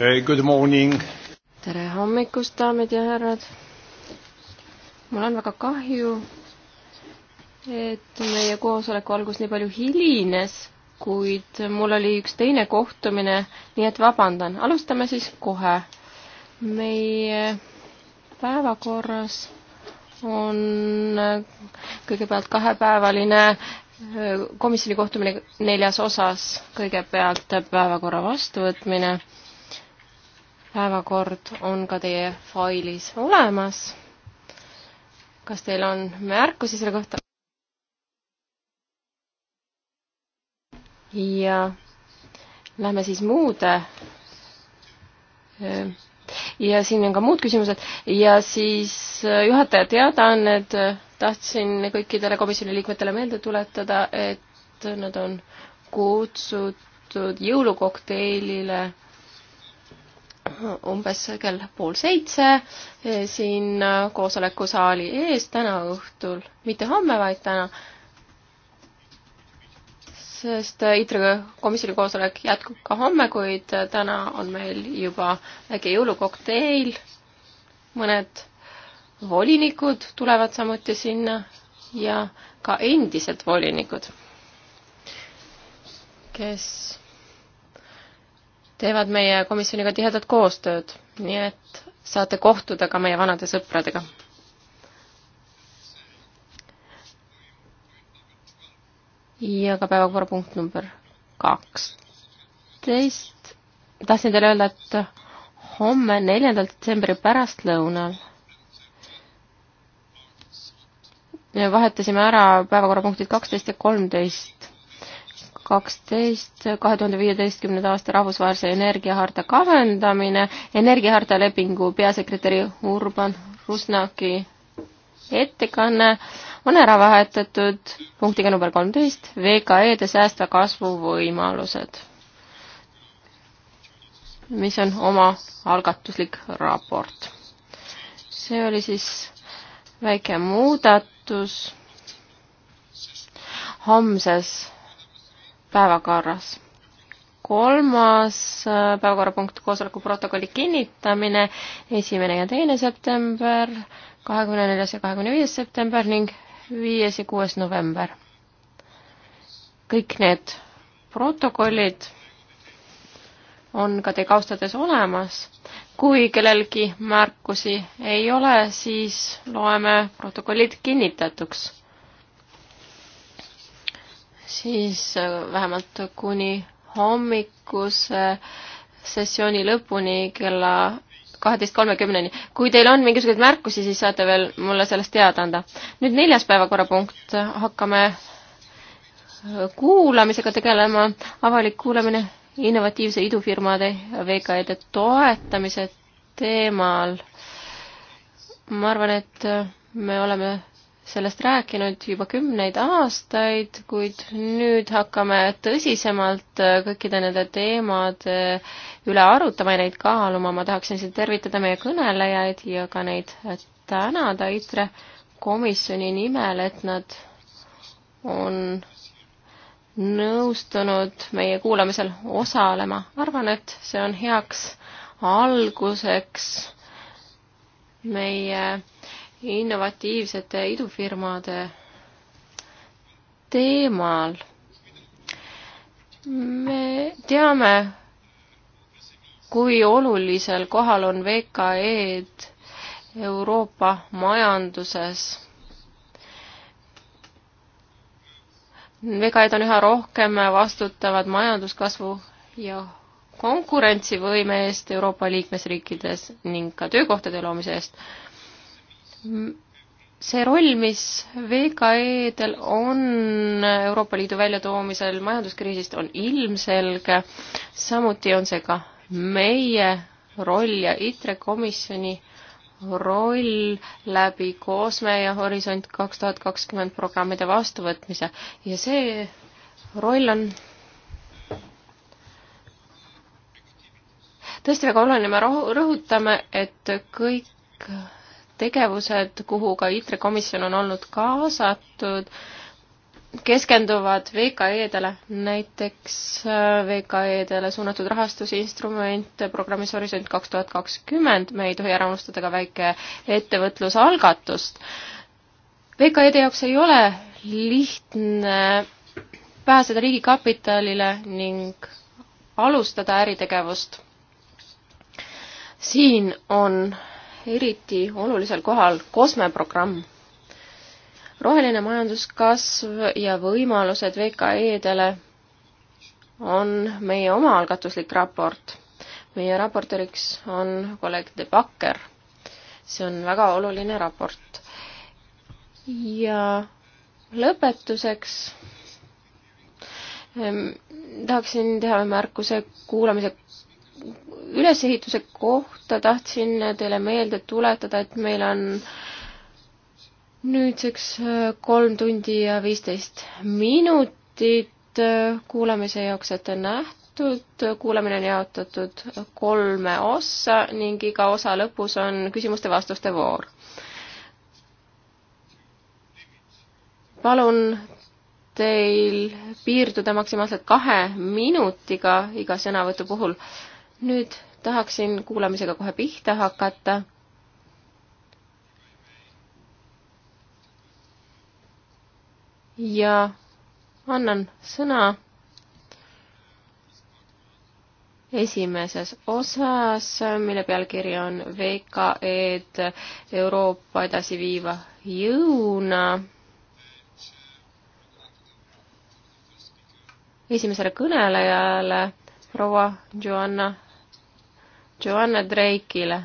Eh, good morning! tere hommikust, daamid ja härrad! mul on väga kahju, et meie koosoleku algus nii palju hilines, kuid mul oli üks teine kohtumine, nii et vabandan. alustame siis kohe. meie päevakorras on kõigepealt kahepäevaline eh, komisjoni kohtumine neljas osas, kõigepealt päevakorra vastuvõtmine päevakord on ka teie failis olemas. kas teil on märkusi selle kohta? ja lähme siis muude. ja siin on ka muud küsimused ja siis äh, juhataja teadaanned. tahtsin kõikidele komisjoni liikmetele meelde tuletada, et nad on kutsutud jõulukokteilile umbes kell pool seitse eh, siin eh, koosolekusaali ees täna õhtul, mitte homme, vaid täna. sest eh, ITRE komisjoni koosolek jätkub ka homme, kuid täna on meil juba väike jõulukokteil. mõned volinikud tulevad samuti sinna ja ka endised volinikud, kes teevad meie komisjoniga tihedat koostööd, nii et saate kohtuda ka meie vanade sõpradega. ja ka päevakorrapunkt number kaksteist. tahtsin teile öelda, et homme, neljandal detsembri pärastlõunal vahetasime ära päevakorrapunktid kaksteist ja kolmteist kaksteist, kahe tuhande viieteistkümnenda aasta rahvusvahelise energiaharta kavandamine, energiaharta lepingu peasekretäri Urban Rusnaki ettekanne on ära vahetatud punktiga number kolmteist, VKE-de säästva kasvu võimalused, mis on omaalgatuslik raport. see oli siis väike muudatus homses päevakorras. kolmas äh, päevakorrapunkt, koosoleku protokolli kinnitamine, esimene ja teine september, kahekümne neljas ja kahekümne viies september ning viies ja kuues november. kõik need protokollid on ka teie kaustades olemas. kui kellelgi märkusi ei ole, siis loeme protokollid kinnitatuks siis äh, vähemalt kuni hommikuse sessiooni lõpuni kella kaheteist kolmekümneni. kui teil on mingisuguseid märkusi, siis saate veel mulle sellest teada anda. nüüd neljas päevakorrapunkt, hakkame äh, kuulamisega tegelema, avalik kuulamine innovatiivse idufirmade VKE-de toetamise teemal. ma arvan, et äh, me oleme sellest rääkinud juba kümneid aastaid, kuid nüüd hakkame tõsisemalt äh, kõikide nende teemade üle arutama ja neid kaaluma. ma tahaksin siin tervitada meie kõnelejaid ja ka neid äh, tänada ITRE komisjoni nimel, et nad on nõustunud meie kuulamisel osalema. arvan, et see on heaks alguseks meie innovatiivsete idufirmade teemal. me teame, kui olulisel kohal on VKE-d Euroopa majanduses. VKE-d on üha rohkem vastutavad majanduskasvu ja konkurentsivõime eest Euroopa liikmesriikides ning ka töökohtade loomise eest see roll, mis VKE-del on Euroopa Liidu väljatoomisel majanduskriisist, on ilmselge, samuti on see ka meie roll ja ITRE komisjoni roll läbi Koosme ja Horisont kaks tuhat kakskümmend programmide vastuvõtmise ja see roll on tõesti väga oluline, me rõhutame, et kõik tegevused, kuhu ka ITRE komisjon on olnud kaasatud, keskenduvad VKE-dele, näiteks äh, VKE-dele suunatud rahastusinstrument äh, programmis Horisont kaks tuhat kakskümmend, me ei tohi ära unustada ka väikeettevõtlusalgatust. VKE-de jaoks ei ole lihtne pääseda riigikapitalile ning alustada äritegevust. siin on eriti olulisel kohal COSME programm. roheline majanduskasv ja võimalused VKE-dele on meie omaalgatuslik raport. meie raportööriks on kolleeg De Backer. see on väga oluline raport. ja lõpetuseks ähm, tahaksin teha märkuse kuulamise ülesehituse kohta tahtsin teile meelde tuletada, et meil on nüüdseks äh, kolm tundi ja viisteist minutit äh, kuulamise jaoks ette nähtud, kuulamine on jaotatud kolme ossa ning iga osa lõpus on küsimuste-vastuste voor. palun teil piirduda maksimaalselt kahe minutiga iga sõnavõtu puhul nüüd tahaksin kuulamisega kohe pihta hakata. ja annan sõna esimeses osas, mille pealkiri on VKE-d Euroopa edasiviiva jõuna. esimesele kõnelejale proua Joanna Joanna Drake'ile.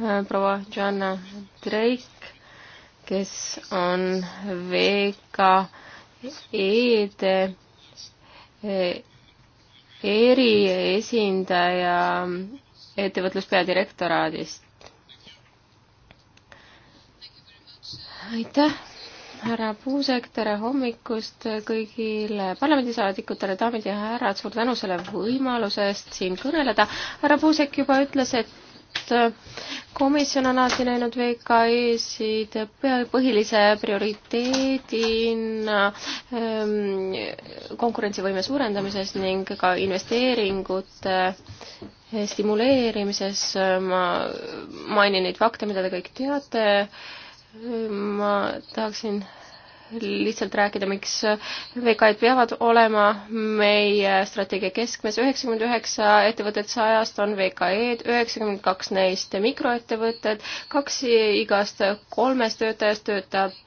Äh, proua Joanna Drake, kes on VKE-de äh, eriesindaja ettevõtluspeadirektoraadist. aitäh härra Puusek, tere hommikust kõigile parlamendisaadikutele, daamid ja härrad, suur tänu selle võimaluse eest siin kõneleda. härra Puusek juba ütles, et komisjon on alati näinud VKE-sid põhilise prioriteedina ehm, konkurentsivõime suurendamises ning ka investeeringute stimuleerimises. ma mainin neid fakte, mida te kõik teate ma tahaksin lihtsalt rääkida, miks VKE-d peavad olema meie strateegia keskmes. üheksakümmend üheksa ettevõtet sajast on VKE-d, üheksakümmend kaks neist mikroettevõtted, kaks igast kolmest töötajast töötab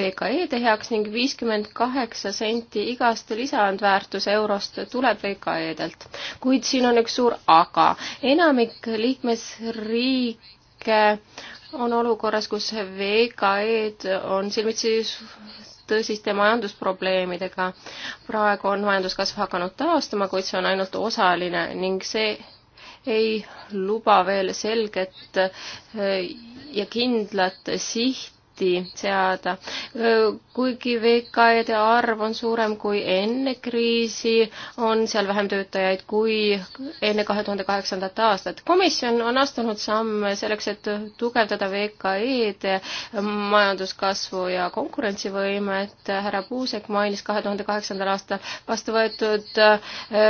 VKE-de heaks ning viiskümmend kaheksa senti igast lisandväärtuse eurost tuleb VKE-delt. kuid siin on üks suur aga. enamik liikmesriike riike on olukorras, kus VKE-d on silmitsi tõsiste majandusprobleemidega. praegu on majanduskasv hakanud taastuma, kuid see on ainult osaline ning see ei luba veel selget ja kindlat sihti limiidi seada. kuigi VKE-de arv on suurem kui enne kriisi, on seal vähem töötajaid kui enne kahe tuhande kaheksandat aastat. komisjon on astunud samme selleks, et tugevdada VKE-de majanduskasvu ja konkurentsivõimet. härra Puusek mainis kahe tuhande kaheksandal aastal vastu võetud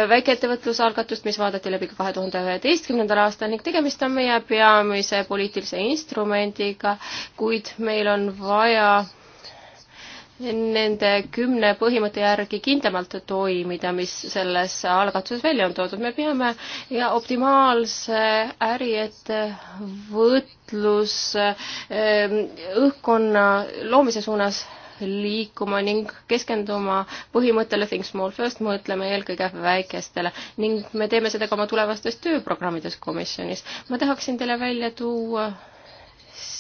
väikeettevõtlusalgatust, mis vaadati läbi ka kahe tuhande üheteistkümnendal aastal ning tegemist on meie peamise poliitilise instrumendiga, kuid meil on on vaja nende kümne põhimõtte järgi kindlamalt toimida, mis selles algatuses välja on toodud. me peame ja optimaalse äriettevõtlus ähm, õhkkonna loomise suunas liikuma ning keskenduma põhimõttele Think Small First, mõtleme eelkõige väikestele ning me teeme seda ka oma tulevastes tööprogrammides komisjonis. ma tahaksin teile välja tuua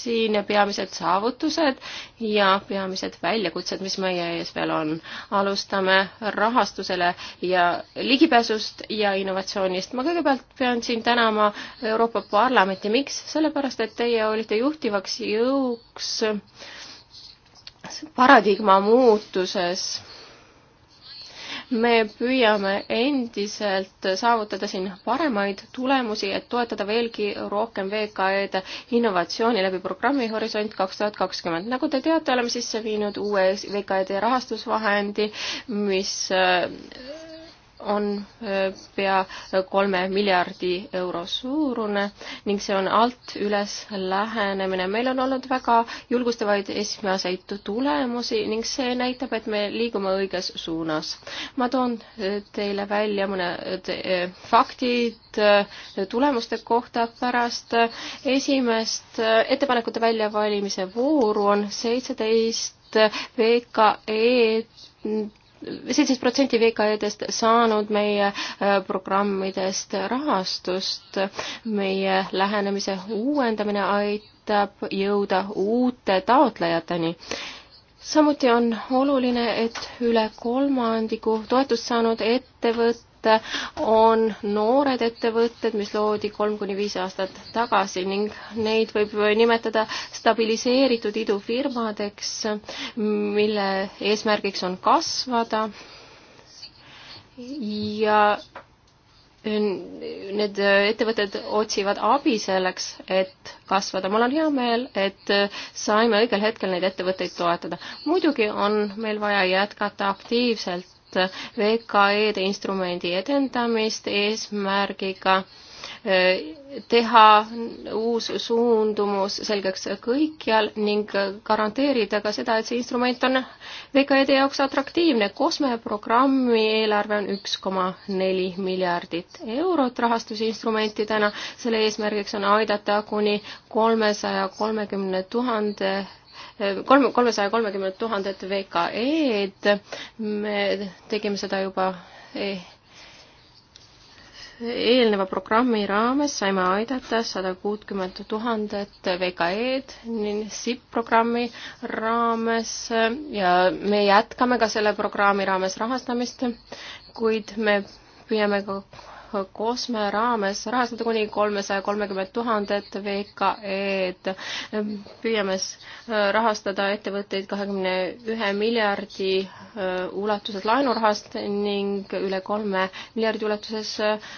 siin peamised saavutused ja peamised väljakutsed, mis meie ees veel on. alustame rahastusele ja ligipääsust ja innovatsioonist. ma kõigepealt pean siin tänama Euroopa Parlamenti, miks? sellepärast, et teie olite juhtivaks jõuks paradigma muutuses me püüame endiselt saavutada siin paremaid tulemusi, et toetada veelgi rohkem VKE-de innovatsiooni läbi programmi Horisont kaks tuhat kakskümmend. nagu te teate, oleme sisse viinud uue VKE-de rahastusvahendi, mis on äh, pea kolme miljardi euro suurune ning see on alt üles lähenemine. meil on olnud väga julgustavaid esmaseid tulemusi ning see näitab, et me liigume õiges suunas. ma toon äh, teile välja mõned äh, faktid tulemuste kohta pärast esimest ettepanekute väljavalimise vooru on seitseteist VKE-d seitseteist protsenti VKE-dest saanud meie äh, programmidest rahastust. meie lähenemise uuendamine aitab jõuda uute taotlejateni. samuti on oluline, et üle kolmandiku toetust saanud ettevõtted ettevõte on noored ettevõtted, mis loodi kolm kuni viis aastat tagasi ning neid võib nimetada stabiliseeritud idufirmadeks, mille eesmärgiks on kasvada ja need ettevõtted otsivad abi selleks, et kasvada. mul on hea meel, et saime õigel hetkel neid ettevõtteid toetada. muidugi on meil vaja jätkata aktiivselt VKE-de instrumendi edendamist eesmärgiga e, teha uus suundumus selgeks kõikjal ning garanteerida ka seda, et see instrument on VKE-de jaoks atraktiivne. COSME programmi eelarve on üks koma neli miljardit eurot rahastusinstrumentidena. selle eesmärgiks on aidata kuni kolmesaja kolmekümne tuhande kolm, kolmesaja kolmekümmet tuhandet VKE-d, me tegime seda juba e eelneva programmi raames saime aidata sada kuutkümmet tuhandet VKE-d SIP-programmi raames ja me jätkame ka selle programmi raames rahastamist, kuid me püüame ka kosme raames rahastada kuni kolmesaja kolmekümmet tuhandet VKE-d. püüame rahastada ettevõtteid kahekümne ühe miljardi äh, ulatuses laenurahast ning üle kolme miljardi ulatuses äh,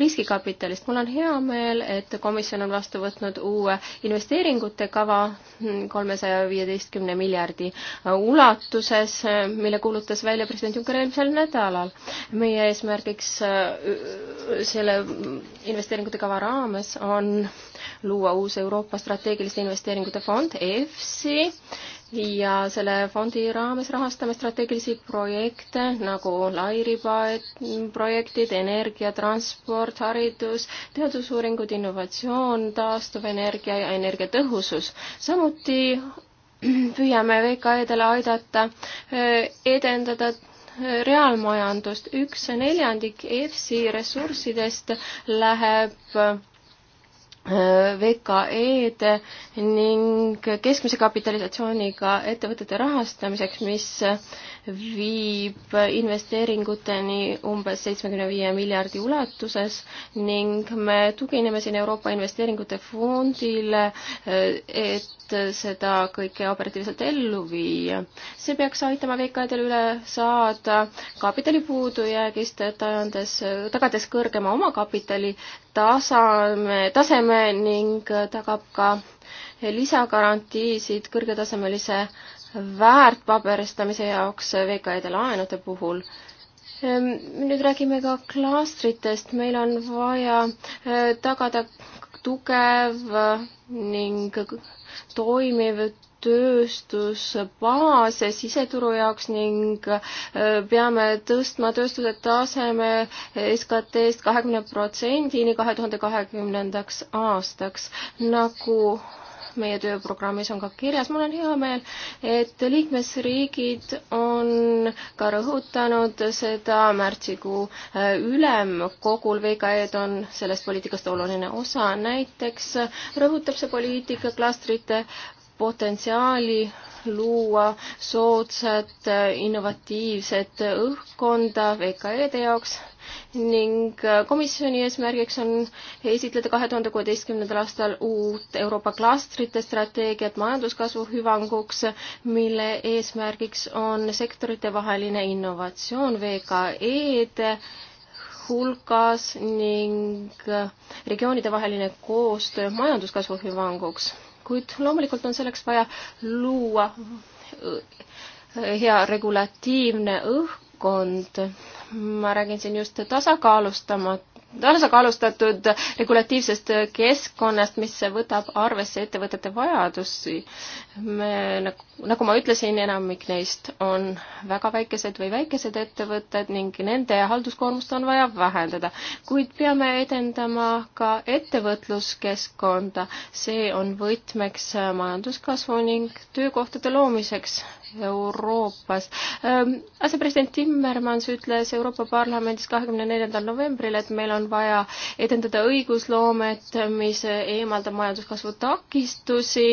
riskikapitalist. mul on hea meel, et komisjon on vastu võtnud uue investeeringute kava hm, kolmesaja viieteistkümne miljardi äh, ulatuses, mille kuulutas välja president Juncker eelmisel nädalal. meie eesmärgiks selle investeeringute kava raames on luua uus Euroopa strateegiliste investeeringute fond EFSI ja selle fondi raames rahastame strateegilisi projekte nagu lairibaprojektid, energia, transport, haridus, teadusuuringud, innovatsioon, taastuvenergia ja energiatõhusus. samuti püüame VKE-dele aidata eh, edendada reaalmajandust. üks neljandik EFSI ressurssidest läheb äh, VKE-de ning keskmise kapitalisatsiooniga ettevõtete rahastamiseks, mis äh, viib investeeringuteni umbes seitsmekümne viie miljardi ulatuses ning me tugineme siin Euroopa Investeeringute Fondile, et seda kõike operatiivselt ellu viia. see peaks aitama VKD-l üle saada kapitali puudujäägist, tajandes, tagades kõrgema omakapitali tasame, taseme ning tagab ka lisagarantiisid kõrgetasemelise väärtpaberistamise jaoks VKE-de laenude puhul. Ehm, nüüd räägime ka klastritest, meil on vaja eh, tagada tugev eh, ning toimiv tööstusbaas siseturu jaoks ning eh, peame tõstma tööstuse taseme SKT-st kahekümne protsendini kahe tuhande kahekümnendaks aastaks. nagu meie tööprogrammis on ka kirjas. mul on hea meel, et liikmesriigid on ka rõhutanud seda märtsikuu äh, ülemkogul. VKE-d on sellest poliitikast oluline osa. näiteks rõhutab see poliitika klastrite potentsiaali luua soodsat innovatiivset õhkkonda VKE-de jaoks ning komisjoni eesmärgiks on esitleda kahe tuhande kuueteistkümnendal aastal uut Euroopa klastrite strateegiat majanduskasvu hüvanguks, mille eesmärgiks on sektoritevaheline innovatsioon VKE-de hulgas ning regioonidevaheline koostöö majanduskasvu hüvanguks kuid loomulikult on selleks vaja luua äh, hea regulatiivne õhkkond. ma räägin siin just tasakaalustamat tasakaalustatud regulatiivsest keskkonnast, mis võtab arvesse ettevõtete vajadusi. me, nagu, nagu ma ütlesin, enamik neist on väga väikesed või väikesed ettevõtted ning nende halduskoormust on vaja vähendada. kuid peame edendama ka ettevõtluskeskkonda. see on võtmeks majanduskasvu ning töökohtade loomiseks Euroopas. Ehm, asepresident Timmermans ütles Euroopa Parlamendis kahekümne neljandal novembril, et meil on vaja edendada õigusloomet, mis eemaldab majanduskasvu takistusi,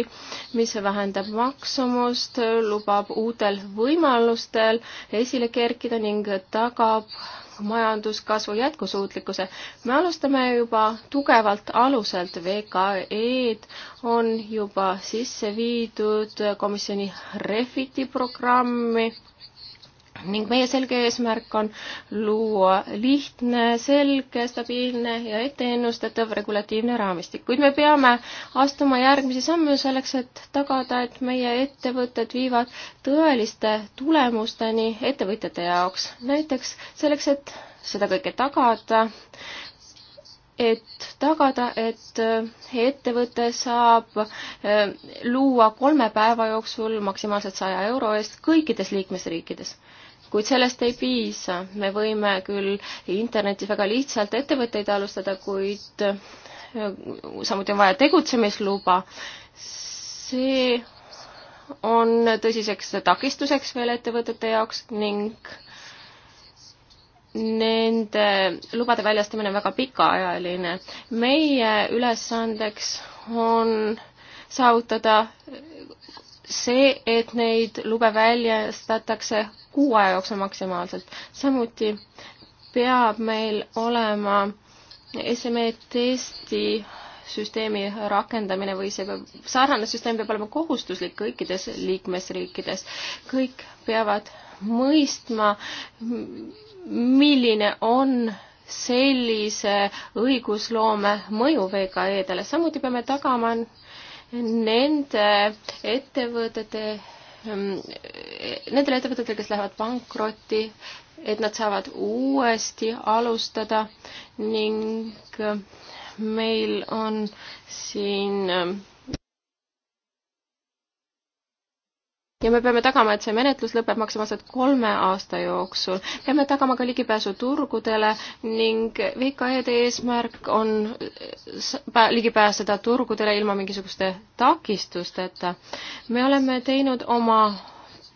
mis vähendab maksumust, lubab uutel võimalustel esile kerkida ning tagab majanduskasvu jätkusuutlikkuse. me alustame juba tugevalt aluselt, VKE-d on juba sisse viidud komisjoni Refiti programmi ning meie selge eesmärk on luua lihtne, selge, stabiilne ja etteennustatav regulatiivne raamistik, kuid me peame astuma järgmisi samme selleks, et tagada, et meie ettevõtted viivad tõeliste tulemusteni ettevõtjate jaoks. näiteks selleks, et seda kõike tagada, et tagada, et äh, ettevõte saab äh, luua kolme päeva jooksul maksimaalselt saja euro eest kõikides liikmesriikides kuid sellest ei piisa. me võime küll internetis väga lihtsalt ettevõtteid alustada, kuid äh, samuti on vaja tegutsemisluba. see on tõsiseks takistuseks veel ettevõtete jaoks ning nende lubade väljastamine on väga pikaajaline. meie ülesandeks on saavutada see, et neid lube väljastatakse kuu aja jooksul maksimaalselt. samuti peab meil olema SME testi süsteemi rakendamine või see peab, sarnane süsteem peab olema kohustuslik kõikides liikmesriikides. kõik peavad mõistma, milline on sellise õigusloome mõju VKE-dele, samuti peame tagama nende ettevõtete Ehm, nendele ettevõtetele, kes lähevad pankrotti, et nad saavad uuesti alustada ning meil on siin ehm, ja me peame tagama, et see menetlus lõpeb maksimaalselt kolme aasta jooksul. peame tagama ka ligipääsu turgudele ning VKE-de eesmärk on ligi pääseda turgudele ilma mingisuguste takistusteta. me oleme teinud oma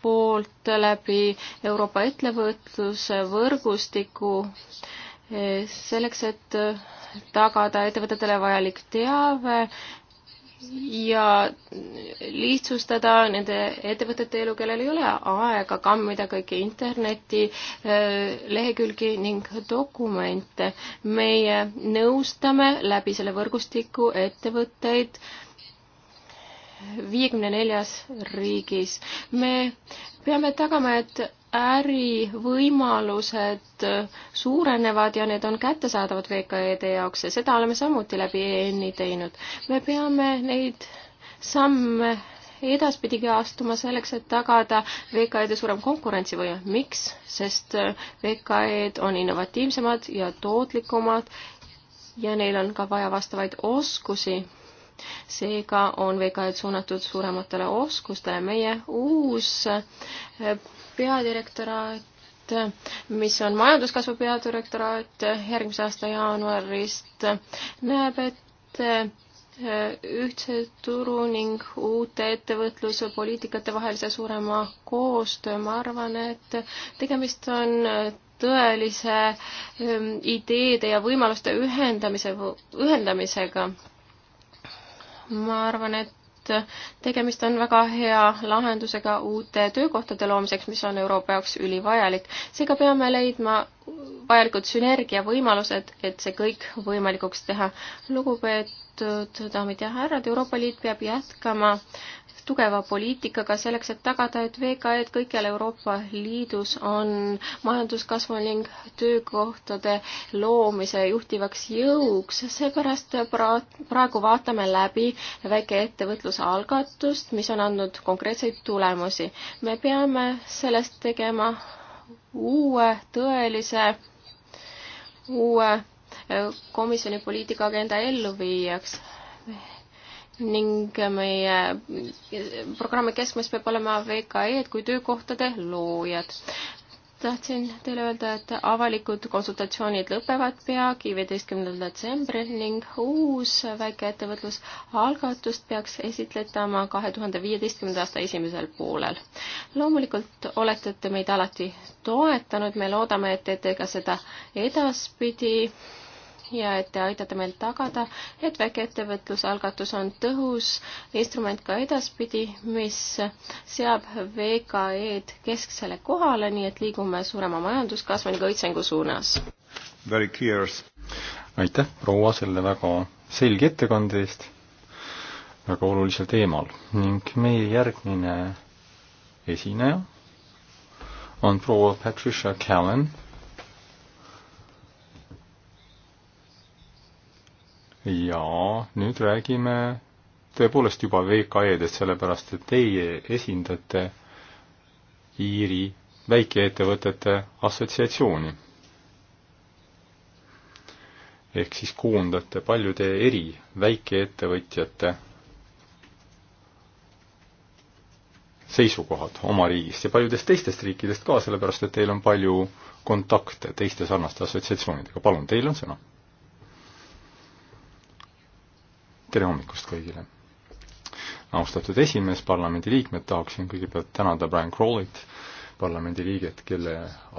poolt läbi Euroopa ettevõtluse võrgustiku eh, selleks, et tagada ettevõtetele vajalik teave ja lihtsustada nende ettevõtete elu, kellel ei ole aega kammida kõiki interneti äh, lehekülgi ning dokumente. meie nõustame läbi selle võrgustiku ettevõtteid viiekümne neljas riigis. me peame tagama, et ärivõimalused suurenevad ja need on kättesaadavad VKE-de jaoks ja seda oleme samuti läbi EN-i teinud. me peame neid samme edaspidigi astuma selleks, et tagada VKE-de suurem konkurentsivõime. miks? sest VKE-d on innovatiivsemad ja tootlikumad ja neil on ka vaja vastavaid oskusi seega on VKE-d suunatud suurematele oskustele. meie uus eh, peadirektoraat mis on majanduskasvu peadirektoraat järgmise aasta jaanuarist, näeb ette eh, ühtse turu ning uute ettevõtluspoliitikate vahelise suurema koostöö, ma arvan, et tegemist on eh, tõelise ideede ja võimaluste ühendamise, ühendamisega ma arvan, et tegemist on väga hea lahendusega uute töökohtade loomiseks, mis on Euroopa jaoks ülivajalik. seega peame leidma vajalikud sünergiavõimalused, et see kõik võimalikuks teha. lugupeetud lugupeetud daamid ja härrad, Euroopa Liit peab jätkama tugeva poliitikaga selleks, et tagada, et VKE-d kõikjal Euroopa Liidus on majanduskasvu ning töökohtade loomise juhtivaks jõuks. seepärast praegu vaatame läbi väikeettevõtluse algatust, mis on andnud konkreetseid tulemusi. me peame sellest tegema uue tõelise, uue komisjoni poliitikaagenda elluviijaks ning meie programmi keskmes peab olema VKE-d kui töökohtade loojad. tahtsin teile öelda, et avalikud konsultatsioonid lõpevad peagi, viieteistkümnendal detsembril ning uus väikeettevõtlus algatust peaks esitletama kahe tuhande viieteistkümnenda aasta esimesel poolel. loomulikult olete te meid alati toetanud, me loodame, et teete ka seda edaspidi ja et te aitate meil tagada, et väikeettevõtluse algatus on tõhus instrument ka edaspidi, mis seab VKE-d kesksele kohale, nii et liigume suurema majanduskasvu ning õitsengu suunas. aitäh, proua, selle väga selge ettekande eest väga olulisel teemal ning meie järgmine esineja on proua Patricia Callan ja nüüd räägime tõepoolest juba VKE-dest, sellepärast et teie esindate Iiri väikeettevõtete assotsiatsiooni. ehk siis koondate paljude eri väikeettevõtjate seisukohad oma riigist ja paljudest teistest riikidest ka, sellepärast et teil on palju kontakte teiste sarnaste assotsiatsioonidega. palun, teil on sõna tere hommikust kõigile! austatud esimees, parlamendiliikmed, tahaksin kõigepealt tänada Brian Crawleyt, parlamendiliiget, kelle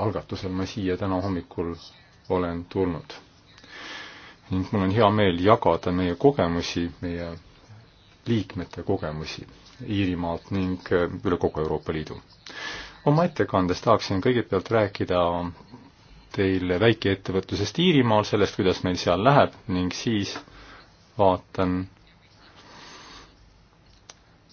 algatusel ma siia täna hommikul olen tulnud. ning mul on hea meel jagada meie kogemusi, meie liikmete kogemusi Iirimaalt ning äh, üle kogu Euroopa Liidu. oma ettekandes tahaksin kõigepealt rääkida teile väikeettevõtlusest Iirimaal, sellest, kuidas meil seal läheb ning siis vaatan,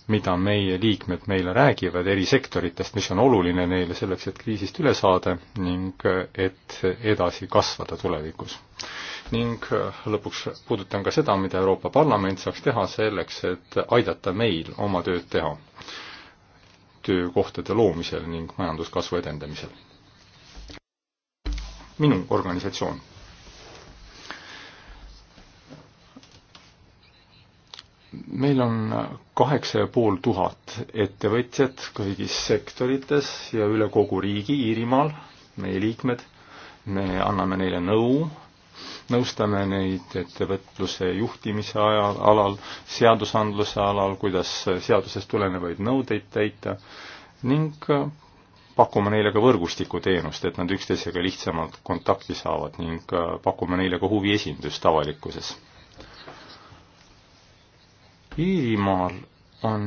mida meie liikmed meile räägivad eri sektoritest, mis on oluline neile selleks, et kriisist üle saada ning et edasi kasvada tulevikus. ning lõpuks puudutan ka seda, mida Euroopa Parlament saaks teha selleks, et aidata meil oma tööd teha töökohtade loomisel ning majanduskasvu edendamisel. minu organisatsioon meil on kaheksa ja pool tuhat ettevõtjat kõigis sektorites ja üle kogu riigi Iirimaal, meie liikmed. me anname neile nõu, nõustame neid ettevõtluse juhtimise ajal, alal, seadusandluse alal, kuidas seadusest tulenevaid nõudeid täita ning pakume neile ka võrgustikuteenust, et nad üksteisega lihtsamalt kontakti saavad ning pakume neile ka huviesindust avalikkuses Iirimaal on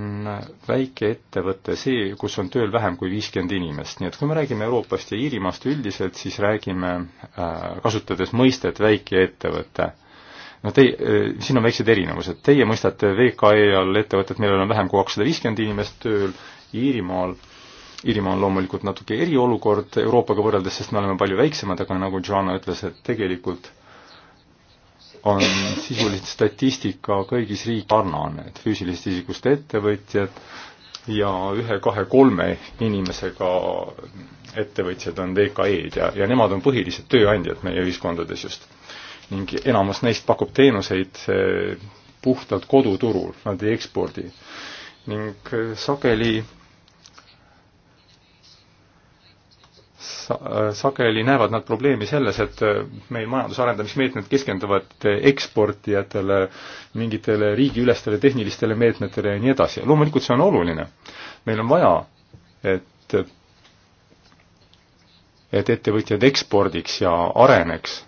väike ettevõte see, kus on tööl vähem kui viiskümmend inimest, nii et kui me räägime Euroopast ja Iirimaast üldiselt, siis räägime äh, kasutades mõistet väikeettevõte. no tei- äh,, siin on väiksed erinevused, teie mõistate VKE all ettevõtet, millel on vähem kui kakssada viiskümmend inimest tööl, Iirimaal Iirimaa on loomulikult natuke eriolukord Euroopaga võrreldes, sest me oleme palju väiksemad, aga nagu Joanna ütles, et tegelikult äh, on sisuliselt statistika kõigis riik- sarnane, et füüsilisest isikust ettevõtjad ja ühe-kahe-kolme inimesega ettevõtjad on VKE-d ja, ja nemad on põhilised tööandjad meie ühiskondades just. ning enamus neist pakub teenuseid eh, puhtalt koduturul, nad ei ekspordi. ning eh, sageli sa-, sageli näevad nad probleemi selles, et äh, meil majanduse arendamismeetmed keskenduvad äh, eksportijatele, mingitele riigiülestele tehnilistele meetmetele ja nii edasi. loomulikult see on oluline. meil on vaja, et, et ettevõtjad ekspordiks ja areneks,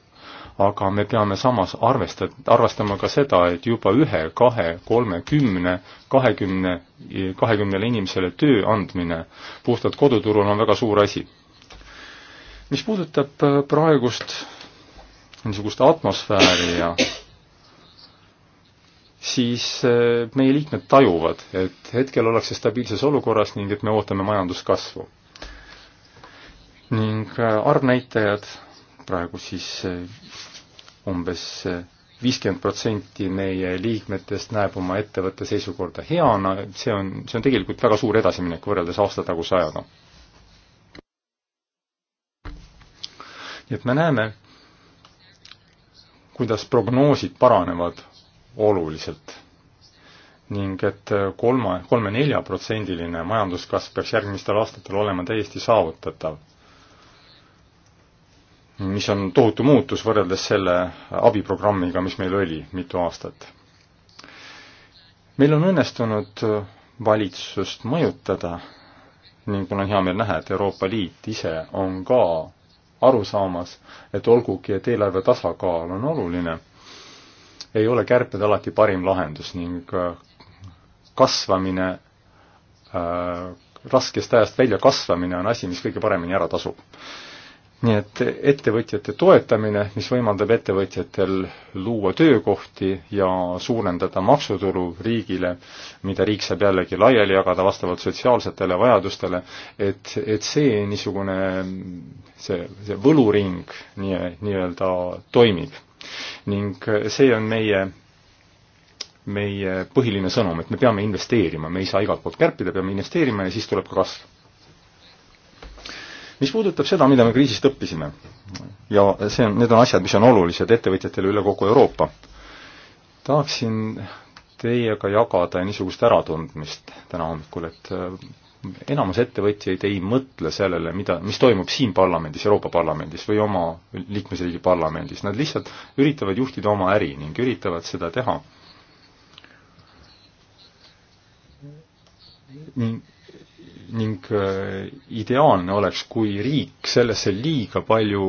aga me peame samas arvestada, arvestama ka seda, et juba ühe, kahe, kolme, kümne, kahekümne, kahekümnele inimesele töö andmine puhtalt koduturul on väga suur asi mis puudutab äh, praegust niisugust atmosfääri ja siis äh, meie liikmed tajuvad, et hetkel ollakse stabiilses olukorras ning et me ootame majanduskasvu. ning äh, arvnäitajad praegu siis umbes viiskümmend protsenti meie liikmetest näeb oma ettevõtte seisukorda heana, see on, see on tegelikult väga suur edasiminek võrreldes aastataguse ajaga no nii et me näeme, kuidas prognoosid paranevad oluliselt ning et kolma, kolme-neljaprotsendiline majanduskasv peaks järgmistel aastatel olema täiesti saavutatav. mis on tohutu muutus võrreldes selle abiprogrammiga, mis meil oli mitu aastat. meil on õnnestunud valitsust mõjutada ning mul on hea meel näha, et Euroopa Liit ise on ka aru saamas, et olgugi, et eelarve tasakaal on oluline, ei ole kärped alati parim lahendus ning äh, kasvamine äh,, raskest ajast välja kasvamine on asi, mis kõige paremini ära tasub nii et ettevõtjate toetamine, mis võimaldab ettevõtjatel luua töökohti ja suurendada maksutulu riigile, mida riik saab jällegi laiali jagada vastavalt sotsiaalsetele vajadustele, et, et see niisugune, see, see võluring nii, nii-öelda toimib. ning see on meie, meie põhiline sõnum, et me peame investeerima, me ei saa igalt poolt kärpida, peame investeerima ja siis tuleb ka kasv mis puudutab seda, mida me kriisist õppisime, ja see on, need on asjad, mis on olulised ettevõtjatele üle kogu Euroopa, tahaksin teiega jagada niisugust äratundmist täna hommikul, et äh, enamus ettevõtjaid ei mõtle sellele, mida, mis toimub siin parlamendis, Euroopa Parlamendis või oma liikmesriigi parlamendis, nad lihtsalt üritavad juhtida oma äri ning üritavad seda teha ning ning äh, ideaalne oleks, kui riik sellesse liiga palju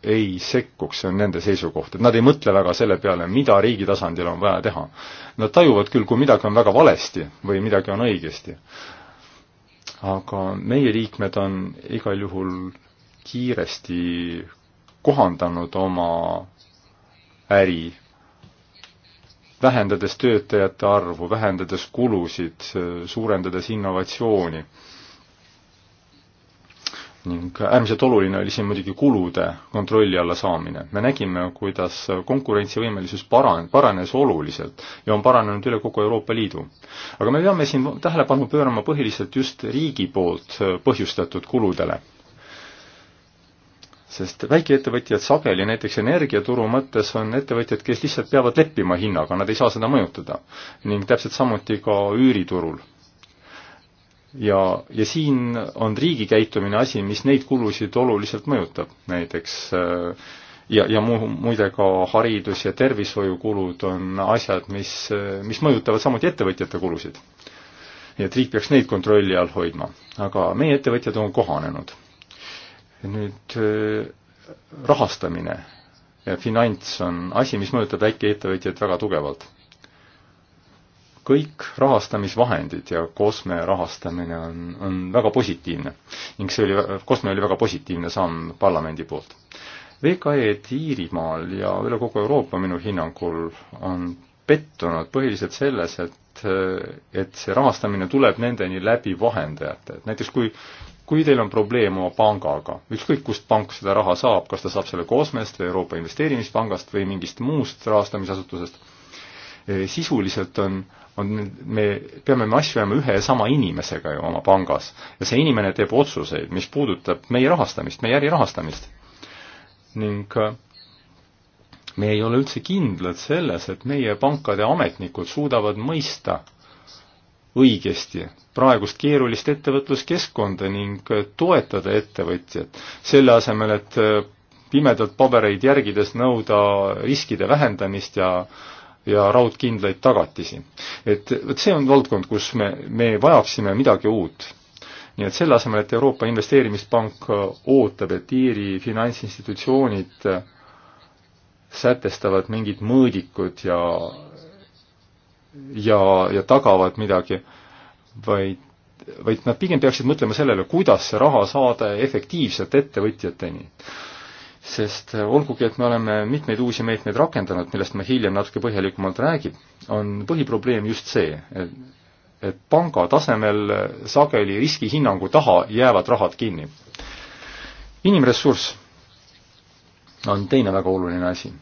ei sekkuks, see on nende seisukoht, et nad ei mõtle väga selle peale, mida riigi tasandil on vaja teha. Nad tajuvad küll, kui midagi on väga valesti või midagi on õigesti. aga meie liikmed on igal juhul kiiresti kohandanud oma äri, vähendades töötajate arvu, vähendades kulusid, suurendades innovatsiooni ning äärmiselt oluline oli siin muidugi kulude kontrolli alla saamine. me nägime, kuidas konkurentsivõimelisus paran-, paranes oluliselt ja on paranenud üle kogu Euroopa Liidu. aga me peame siin tähelepanu pöörama põhiliselt just riigi poolt põhjustatud kuludele. sest väikeettevõtjad sageli näiteks energiaturu mõttes on ettevõtjad, kes lihtsalt peavad leppima hinnaga, nad ei saa seda mõjutada. ning täpselt samuti ka üüriturul ja, ja siin on riigi käitumine asi, mis neid kulusid oluliselt mõjutab, näiteks äh, ja, ja muu, muide ka haridus- ja tervishoiukulud on asjad, mis, mis mõjutavad samuti ettevõtjate kulusid. nii et riik peaks neid kontrolli all hoidma. aga meie ettevõtjad on kohanenud. nüüd äh, rahastamine ja finants on asi, mis mõjutab väikeettevõtjaid väga tugevalt kõik rahastamisvahendid ja COSME rahastamine on, on väga positiivne. ning see oli, COSME oli väga positiivne samm parlamendi poolt. VKE-d Iirimaal ja üle kogu Euroopa minu hinnangul on pettunud põhiliselt selles, et, et see rahastamine tuleb nendeni läbi vahendajate, et näiteks kui kui teil on probleem oma pangaga, ükskõik kust pank seda raha saab, kas ta saab selle Kosmest või Euroopa Investeerimispangast või mingist muust rahastamisasutusest, eh, sisuliselt on äh, on, me peame me asju ajama ühe ja sama inimesega ju oma pangas. ja see inimene teeb otsuseid, mis puudutab meie rahastamist, meie äri rahastamist. ning äh, me ei ole üldse kindlad selles, et meie pankade ametnikud suudavad mõista õigesti praegust keerulist ettevõtluskeskkonda ning äh, toetada ettevõtjat, selle asemel, et äh, pimedalt pabereid järgides nõuda riskide vähendamist ja äh, ja raudkindlaid tagatisi. et vot see on valdkond, kus me, me vajaksime midagi uut. nii et selle asemel, et Euroopa Investeerimispank äh, ootab, et Iiri finantsinstitutsioonid äh, sätestavad mingid mõõdikud ja ja, ja tagavad midagi, vaid, vaid nad pigem peaksid mõtlema sellele, kuidas see raha saada efektiivselt ettevõtjateni sest äh, olgugi, et me oleme mitmeid uusi meetmeid rakendanud, millest ma hiljem natuke põhjalikumalt räägin, on põhiprobleem just see, et et panga tasemel äh, sageli riskihinnangu taha jäävad rahad kinni. inimressurss on teine väga oluline asi.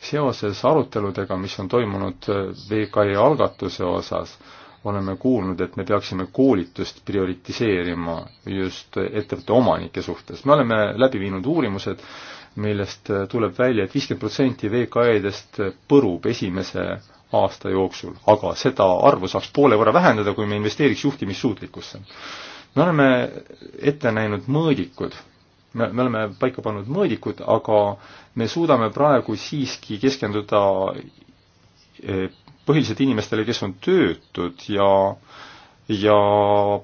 seoses aruteludega, mis on toimunud äh, VKI algatuse osas, oleme kuulnud, et me peaksime koolitust prioritiseerima just ettevõtte omanike suhtes. me oleme läbi viinud uurimused, millest äh, tuleb välja et, et viiskümmend protsenti VKE-dest äh, põrub esimese aasta jooksul, aga seda arvu saaks poole võrra vähendada, kui me investeeriks juhtimissuutlikkusse. me oleme ette näinud mõõdikud, me, me oleme paika pannud mõõdikud, aga me suudame praegu siiski keskenduda äh, põhiliselt inimestele, kes on töötud ja ja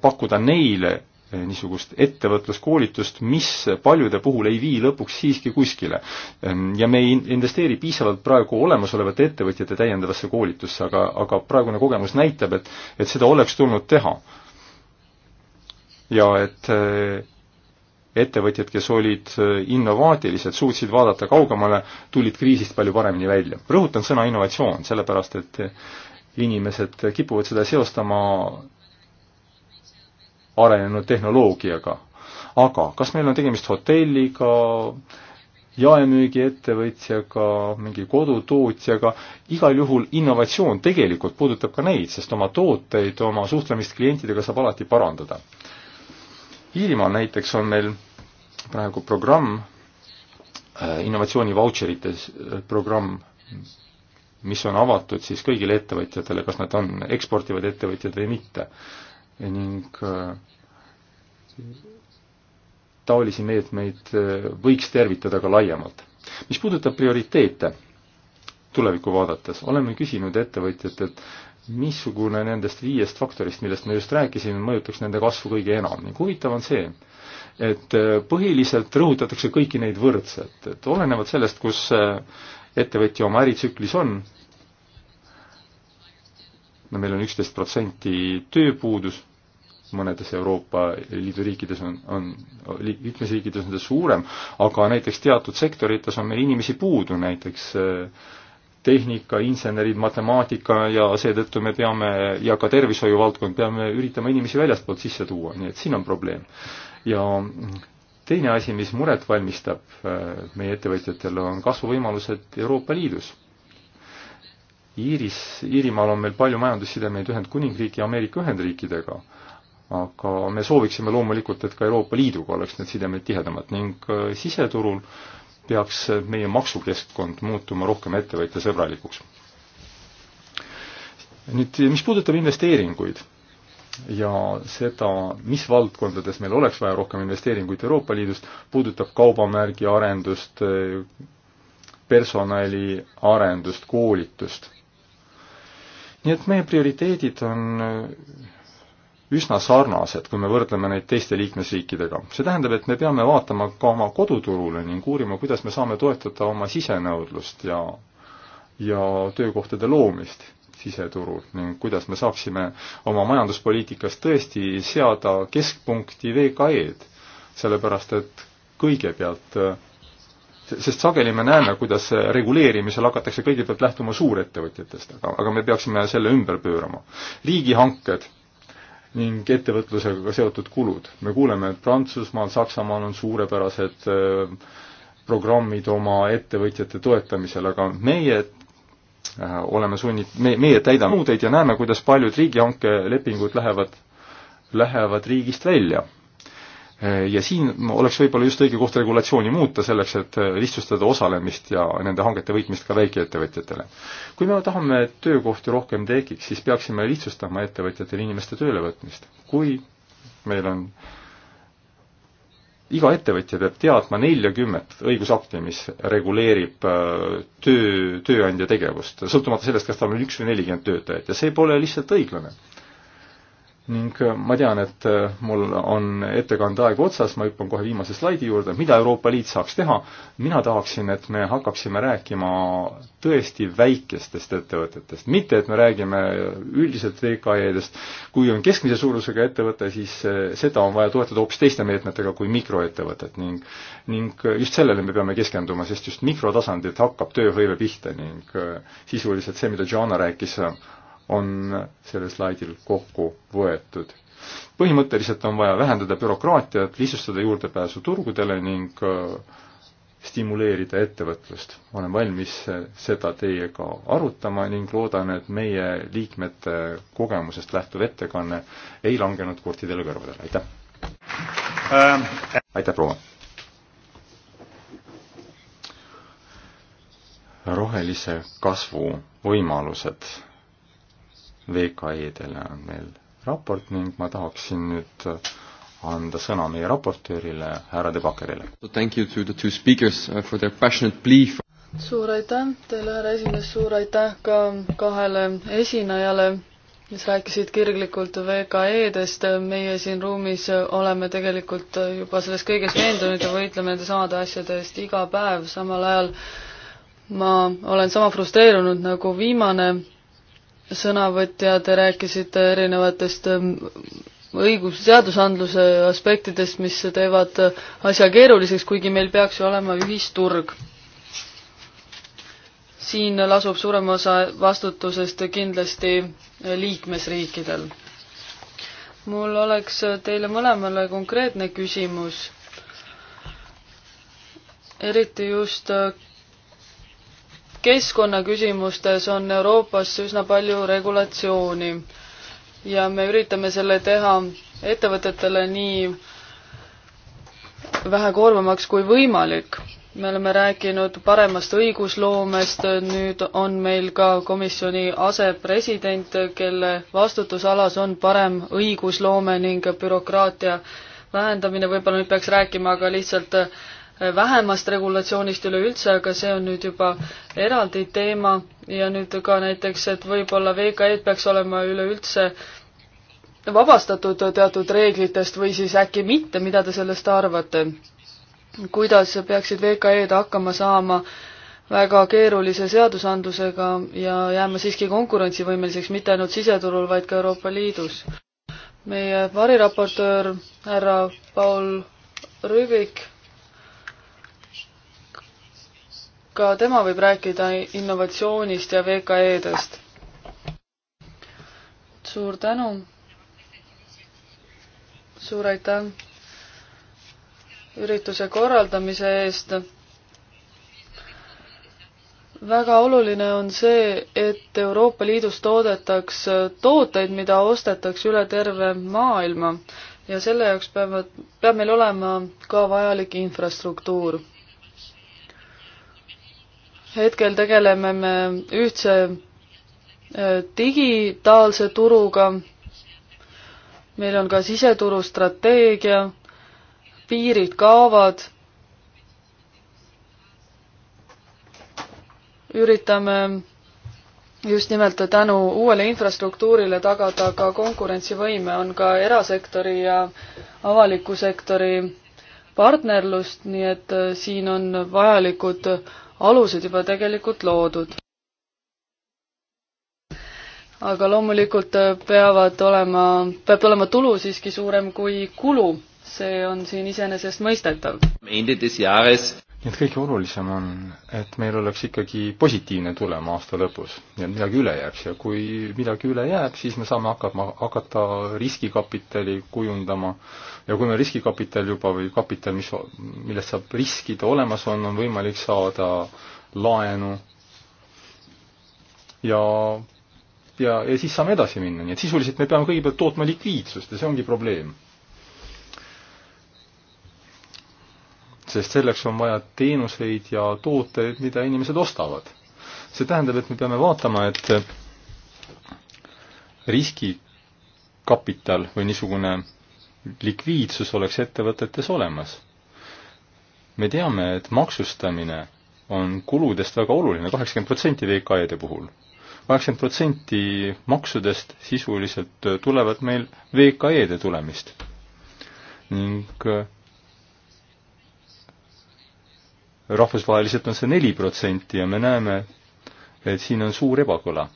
pakkuda neile Eh, niisugust ettevõtluskoolitust, mis paljude puhul ei vii lõpuks siiski kuskile. Ehm, ja me ei investeeri piisavalt praegu olemasolevate ettevõtjate täiendavasse koolitusse, aga, aga praegune kogemus näitab, et, et seda oleks tulnud teha. ja et eh, ettevõtjad, kes olid eh, innovaatilised, suutsid vaadata kaugemale, tulid kriisist palju paremini välja. rõhutan sõna innovatsioon, sellepärast et inimesed kipuvad seda seostama arenenud tehnoloogiaga. aga kas meil on tegemist hotelliga, jaemüügiettevõtjaga, mingi kodutootjaga, igal juhul innovatsioon tegelikult puudutab ka neid, sest oma tooteid, oma suhtlemist klientidega saab alati parandada. Iirimaal näiteks on meil praegu programm, äh, innovatsiooni vautšerite äh, programm, mis on avatud siis kõigile ettevõtjatele, kas nad on eksportivad ettevõtjad või mitte ning äh, taolisi meetmeid äh, võiks tervitada ka laiemalt. mis puudutab prioriteete tulevikku vaadates, oleme küsinud ettevõtjatelt, missugune nendest viiest faktorist, millest me just rääkisime, mõjutaks nende kasvu kõige enam ning huvitav on see, et äh, põhiliselt rõhutatakse kõiki neid võrdselt, et olenevalt sellest, kus ettevõtja oma äritsüklis on, no meil on üksteist protsenti tööpuudus, mõnedes Euroopa Liidu riikides on, on, liikmesriikides on ta suurem, aga näiteks teatud sektorites on meil inimesi puudu, näiteks eh, tehnika, insenerid, matemaatika ja seetõttu me peame, ja ka tervishoiuvaldkond, peame üritama inimesi väljastpoolt sisse tuua, nii et siin on probleem. ja teine asi, mis muret valmistab eh, meie ettevõtjatele, on kasvuvõimalused Euroopa Liidus Iiris, Iirimaal on meil palju majandussidemeid Ühendkuningriigi ja Ameerika Ühendriikidega, aga me sooviksime loomulikult, et ka Euroopa Liiduga oleks need sidemed tihedamad ning äh, siseturul peaks meie maksukeskkond muutuma rohkem ettevõtjasõbralikuks. nüüd, mis puudutab investeeringuid ja seda, mis valdkondades meil oleks vaja rohkem investeeringuid Euroopa Liidust, puudutab kaubamärgi arendust, äh, personali arendust, koolitust nii et meie prioriteedid on äh, üsna sarnased, kui me võrdleme neid teiste liikmesriikidega. see tähendab, et me peame vaatama ka oma koduturule ning uurima, kuidas me saame toetada oma sisenõudlust ja, ja töökohtade loomist siseturul ning kuidas me saaksime oma majanduspoliitikas tõesti seada keskpunkti VKE-d, sellepärast et kõigepealt äh, sest sageli me näeme, kuidas reguleerimisel hakatakse kõigepealt lähtuma suurettevõtjatest, aga, aga me peaksime selle ümber pöörama. riigihanked ning ettevõtlusega seotud kulud. me kuuleme, et Prantsusmaal, Saksamaal on suurepärased äh, programmid oma ettevõtjate toetamisel, aga meie äh, oleme sunnit-, me, meie täidame nõudeid ja näeme, kuidas paljud riigihankelepingud lähevad, lähevad riigist välja Eh, ja siin oleks võib-olla just õige koht regulatsiooni muuta selleks, et eh, lihtsustada osalemist ja nende hangete võitmist ka väikeettevõtjatele. kui me tahame, et töökohti rohkem tekiks, siis peaksime lihtsustama ettevõtjatele inimeste töölevõtmist. kui meil on iga ettevõtja peab teadma neljakümmet õigusakti, mis reguleerib eh, töö, tööandja tegevust, sõltumata sellest, kas tal on üks või nelikümmend töötajat ja see pole lihtsalt õiglane ning äh, ma tean, et äh, mul on ettekande aeg otsas, ma hüppan kohe viimase slaidi juurde, mida Euroopa Liit saaks teha. mina tahaksin, et me hakkaksime rääkima tõesti väikestest ettevõtetest, mitte et me räägime üldiselt VKE-dest. kui on keskmise suurusega ettevõte, siis äh, seda on vaja toetada hoopis teiste meetmetega kui mikroettevõtet ning ning just sellele me peame keskenduma, sest just mikrotasandilt hakkab tööhõive pihta ning sisuliselt see, mida Joanna rääkis, on sellel slaidil kokku võetud. põhimõtteliselt on vaja vähendada bürokraatiat, lihtsustada juurdepääsu turgudele ning äh, stimuleerida ettevõtlust. olen valmis seda teiega arutama ning loodan, et meie liikmete kogemusest lähtuv ettekanne ei langenud kurtidele kõrvadele, aitäh ähm.! aitäh, proua! rohelise kasvu võimalused VKE-dele on meil raport ning ma tahaksin nüüd anda sõna meie raportöörile, härra De Bakkerile. Uh, suur aitäh teile, härra esimees, suur aitäh ka kahele esinejale, kes rääkisid kirglikult VKE-dest, meie siin ruumis oleme tegelikult juba selles kõiges veendunud ja võitleme nende samade asjade eest iga päev, samal ajal ma olen sama frustreerunud nagu viimane sõnavõtja, te rääkisite erinevatest ähm, õigus, seadusandluse aspektidest, mis teevad asja keeruliseks, kuigi meil peaks ju olema ühisturg. siin lasub suurem osa vastutusest kindlasti liikmesriikidel. mul oleks teile mõlemale konkreetne küsimus, eriti just keskkonnaküsimustes on Euroopas üsna palju regulatsiooni ja me üritame selle teha ettevõtetele nii vähe koormamaks kui võimalik. me oleme rääkinud paremast õigusloomest, nüüd on meil ka komisjoni asepresident, kelle vastutusalas on parem õigusloome ning bürokraatia vähendamine, võib-olla nüüd peaks rääkima ka lihtsalt äh, vähemast regulatsioonist üleüldse, aga see on nüüd juba eraldi teema ja nüüd ka näiteks, et võib-olla VKE-d peaks olema üleüldse vabastatud teatud reeglitest või siis äkki mitte, mida te sellest arvate? kuidas peaksid VKE-d hakkama saama väga keerulise seadusandlusega ja jääma siiski konkurentsivõimeliseks mitte ainult siseturul, vaid ka Euroopa Liidus? meie variraportöör härra Paul Rüvik ka tema võib rääkida innovatsioonist ja VKE-dest. suur tänu. suur aitäh ürituse korraldamise eest. väga oluline on see, et Euroopa Liidus toodetaks tooteid, mida ostetakse üle terve maailma ja selle jaoks peavad, peab meil olema ka vajalik infrastruktuur hetkel tegeleme me ühtse äh, digitaalse turuga, meil on ka siseturu strateegia, piirid kaovad, üritame just nimelt tänu uuele infrastruktuurile tagada ka konkurentsivõime, on ka erasektori ja avaliku sektori partnerlust, nii et äh, siin on vajalikud alused juba tegelikult loodud. aga loomulikult äh, peavad olema, peab olema tulu siiski suurem kui kulu, see on siin iseenesestmõistetav nii et kõige olulisem on, et meil oleks ikkagi positiivne tulem aasta lõpus ja midagi üle jääks ja kui midagi üle jääb, siis me saame hakkama, hakata riskikapitali kujundama ja kui meil riskikapital juba või kapital, mis, millest saab riskida, olemas on, on võimalik saada laenu ja ja, ja siis saame edasi minna, nii et sisuliselt me peame kõigepealt tootma likviidsust ja see ongi probleem sest selleks on vaja teenuseid ja tooteid, mida inimesed ostavad. see tähendab, et me peame vaatama, et riskikapital või niisugune likviidsus oleks ettevõtetes olemas. me teame, et maksustamine on kuludest väga oluline, kaheksakümmend protsenti VKE-de puhul. kaheksakümmend protsenti maksudest sisuliselt tulevad meil VKE-de tulemist. ning rahvusvaheliselt on see neli protsenti ja me näeme, et siin on suur ebakõla.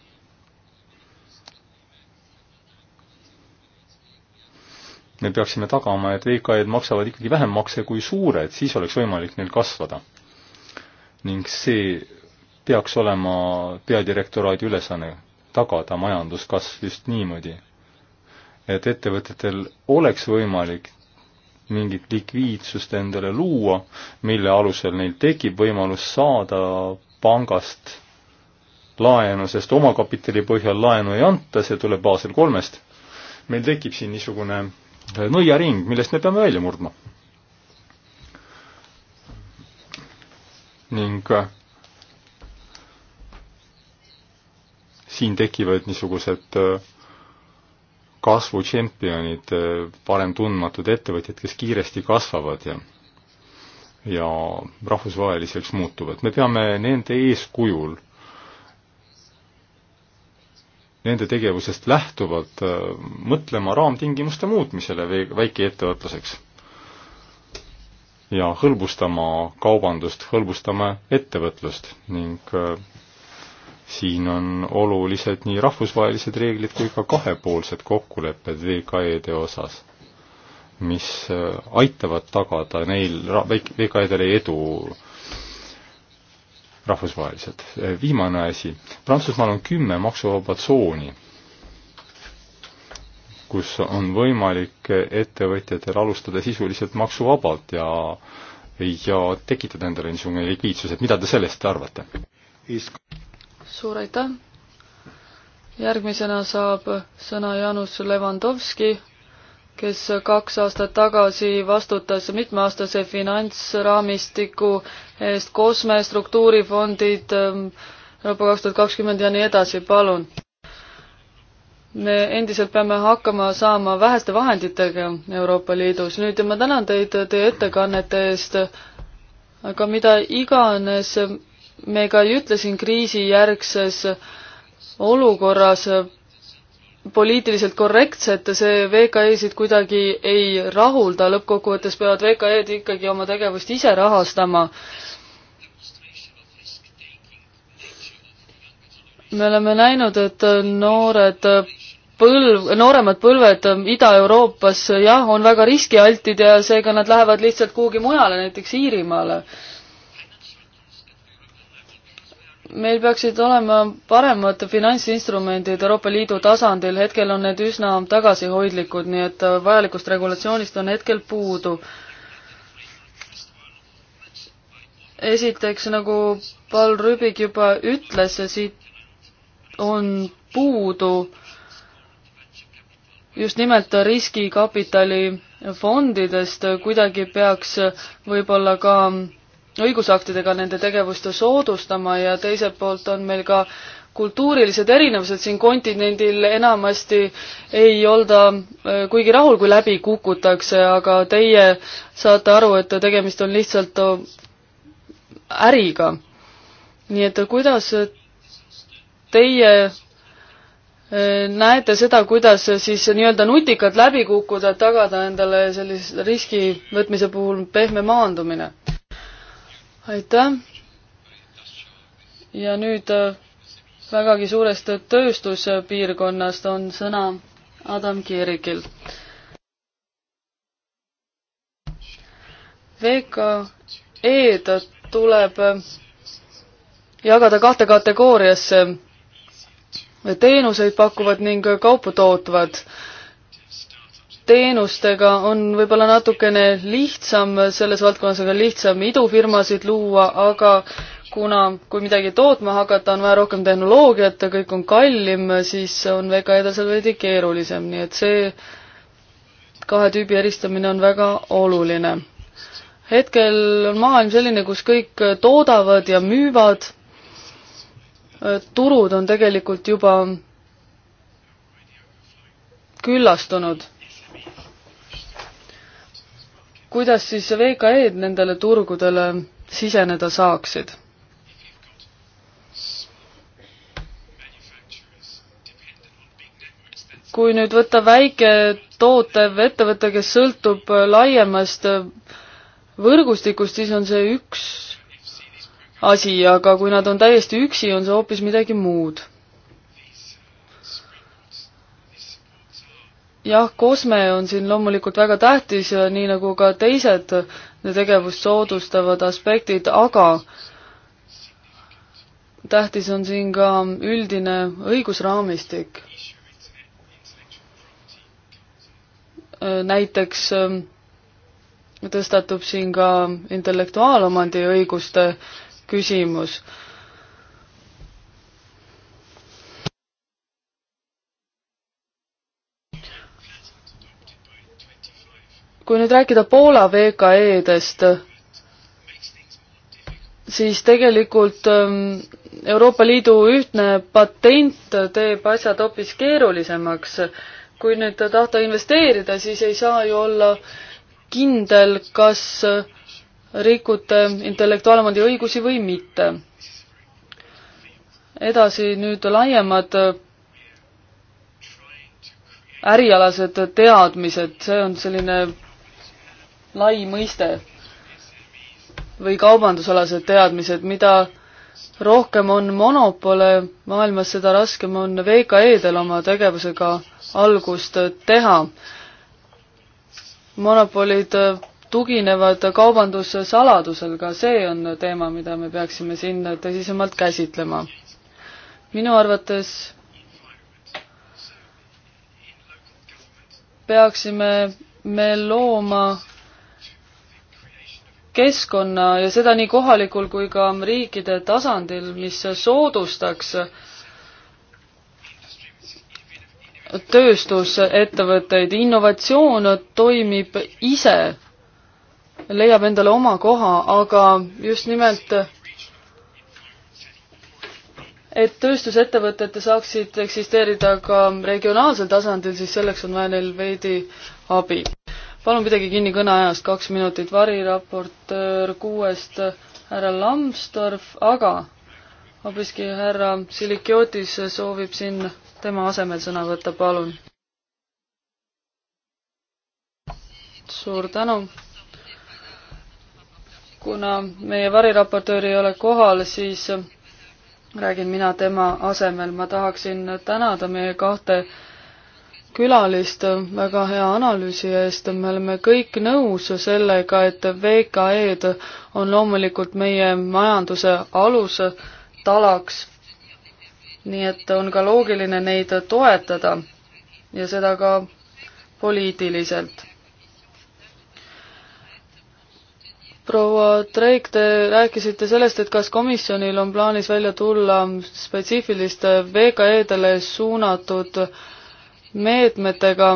me peaksime tagama, et VKE-d maksavad ikkagi vähem makse kui suured, siis oleks võimalik neil kasvada. ning see peaks olema peadirektoraadi ülesanne, tagada majanduskasv just niimoodi, et ettevõtetel oleks võimalik mingit likviidsust endale luua, mille alusel neil tekib võimalus saada pangast laenu, sest omakapitali põhjal laenu ei anta, see tuleb Basel kolmest. meil tekib siin niisugune äh, nõiaring, millest me peame välja murdma. ning äh, siin tekivad niisugused äh, kasvutšempionid, varem tundmatud ettevõtjad, kes kiiresti kasvavad ja ja rahvusvaheliseks muutuvad. me peame nende eeskujul, nende tegevusest lähtuvalt äh, mõtlema raamtingimuste muutmisele väikeettevõtluseks. ja hõlbustama kaubandust, hõlbustama ettevõtlust ning äh, siin on olulised nii rahvusvahelised reeglid kui ka kahepoolsed kokkulepped VKE-de osas, mis äh, aitavad tagada neil VKE-dele edu rahvusvaheliselt. Äh, viimane asi, Prantsusmaal on kümme maksuvaba tsooni, kus on võimalik ettevõtjatel alustada sisuliselt maksuvabalt ja ja tekitada endale niisugune likviidsus, et mida te sellest arvate? suur aitäh! järgmisena saab sõna Janus Levandovski, kes kaks aastat tagasi vastutas mitmeaastase finantsraamistiku eest, COSME struktuurifondid, ähm, Euroopa kaks tuhat kakskümmend ja nii edasi, palun. me endiselt peame hakkama saama väheste vahenditega Euroopa Liidus. nüüd ma tänan teid teie ettekannete eest, aga mida iganes me ka ei ütle siin kriisijärgses olukorras poliitiliselt korrektset, see VKE-sid kuidagi ei rahulda, lõppkokkuvõttes peavad VKE-d ikkagi oma tegevust ise rahastama. me oleme näinud, et noored põlv, nooremad põlved Ida-Euroopas jah, on väga riskialtid ja seega nad lähevad lihtsalt kuhugi mujale, näiteks Iirimaale meil peaksid olema paremad finantsinstrumendid Euroopa Liidu tasandil, hetkel on need üsna tagasihoidlikud, nii et vajalikust regulatsioonist on hetkel puudu. esiteks, nagu Paul Rüübik juba ütles, siit on puudu just nimelt riskikapitali fondidest, kuidagi peaks võib-olla ka õigusaktidega nende tegevust soodustama ja teiselt poolt on meil ka kultuurilised erinevused siin kontinendil enamasti ei olda äh, kuigi rahul, kui läbi kukutakse, aga teie saate aru, et tegemist on lihtsalt äh, äriga. nii et kuidas teie äh, näete seda, kuidas siis nii-öelda nutikalt läbi kukkuda, et tagada endale sellise riski võtmise puhul pehme maandumine? aitäh. ja nüüd äh, vägagi suurest tööstuspiirkonnast on sõna Adam Kirgil. VKE-d tuleb äh, jagada kahte kategooriasse, teenuseid pakuvad ning kaupu tootvad teenustega on võib-olla natukene lihtsam selles valdkonnas, aga lihtsam idufirmasid luua, aga kuna, kui midagi tootma hakata, on vaja rohkem tehnoloogiat ja kõik on kallim, siis on VKE-del seal veidi keerulisem, nii et see kahe tüübi eristamine on väga oluline. hetkel on maailm selline, kus kõik toodavad ja müüvad, turud on tegelikult juba küllastunud kuidas siis VKE-d nendele turgudele siseneda saaksid? kui nüüd võtta väike tootev ettevõte, kes sõltub laiemast võrgustikust, siis on see üks asi, aga kui nad on täiesti üksi, on see hoopis midagi muud jah, kosme on siin loomulikult väga tähtis ja nii nagu ka teised tegevust soodustavad aspektid, aga tähtis on siin ka üldine õigusraamistik. näiteks ähm, tõstatub siin ka intellektuaalomandi õiguste küsimus kui nüüd rääkida Poola VKE-dest, siis tegelikult ähm, Euroopa Liidu ühtne patent teeb asjad hoopis keerulisemaks. kui nüüd tahta investeerida, siis ei saa ju olla kindel, kas rikute intellektuaalomandi õigusi või mitte. edasi nüüd laiemad ärialased teadmised, see on selline lai mõiste või kaubandusalased teadmised, mida rohkem on monopole maailmas, seda raskem on VKE-del oma tegevusega algust teha. monopolid tuginevad kaubandussaladusel, ka see on teema, mida me peaksime siin tõsisemalt käsitlema. minu arvates peaksime me looma keskkonna ja seda nii kohalikul kui ka riikide tasandil, mis soodustaks tööstusettevõtteid, innovatsioon toimib ise, leiab endale oma koha, aga just nimelt et tööstusettevõtted saaksid eksisteerida ka regionaalsel tasandil, siis selleks on vaja neil veidi abi palun pidage kinni kõneajast, kaks minutit, variraportöör kuuest härra Lambsdorff, aga hoopiski härra Silikiotis soovib siin tema asemel sõna võtta, palun. suur tänu. kuna meie variraportöör ei ole kohal, siis räägin mina tema asemel. ma tahaksin tänada meie kahte külalist väga hea analüüsi eest, me oleme kõik nõus sellega, et VKE-d on loomulikult meie majanduse alustalaks. nii et on ka loogiline neid toetada ja seda ka poliitiliselt. proua Treik, te rääkisite sellest, et kas komisjonil on plaanis välja tulla spetsiifiliste VKE-dele suunatud äh, meetmetega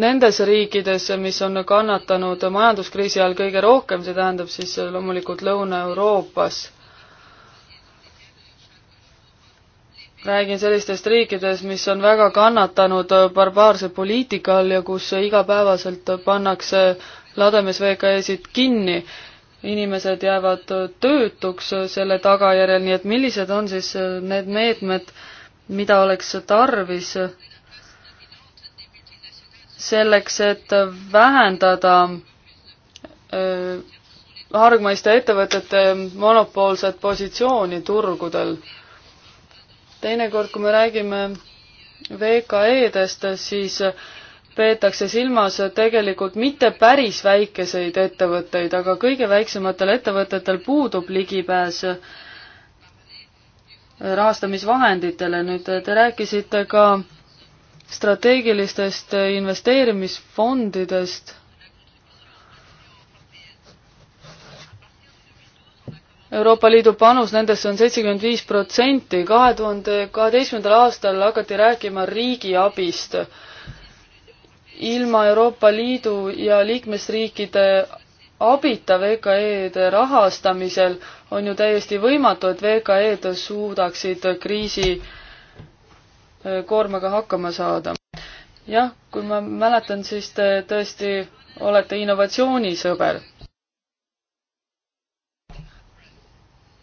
nendes riikides, mis on kannatanud majanduskriisi ajal kõige rohkem, see tähendab siis loomulikult Lõuna-Euroopas. räägin sellistest riikidest, mis on väga kannatanud barbaarse poliitika all ja kus igapäevaselt pannakse lademes VKE-sid kinni. inimesed jäävad töötuks selle tagajärjel, nii et millised on siis need meetmed, mida oleks tarvis selleks, et vähendada äh, hargmaiste ettevõtete monopoolset positsiooni turgudel. teinekord, kui me räägime VKE-dest, siis peetakse silmas tegelikult mitte päris väikeseid ettevõtteid, aga kõige väiksematel ettevõtetel puudub ligipääs rahastamisvahenditele. nüüd te rääkisite ka strateegilistest investeerimisfondidest. Euroopa Liidu panus nendesse on seitsekümmend viis protsenti, kahe tuhande kaheteistkümnendal aastal hakati rääkima riigiabist. ilma Euroopa Liidu ja liikmesriikide abita VKE-de rahastamisel on ju täiesti võimatu, et VKE-d suudaksid kriisi äh, koormaga hakkama saada. jah, kui ma mäletan, siis te tõesti olete innovatsioonisõber.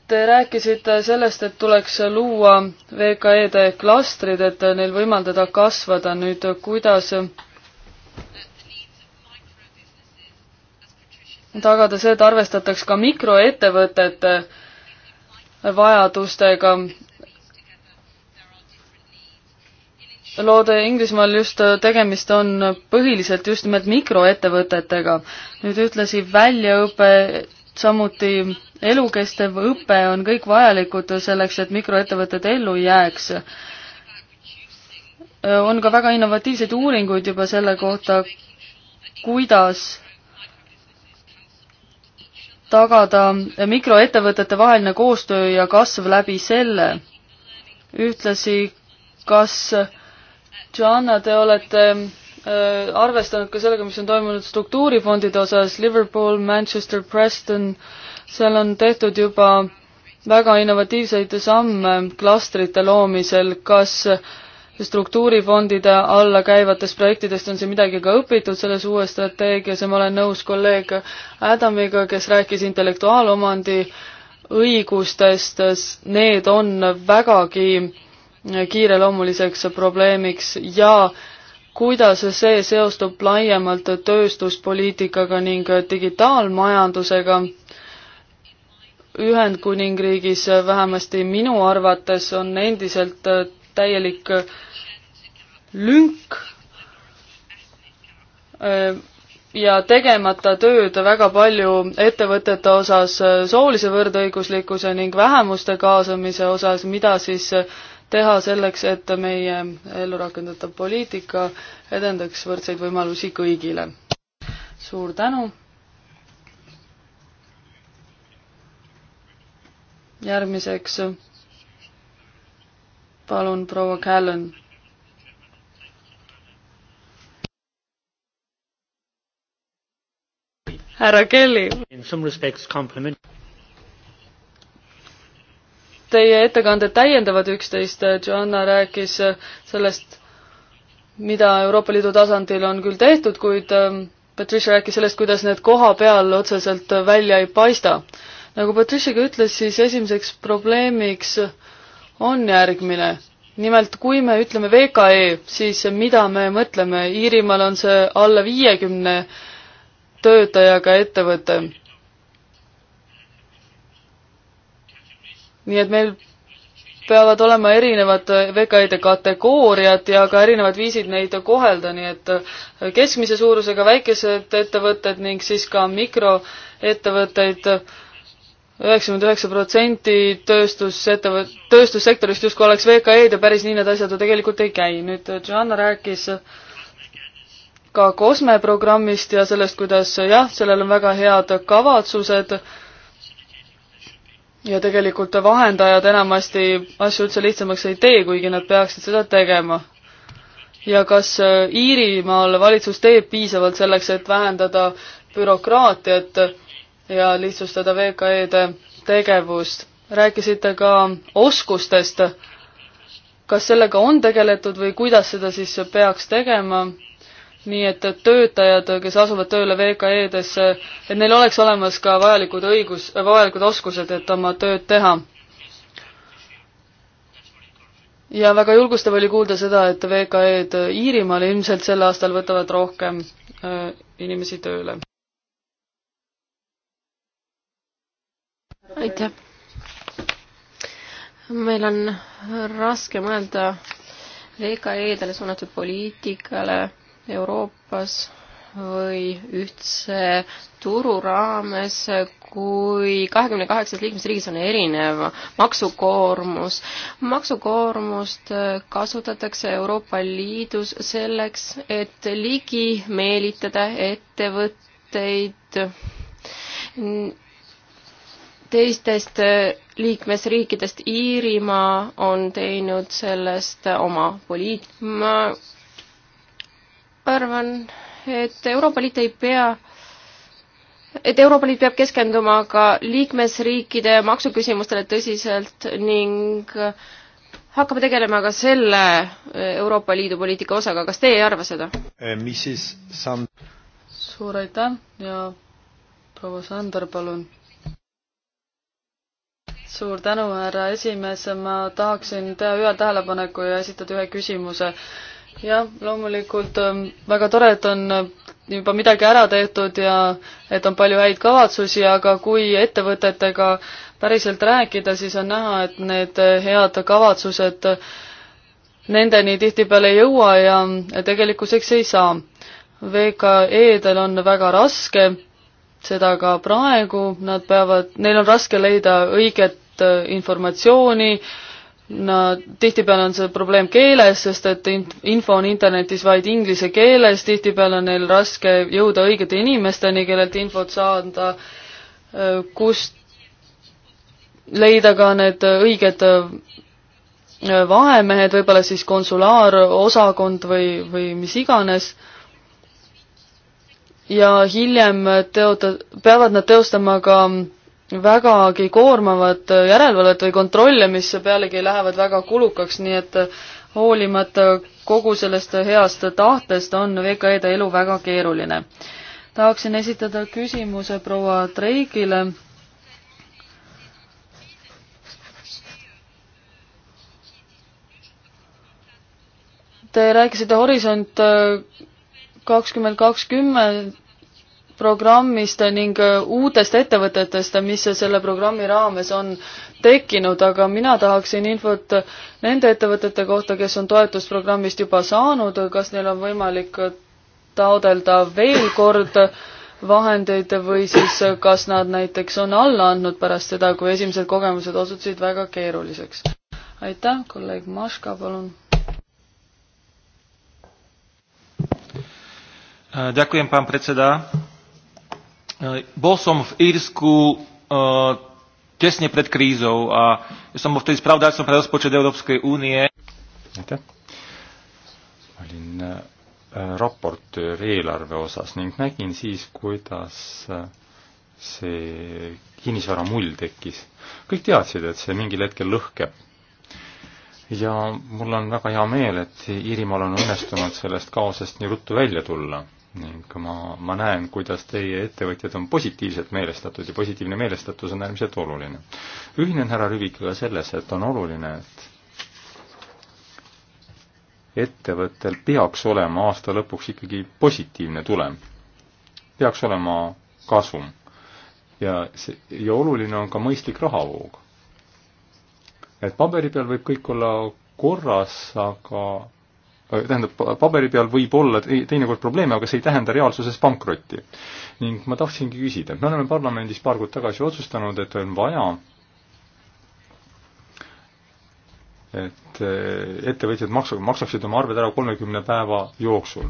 Te rääkisite sellest, et tuleks luua VKE-de klastrid, et neil võimaldada kasvada nüüd, kuidas tagada see, et arvestataks ka mikroettevõtete vajadustega, loode Inglismaal just äh, tegemist on põhiliselt just nimelt mikroettevõtetega. nüüd ühtlasi väljaõpe, samuti elukestev õpe on kõik vajalikud selleks, et mikroettevõtted ellu jääks. Äh, on ka väga innovatiivseid uuringuid juba selle kohta, kuidas tagada mikroettevõtete vaheline koostöö ja kasv läbi selle. ühtlasi, kas äh, Joanna, te olete äh, arvestanud ka sellega, mis on toimunud struktuurifondide osas, Liverpool, Manchester, Preston, seal on tehtud juba väga innovatiivseid samme klastrite loomisel, kas struktuurifondide alla käivatest projektidest on siin midagi ka õpitud selles uues strateegias ja ma olen nõus kolleeg Adamiga, kes rääkis intellektuaalomandi õigustest, need on vägagi kiireloomuliseks probleemiks ja kuidas see seostub laiemalt tööstuspoliitikaga ning digitaalmajandusega. Ühendkuningriigis vähemasti minu arvates on endiselt täielik lünk ja tegemata tööd väga palju ettevõtete osas soolise võrdõiguslikkuse ning vähemuste kaasamise osas, mida siis teha selleks, et meie ellu rakendatav poliitika edendaks võrdseid võimalusi kõigile. suur tänu! järgmiseks palun proua Callan. härra Kelly teie ettekanded täiendavad üksteist, Joanna rääkis äh, sellest, mida Euroopa Liidu tasandil on küll tehtud, kuid ähm, Patricia rääkis sellest, kuidas need koha peal otseselt välja ei paista. nagu Patricia ka ütles, siis esimeseks probleemiks on järgmine. nimelt, kui me ütleme VKE, siis mida me mõtleme, Iirimaal on see alla viiekümne töötajaga ettevõte nii et meil peavad olema erinevad VKI-de kategooriad ja ka erinevad viisid neid kohelda, nii et keskmise suurusega väikesed ettevõtted ning siis ka mikroettevõtteid, üheksakümmend üheksa protsenti tööstusettevõt-, tööstussektorist justkui oleks VKE-d ja päris nii need asjad ju tegelikult ei käi. nüüd Johanna rääkis ka COSME programmist ja sellest, kuidas jah, sellel on väga head kavatsused, ja tegelikult vahendajad enamasti asju üldse lihtsamaks ei tee, kuigi nad peaksid seda tegema. ja kas äh, Iirimaal valitsus teeb piisavalt selleks, et vähendada bürokraatiat ja lihtsustada VKE-de tegevust? rääkisite ka oskustest. kas sellega on tegeletud või kuidas seda siis peaks tegema? nii et töötajad, kes asuvad tööle VKE-desse, et neil oleks olemas ka vajalikud õigus, vajalikud oskused, et oma tööd teha. ja väga julgustav oli kuulda seda, et VKE-d Iirimaal ilmselt sel aastal võtavad rohkem äh, inimesi tööle. aitäh! meil on raske mõelda VKE-dele suunatud poliitikale Euroopas või ühtse turu raames, kui kahekümne kaheksas liikmesriigis on erinev maksukoormus. maksukoormust kasutatakse Euroopa Liidus selleks, et ligi meelitada ettevõtteid teistest liikmesriikidest Iirimaa on teinud sellest oma poliit-, arvan, et Euroopa Liit ei pea et Euroopa Liit peab keskenduma ka liikmesriikide maksuküsimustele tõsiselt ning hakkame tegelema ka selle Euroopa Liidu poliitika osaga, kas teie ei arva seda? Eh, suur aitäh ja proua Sander, palun. suur tänu, härra esimees, ma tahaksin teha ühe tähelepaneku ja esitada ühe küsimuse jah, loomulikult ähm, väga tore, et on äh, juba midagi ära tehtud ja et on palju häid kavatsusi, aga kui ettevõtetega päriselt rääkida, siis on näha, et need äh, head kavatsused äh, nendeni tihtipeale ei jõua ja tegelikkuseks ei saa. VKE-del on väga raske, seda ka praegu, nad peavad, neil on raske leida õiget informatsiooni, no tihtipeale on see probleem keeles, sest et info on internetis vaid inglise keeles, tihtipeale on neil raske jõuda õigete inimesteni, kellelt infot saada, kust leida ka need õiged vahemehed, võib-olla siis konsulaarosakond või, või mis iganes. ja hiljem teota-, peavad nad teostama ka vägagi koormavat järelevalvet või kontrolle, mis pealegi lähevad väga kulukaks, nii et hoolimata kogu sellest heast tahtest on VKE-de elu väga keeruline. tahaksin esitada küsimuse proua Treigile. Te rääkisite Horisont kakskümmend kakskümmend programmist ning äh, uutest ettevõtetest, mis selle programmi raames on tekkinud, aga mina tahaksin infot nende ettevõtete kohta, kes on toetusprogrammist juba saanud, kas neil on võimalik taodelda veel kord vahendeid või siis kas nad näiteks on alla andnud pärast seda, kui esimesed kogemused osutusid väga keeruliseks. aitäh, kolleeg Maška, palun. Ďakujem, pán predseda Eh, bol som v Írsku eh, tesne pred krízou a ja som bol vtedy spravodajcom pre rozpočet Európskej únie. aitäh. olin eh, raportöör eelarve osas ning nägin siis, kuidas see kinnisvara mull tekkis. kõik teadsid, et see mingil hetkel lõhkeb. ja mul on väga hea meel, et Iirimaal on õnnestunud sellest kaosest nii ruttu välja tulla ning ma, ma näen, kuidas teie ettevõtjad on positiivselt meelestatud ja positiivne meelestatus on äärmiselt oluline. ühinen härra Rüvikiga selles, et on oluline, et ettevõttel peaks olema aasta lõpuks ikkagi positiivne tulem. peaks olema kasum. ja see, ja oluline on ka mõistlik rahavoog. et paberi peal võib kõik olla korras, aga tähendab, paberi peal võib olla teinekord probleeme, aga see ei tähenda reaalsuses pankrotti. ning ma tahtsingi küsida, me oleme parlamendis paar kuud tagasi otsustanud, et on vaja et eh, ettevõtjad maksu-, maksaksid oma arved ära kolmekümne päeva jooksul.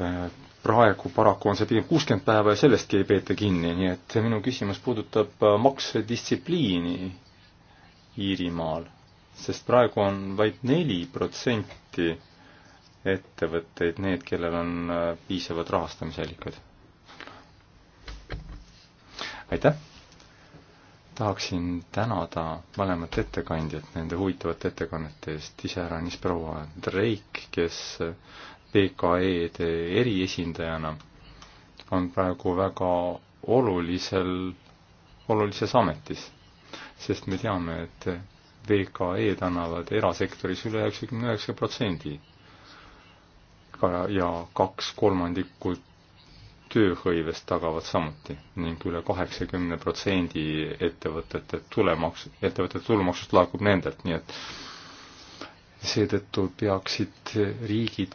Eh, praegu paraku on see pigem kuuskümmend päeva ja sellestki ei peeta kinni, nii et minu küsimus puudutab eh, maksedistsipliini Iirimaal sest praegu on vaid neli protsenti ettevõtteid need, kellel on äh, piisavad rahastamisallikad. aitäh! tahaksin tänada mõlemat ettekandjat nende huvitavate ettekannete eest, iseäranis proua Drake, kes PKE-de äh, eriesindajana on praegu väga olulisel, olulises ametis. sest me teame, et VKE-d annavad erasektoris üle üheksakümne üheksa protsendi ja kaks kolmandikku tööhõivest tagavad samuti ning üle kaheksakümne protsendi ettevõtete tulemaks, ettevõtete tulumaksust laekub nendelt, nii et seetõttu peaksid riigid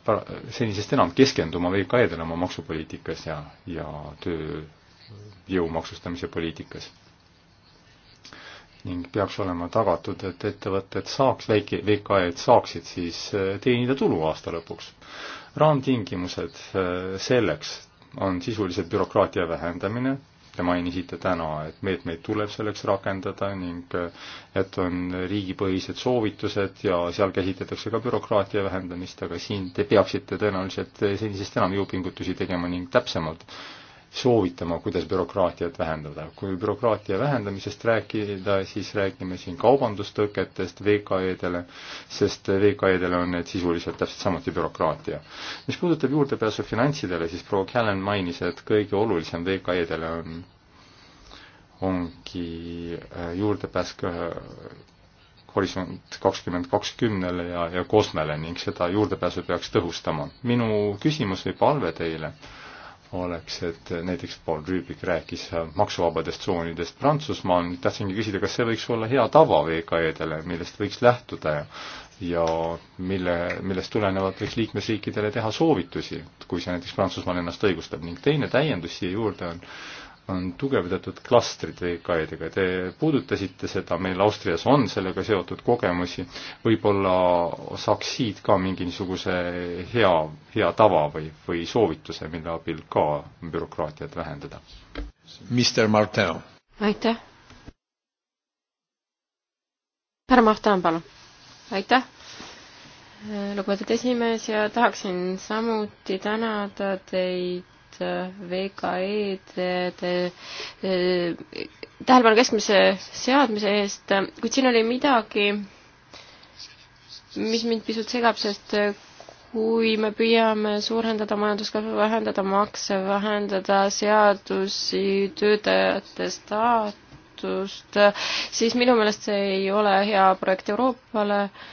senisest enam keskenduma VKE-dele oma maksupoliitikas ja, ja tööjõu maksustamise poliitikas ning peaks olema tagatud, et ettevõtted saaks, väike, VKE-d saaksid siis eh, teenida tulu aasta lõpuks. raamtingimused eh, selleks on sisuliselt bürokraatia vähendamine, te mainisite täna, et meetmeid tuleb selleks rakendada ning eh, et on riigipõhised soovitused ja seal käsitletakse ka bürokraatia vähendamist, aga siin te peaksite tõenäoliselt senisest enam jõupingutusi tegema ning täpsemalt soovitama, kuidas bürokraatiat vähendada. kui bürokraatia vähendamisest rääkida, siis räägime siin kaubandustõketest VKE-dele, sest VKE-dele on need sisuliselt täpselt samuti bürokraatia. mis puudutab juurdepääsu finantsidele, siis proua Callan mainis, et kõige olulisem VKE-dele on, ongi äh, juurdepääs äh, Horisont kakskümmend kakskümnele ja, ja Kosmele ning seda juurdepääsu peaks tõhustama. minu küsimus või palve teile oleks, et näiteks Paul Rüübik rääkis maksuvabadest tsoonidest Prantsusmaal, tahtsingi küsida, kas see võiks olla hea tava VKE-dele, millest võiks lähtuda ja ja mille, millest tulenevalt võiks liikmesriikidele teha soovitusi, kui see näiteks Prantsusmaal ennast õigustab ning teine täiendus siia juurde on on tugevdatud klastrid VKE-dega. Te puudutasite seda, meil Austrias on sellega seotud kogemusi, võib-olla saaks siit ka mingi niisuguse hea, hea tava või, või soovituse, mille abil ka bürokraatiat vähendada. Mr Martin. aitäh. härra Martin, palun. aitäh lugupeetud esimees ja tahaksin samuti tänada teid et VKE-de tähelepanu keskmise seadmise eest, kuid siin oli midagi, mis mind pisut segab, sest kui me püüame suurendada majanduskasvu, vähendada makse, vähendada seadusi, töötajate staatust, siis minu meelest see ei ole hea projekt Euroopale äh,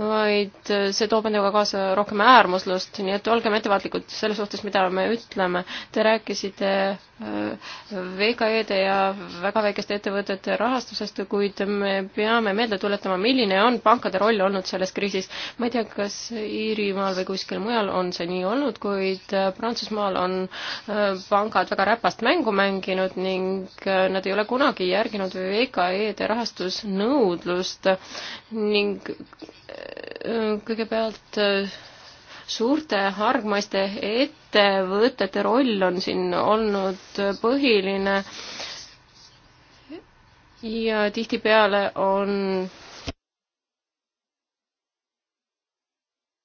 vaid äh, see toob endaga kaasa rohkem äärmuslust, nii et olgem ettevaatlikud selles suhtes, mida me ütleme. Te rääkisite äh, VKE-de ja väga väikeste ettevõtete rahastusest, kuid me peame meelde tuletama, milline on pankade roll olnud selles kriisis. ma ei tea, kas Iirimaal või kuskil mujal on see nii olnud, kuid äh, Prantsusmaal on pangad väga räpast mängu mänginud ning nad ei ole kunagi järginud VKE-de rahastusnõudlust ning kõigepealt äh, suurte hargmaiste ettevõtete roll on siin olnud põhiline ja tihtipeale on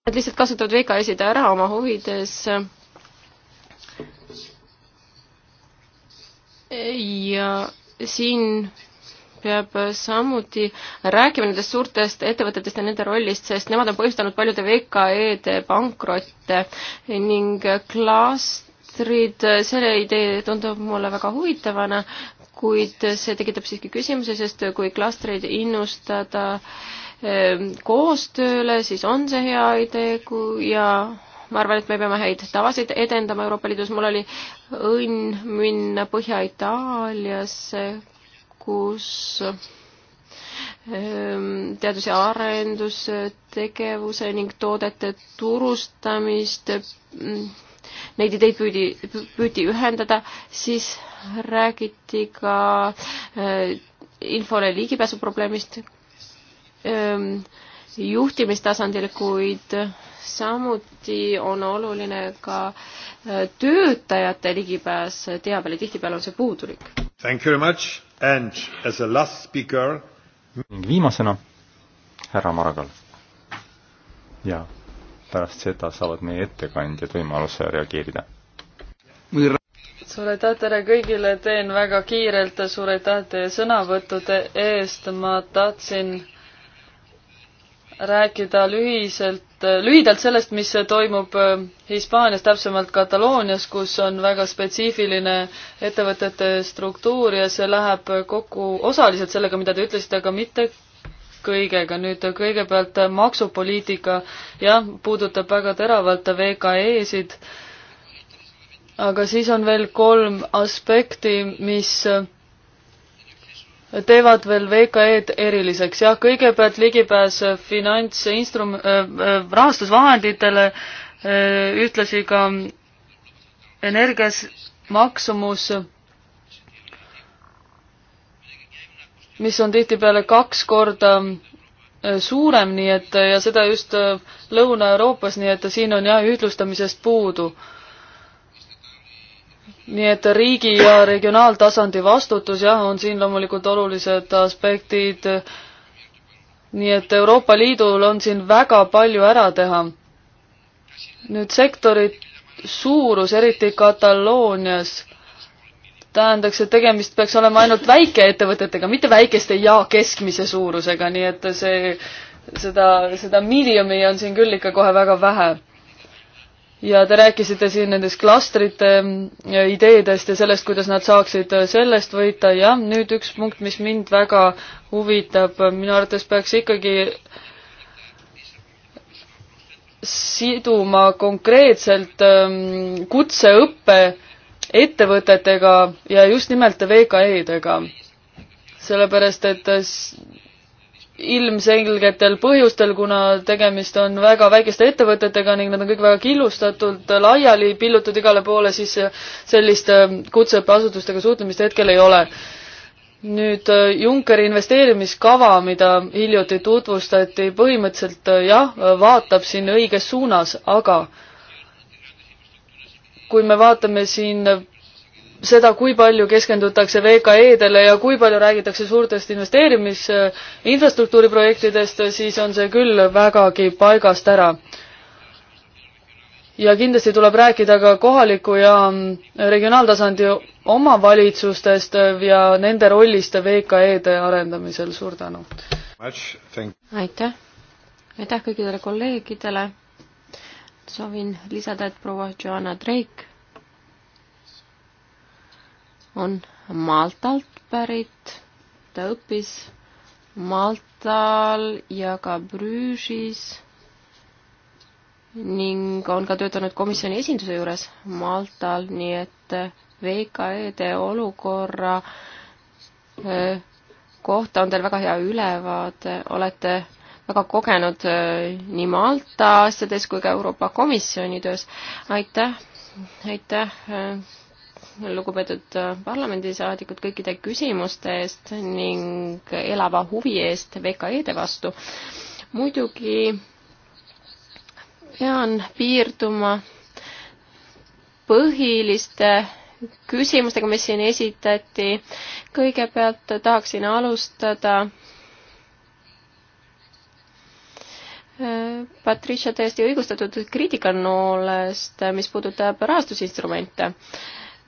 Nad lihtsalt kasutavad VKS-id ära oma huvides. ja siin peab samuti rääkima nendest suurtest ettevõtetest ja nende rollist, sest nemad on põhjustanud paljude VKE-de pankrotte ning klastrid, selle idee tundub mulle väga huvitavana, kuid see tekitab siiski küsimuse, sest kui klastreid innustada ehm, koostööle, siis on see hea idee, kui ja ma arvan, et me peame häid tavasid edendama Euroopa Liidus, mul oli õnn minna Põhja-Itaaliasse kus ehm, teadus- ja arendustegevuse ning toodete turustamist, mm, neid ideid püüdi, püüti ühendada, siis räägiti ka eh, infole ligipääsu probleemist ehm, juhtimistasandil, kuid samuti on oluline ka eh, töötajate ligipääs teabele, tihtipeale on see puudulik Speaker... ning viimasena härra Margal. ja pärast seda saavad meie ettekandjad võimaluse reageerida. suur aitäh teile kõigile, teen väga kiirelt, suur aitäh teie sõnavõttude eest, ma tahtsin rääkida lühiselt, lühidalt sellest, mis toimub äh, Hispaanias, täpsemalt Kataloonias, kus on väga spetsiifiline ettevõtete struktuur ja see läheb kokku osaliselt sellega, mida te ütlesite, aga mitte kõigega. nüüd kõigepealt maksupoliitika, jah, puudutab väga teravalt VKE-sid, aga siis on veel kolm aspekti, mis teevad veel VKE-d eriliseks. jah, kõigepealt ligipääs finantsinstrum-, äh, äh, rahastusvahenditele, äh, ühtlasi ka energias maksumus, mis on tihtipeale kaks korda suurem, nii et ja seda just Lõuna-Euroopas, nii et siin on jah ühtlustamisest puudu nii et riigi ja regionaaltasandi vastutus jah, on siin loomulikult olulised aspektid. nii et Euroopa Liidul on siin väga palju ära teha. nüüd sektori suurus, eriti Kataloonias, tähendaks, et tegemist peaks olema ainult väikeettevõtetega, mitte väikeste ja keskmise suurusega, nii et see, seda, seda miljoni on siin küll ikka kohe väga vähe ja te rääkisite siin nendest klastrite ideedest ja sellest, kuidas nad saaksid äh, sellest võita, jah, nüüd üks punkt, mis mind väga huvitab, minu arvates peaks ikkagi siduma konkreetselt ähm, kutseõppe ettevõtetega ja just nimelt VKE-dega. sellepärast, et ilmselgetel põhjustel, kuna tegemist on väga väikeste ettevõtetega ning nad on kõik väga killustatult laiali pillutud igale poole, siis sellist äh, kutseõppeasutustega suhtlemist hetkel ei ole. nüüd äh, Junckeri investeerimiskava, mida hiljuti tutvustati, põhimõtteliselt äh, jah, vaatab siin õiges suunas, aga kui me vaatame siin seda, kui palju keskendutakse VKE-dele ja kui palju räägitakse suurtest investeerimis- infrastruktuuriprojektidest, siis on see küll vägagi paigast ära. ja kindlasti tuleb rääkida ka kohaliku ja regionaaltasandi omavalitsustest ja nende rollist VKE-de arendamisel, suur tänu! aitäh! aitäh kõigile kolleegidele! soovin lisada, et proua Joanna Drake on Maltalt pärit, ta õppis Maltal ja ka Brüžis ning on ka töötanud komisjoni esinduse juures Maltal, nii et VKE-de olukorra kohta on teil väga hea ülevaade, olete väga kogenud nii Malta asjades kui ka Euroopa Komisjoni töös. aitäh, aitäh lugupeetud äh, parlamendisaadikud, kõikide küsimuste eest ning elava huvi eest VKE-de vastu. muidugi pean piirduma põhiliste küsimustega, mis siin esitati. kõigepealt tahaksin alustada äh, Patricia täiesti õigustatud kriitikanoolest, mis puudutab rahastusinstrumente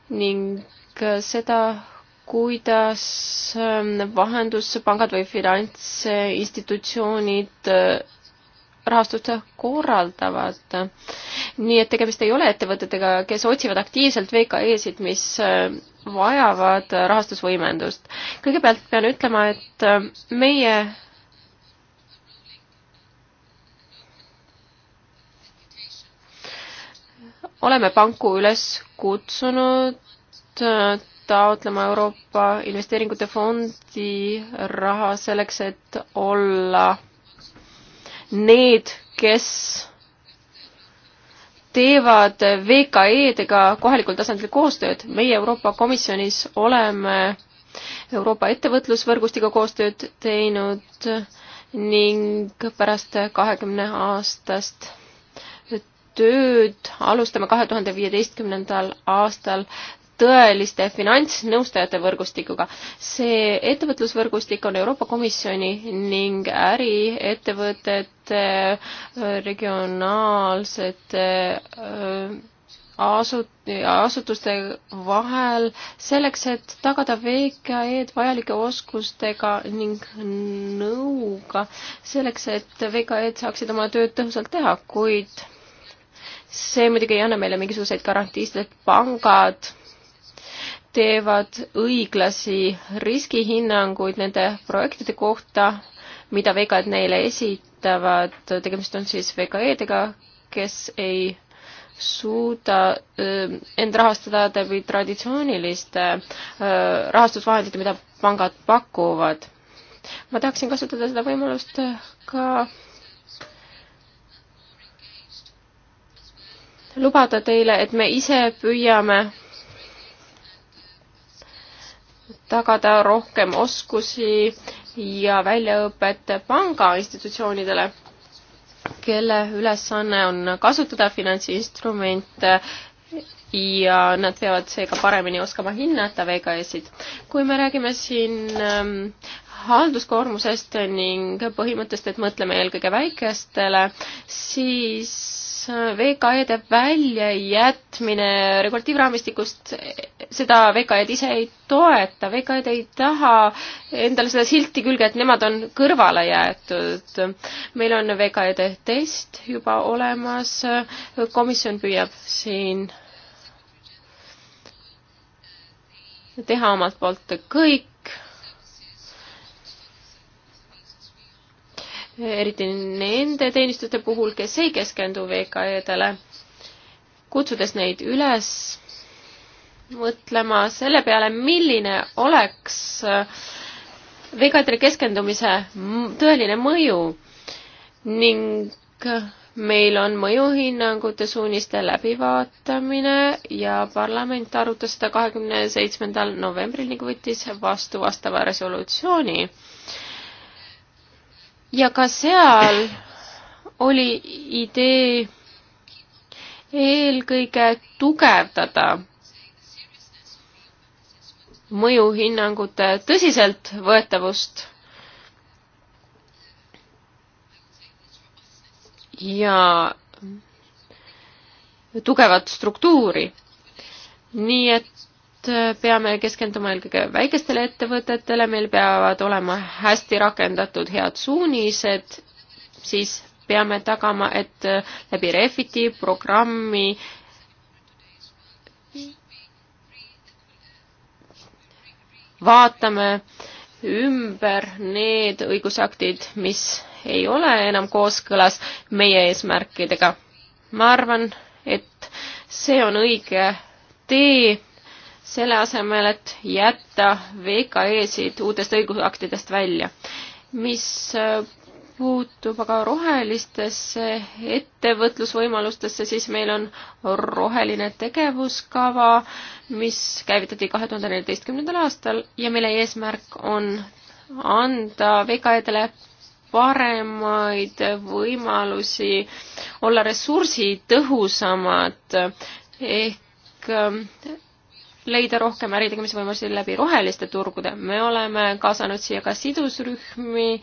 ning äh, seda, kuidas ähm, vahenduspangad või finantsinstitutsioonid äh, rahastust korraldavad. nii et tegemist ei ole ettevõtetega, kes otsivad aktiivselt VKE-sid, mis äh, vajavad rahastusvõimendust. kõigepealt pean ütlema, et meie oleme panku üles kutsunud äh, taotlema Euroopa Investeeringute Fondi raha selleks, et olla need, kes teevad VKE-dega kohalikul tasandil koostööd. meie Euroopa Komisjonis oleme Euroopa ettevõtlusvõrgustiga koostööd teinud ning pärast kahekümne aastast tööd alustame kahe tuhande viieteistkümnendal aastal tõeliste finantsnõustajate võrgustikuga. see ettevõtlusvõrgustik on Euroopa Komisjoni ning äriettevõtete, äh, regionaalsete äh, asut-, asutuste vahel selleks, et tagada VKE-d vajalike oskustega ning nõuga selleks, et VKE-d saaksid oma tööd tõhusalt teha, kuid see muidugi ei anna meile mingisuguseid garantiisid, et pangad teevad õiglasi riskihinnanguid nende projektide kohta, mida VKE-d neile esitavad, tegemist on siis VKE-dega, kes ei suuda öö, end rahastada läbi traditsiooniliste öö, rahastusvahendite, mida pangad pakuvad. ma tahaksin kasutada seda võimalust ka lubada teile, et me ise püüame tagada rohkem oskusi ja väljaõpet panga institutsioonidele, kelle ülesanne on kasutada finantsinstrumente ja nad peavad seega paremini oskama hinnata VKS-id. kui me räägime siin ähm, halduskoormusest ning põhimõttest, et mõtleme eelkõige väikestele, siis VKE-de väljajätmine regulatiivraamistikust, seda VKE-d ise ei toeta, VKE-d ei taha endale seda silti külge, et nemad on kõrvale jäetud. meil on VKE-de test juba olemas, komisjon püüab siin teha omalt poolt kõik, eriti nende teenistuste puhul, kes ei keskendu VKE-dele, kutsudes neid üles mõtlema selle peale, milline oleks veganitele keskendumise tõeline mõju ning meil on mõjuhinnangute suuniste läbivaatamine ja parlament arutas seda kahekümne seitsmendal novembril ning võttis vastu vastava resolutsiooni ja ka seal oli idee eelkõige tugevdada mõjuhinnangute tõsiseltvõetavust ja tugevat struktuuri. nii et Äh, peame keskenduma eelkõige väikestele ettevõtetele, meil peavad olema hästi rakendatud head suunised, siis peame tagama, et äh, läbi Refiti programmi vaatame ümber need õigusaktid, mis ei ole enam kooskõlas meie eesmärkidega. ma arvan, et see on õige tee selle asemel, et jätta VKE-sid uutest õigusaktidest välja. mis äh, puutub aga rohelistesse ettevõtlusvõimalustesse, siis meil on roheline tegevuskava, mis käivitati kahe tuhande neljateistkümnendal aastal ja mille eesmärk on anda VKE-dele paremaid võimalusi olla ressursitõhusamad ehk ähm, leida rohkem äritegemise võimalusi läbi roheliste turgude. me oleme kaasanud siia ka sidusrühmi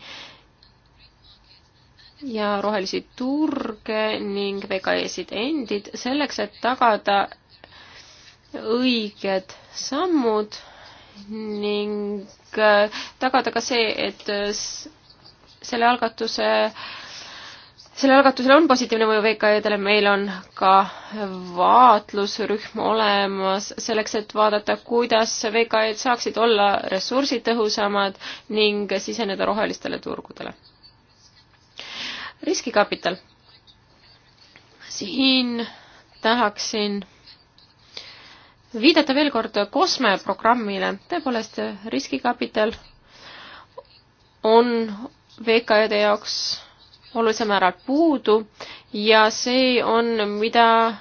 ja rohelisi turge ning VKE-sid endid selleks, et tagada õiged sammud ning tagada ka see, et selle algatuse äh, sellel algatusel on positiivne mõju VKE-dele, meil on ka vaatlusrühm olemas selleks, et vaadata, kuidas VKE-d saaksid olla ressursitõhusamad ning siseneda rohelistele turgudele. riskikapital. siin tahaksin viidata veel kord COSME programmile, tõepoolest riskikapital on VKE-de jaoks olulisel määral puudu ja see on, mida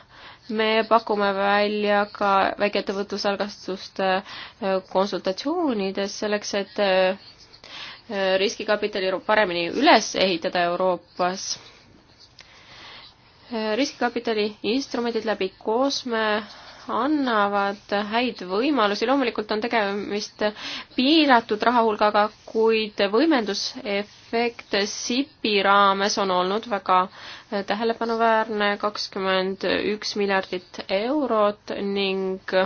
me pakume välja ka väikeettevõtlusalgastuste äh, konsultatsioonides selleks, et äh, äh, riskikapitali paremini üles ehitada Euroopas riskikapitali instrumendid läbi koosme annavad häid võimalusi, loomulikult on tegemist piiratud rahahulgaga, kuid võimendusefekt SIP-i raames on olnud väga tähelepanuväärne, kakskümmend üks miljardit eurot ning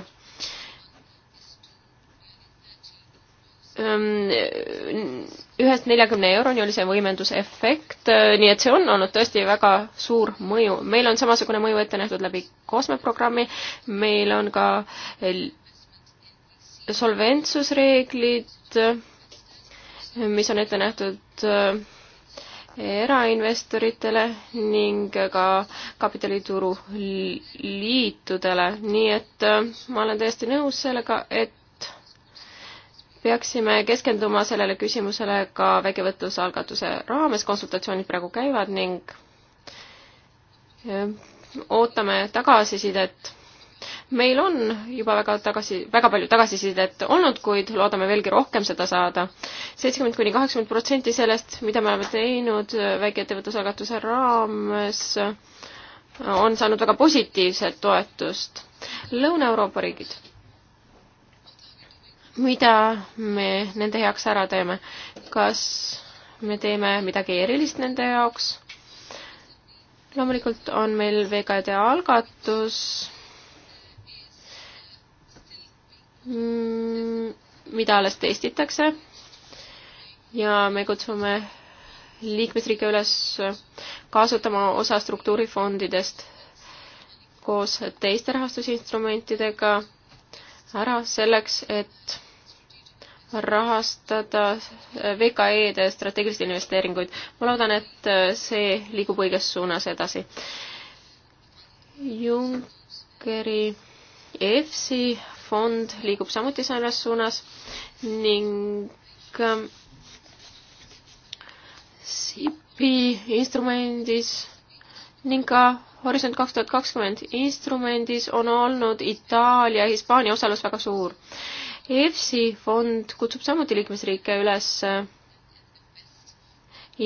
ühest neljakümne euroni oli see võimendusefekt, äh, nii et see on olnud tõesti väga suur mõju. meil on samasugune mõju ette nähtud läbi COSME programmi, meil on ka solventsusreeglid, mis on ette nähtud äh, erainvestoritele ning ka kapitalituru liitudele, nii et äh, ma olen täiesti nõus sellega, et peaksime keskenduma sellele küsimusele ka vägivõtlusalgatuse raames, konsultatsioonid praegu käivad ning eh, ootame tagasisidet. meil on juba väga tagasi, väga palju tagasisidet olnud, kuid loodame veelgi rohkem seda saada. seitsekümmend kuni kaheksakümmend protsenti sellest, mida me oleme teinud väikeettevõtlusalgatuse raames, on saanud väga positiivset toetust. Lõuna-Euroopa riigid mida me nende heaks ära teeme? kas me teeme midagi erilist nende jaoks? loomulikult on meil VKD algatus, mm, mida alles testitakse ja me kutsume liikmesriike üles kasutama osa struktuurifondidest koos teiste rahastusinstrumentidega ära selleks, et rahastada VKE-de strateegilisi investeeringuid. ma loodan, et see liigub õiges suunas edasi. Junckeri EFSI fond liigub samuti selles suunas ning ähm, SIP-i instrumendis ning ka Horisont kaks tuhat kakskümmend instrumendis on olnud Itaalia ja Hispaania osalus väga suur EFSI fond kutsub samuti liikmesriike üles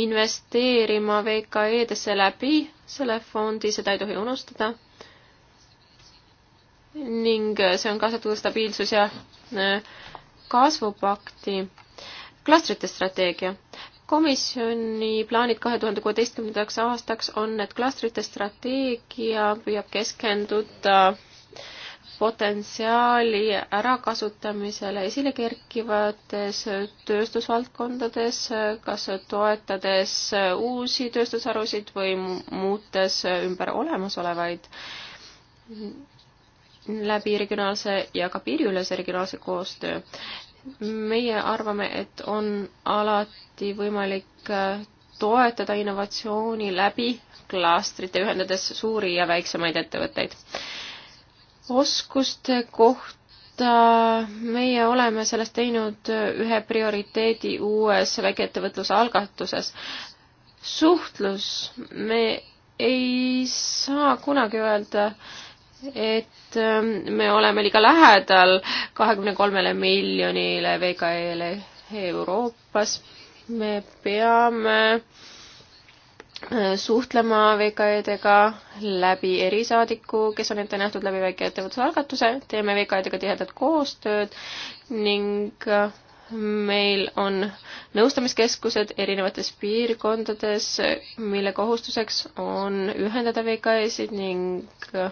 investeerima VKE-desse läbi selle fondi, seda ei tohi unustada. ning see on kaasatud stabiilsus ja äh, kasvupakti klastrite strateegia. komisjoni plaanid kahe tuhande kuueteistkümnendaks aastaks on, et klastrite strateegia püüab keskenduda potentsiaali ärakasutamisele esile kerkivates tööstusvaldkondades, kas toetades uusi tööstusharusid või muutes ümber olemasolevaid läbi regionaalse ja ka piiriülese regionaalse koostöö. meie arvame, et on alati võimalik toetada innovatsiooni läbi klastrite, ühendades suuri ja väiksemaid ettevõtteid oskuste kohta meie oleme sellest teinud ühe prioriteedi uues väikeettevõtluse algatuses. suhtlus, me ei saa kunagi öelda, et ähm, me oleme liiga lähedal kahekümne kolmele miljonile VKE-le Euroopas. me peame äh, Äh, suhtlema VKE-dega läbi erisaadiku, kes on ette nähtud läbi väikeettevõtluse algatuse, teeme VKE-dega tihedat koostööd ning äh, meil on nõustamiskeskused erinevates piirkondades, mille kohustuseks on ühendada VKE-sid ning äh,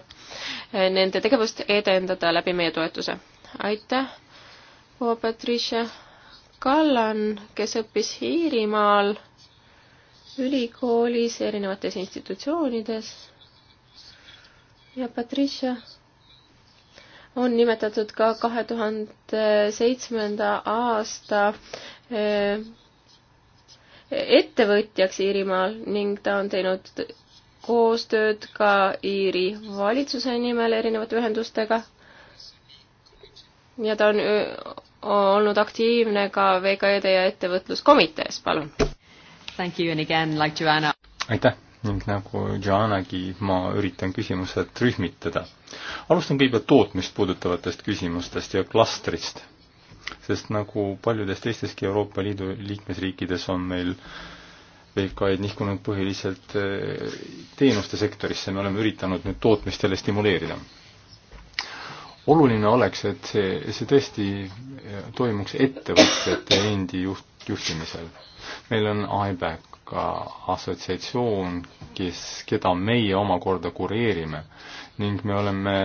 nende tegevust edendada läbi meie toetuse. aitäh, proua Patricia Kallan, kes õppis Iirimaal ülikoolis, erinevates institutsioonides ja Patricia on nimetatud ka kahe tuhande seitsmenda aasta eh, ettevõtjaks Iirimaal ning ta on teinud koostööd ka Iiri valitsuse nimel erinevate ühendustega. ja ta on eh, olnud aktiivne ka VKE-de ja ettevõtluskomitees, palun Thank you and again like Joanna. aitäh ning nagu Joannagi, ma üritan küsimused rühmitada. alustan kõigepealt tootmist puudutavatest küsimustest ja klastrist. sest nagu paljudes teisteski Euroopa Liidu liikmesriikides on meil VKI-d nihkunud põhiliselt eh, teenuste sektorisse, me oleme üritanud nüüd tootmist jälle stimuleerida. oluline oleks, et see, see tõesti eh, toimuks ettevõtjate endi juht, juhtimisel meil on IBAC assotsiatsioon, kes, keda meie omakorda kureerime ning me oleme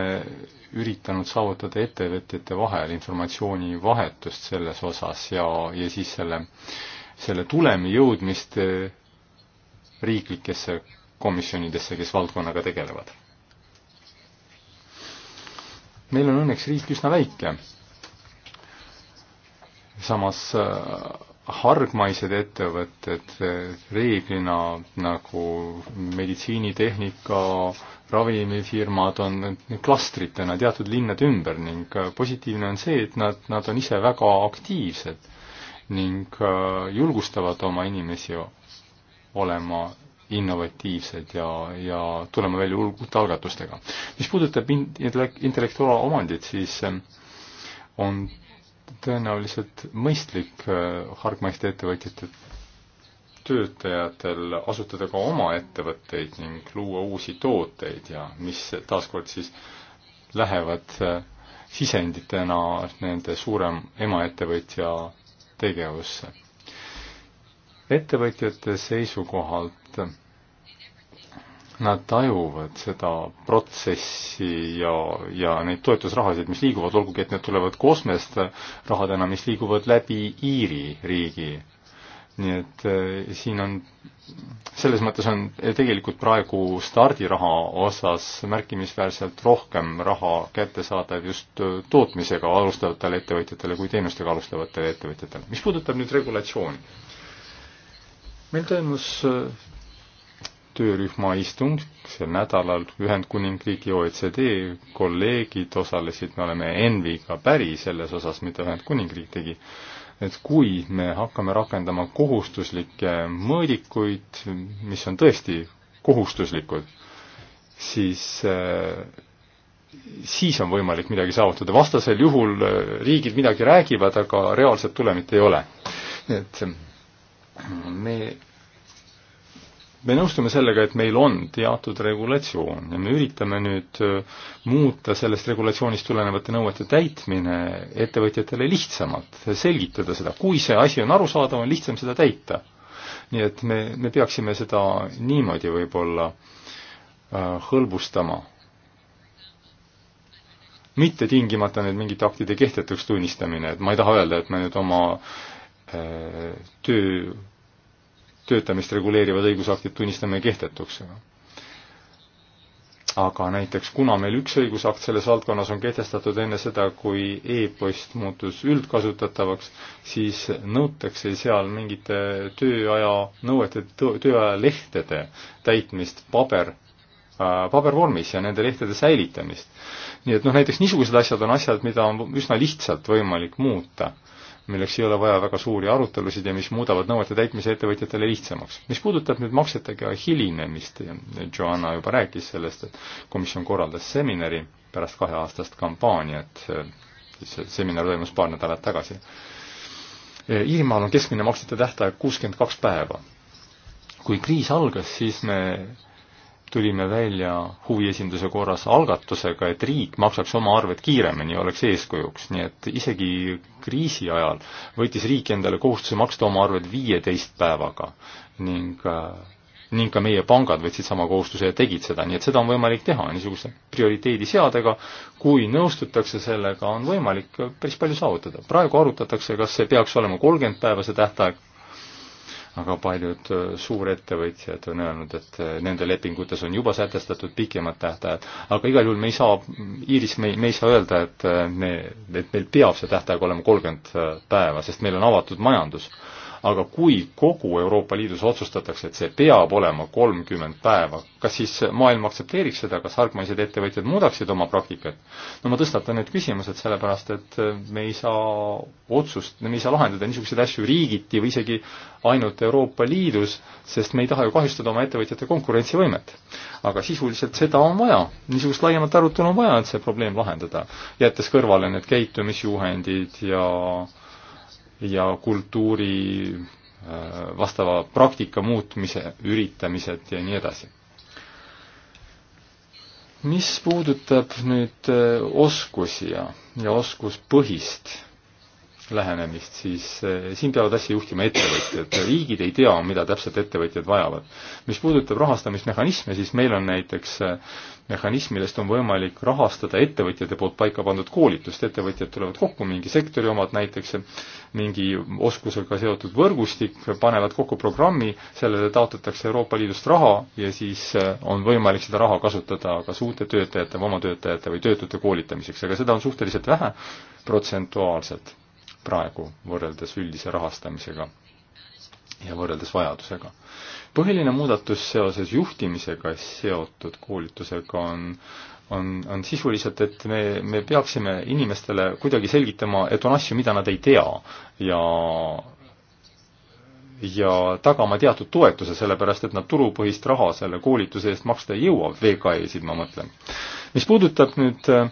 üritanud saavutada ettevõtjate vahel informatsioonivahetust selles osas ja, ja siis selle, selle tulemi jõudmist riiklikesse komisjonidesse, kes valdkonnaga tegelevad. meil on õnneks riik üsna väike. samas hargmaised ettevõtted reeglina nagu meditsiinitehnika, ravimifirmad on klastritena teatud linnade ümber ning positiivne on see, et nad, nad on ise väga aktiivsed ning äh, julgustavad oma inimesi olema innovatiivsed ja, ja tulema välja uute algatustega. mis puudutab intellektuaalomandit, siis ähm, on tõenäoliselt mõistlik äh, hargmaiste ettevõtjate töötajatel asutada ka oma ettevõtteid ning luua uusi tooteid ja mis taaskord siis lähevad äh, sisenditena nende suurem emaettevõtja tegevusse. ettevõtjate seisukohalt nad tajuvad seda protsessi ja, ja neid toetusrahasid, mis liiguvad, olgugi et need tulevad kosmest rahadena, mis liiguvad läbi Iiri riigi. nii et äh, siin on, selles mõttes on eh, tegelikult praegu stardiraha osas märkimisväärselt rohkem raha kättesaadav just eh, tootmisega alustavatele ettevõtjatele kui teenustega alustavatele ettevõtjatele. mis puudutab nüüd regulatsiooni, meil toimus äh, töörühma istung sel nädalal Ühendkuningriigi OECD kolleegid osalesid, me oleme ENViga päri selles osas, mida Ühendkuningriik tegi. et kui me hakkame rakendama kohustuslikke mõõdikuid, mis on tõesti kohustuslikud, siis äh, siis on võimalik midagi saavutada, vastasel juhul äh, riigid midagi räägivad, aga reaalset tulemit ei ole. et äh, me me nõustume sellega, et meil on teatud regulatsioon ja me üritame nüüd äh, muuta sellest regulatsioonist tulenevate nõuete täitmine ettevõtjatele lihtsamalt, selgitada seda, kui see asi on arusaadav, on lihtsam seda täita. nii et me, me peaksime seda niimoodi võib-olla äh, hõlbustama. mitte tingimata nüüd mingite aktide kehtetuks tunnistamine, et ma ei taha öelda, et me nüüd oma öö, äh, töö töötamist reguleerivad õigusaktid tunnistame kehtetuks. aga näiteks kuna meil üks õigusakt selles valdkonnas on kehtestatud enne seda, kui e-post muutus üldkasutatavaks, siis nõutakse seal mingite tööaja nõuete, tööaja lehtede täitmist paber, äh, pabervormis ja nende lehtede säilitamist. nii et noh, näiteks niisugused asjad on asjad, mida on üsna lihtsalt võimalik muuta milleks ei ole vaja väga suuri arutelusid ja mis muudavad nõuete täitmise ettevõtjatele lihtsamaks. mis puudutab nüüd maksetega hilinemist, Joanna juba rääkis sellest, et komisjon korraldas seminari pärast kaheaastast kampaaniat, see seminar toimus paar nädalat tagasi. Iirimaal on keskmine maksete tähtaeg kuuskümmend kaks päeva. kui kriis algas, siis me tulime välja huviesinduse korras algatusega, et riik maksaks oma arved kiiremini ja oleks eeskujuks, nii et isegi kriisi ajal võttis riik endale kohustuse maksta oma arved viieteist päevaga ning äh, ning ka meie pangad võtsid sama kohustuse ja tegid seda, nii et seda on võimalik teha niisuguse prioriteedi seadega, kui nõustutakse sellega, on võimalik päris palju saavutada. praegu arutatakse, kas see peaks olema kolmkümmend päeva, see tähtaeg, aga paljud äh, suurettevõtjad on öelnud, et äh, nende lepingutes on juba sätestatud pikemad tähtajad, aga igal juhul me ei saa, Iiris, me ei, me ei saa öelda, et äh, me, et meil peab see tähtaeg olema kolmkümmend päeva, sest meil on avatud majandus aga kui kogu Euroopa Liidus otsustatakse, et see peab olema kolmkümmend päeva, kas siis maailm aktsepteeriks seda, kas hargmaised ettevõtjad muudaksid oma praktikat? no ma tõstatan need küsimused sellepärast, et me ei saa otsust, me ei saa lahendada niisuguseid asju riigiti või isegi ainult Euroopa Liidus, sest me ei taha ju kahjustada oma ettevõtjate konkurentsivõimet. aga sisuliselt seda on vaja, niisugust laiemat arutelu on vaja, et see probleem lahendada, jättes kõrvale need käitumisjuhendid ja äh, ja kultuuri äh, vastava praktika muutmise üritamised ja nii edasi. mis puudutab nüüd äh, oskusi ja, ja oskuspõhist lähenemist, siis eh, siin peavad asja juhtima ettevõtjad, riigid ei tea, mida täpselt ettevõtjad vajavad. mis puudutab rahastamismehhanisme, siis meil on näiteks eh, mehhanism, millest on võimalik rahastada ettevõtjate poolt paika pandud koolitust, ettevõtjad tulevad kokku, mingi sektori omad näiteks, mingi oskusega seotud võrgustik, panevad kokku programmi, sellele taotletakse Euroopa Liidust raha ja siis eh, on võimalik seda raha kasutada kas uute töötajate, oma töötajate või töötute koolitamiseks, aga seda on suhteliselt vähe protsentuaalselt praegu võrreldes üldise rahastamisega ja võrreldes vajadusega. põhiline muudatus seoses juhtimisega seotud koolitusega on on, on sisuliselt, et me, me peaksime inimestele kuidagi selgitama, et on asju, mida nad ei tea ja ja tagama teatud toetuse, sellepärast et nad turupõhist raha selle koolituse eest maksta ei jõua, VKE-sid ma mõtlen. mis puudutab nüüd äh,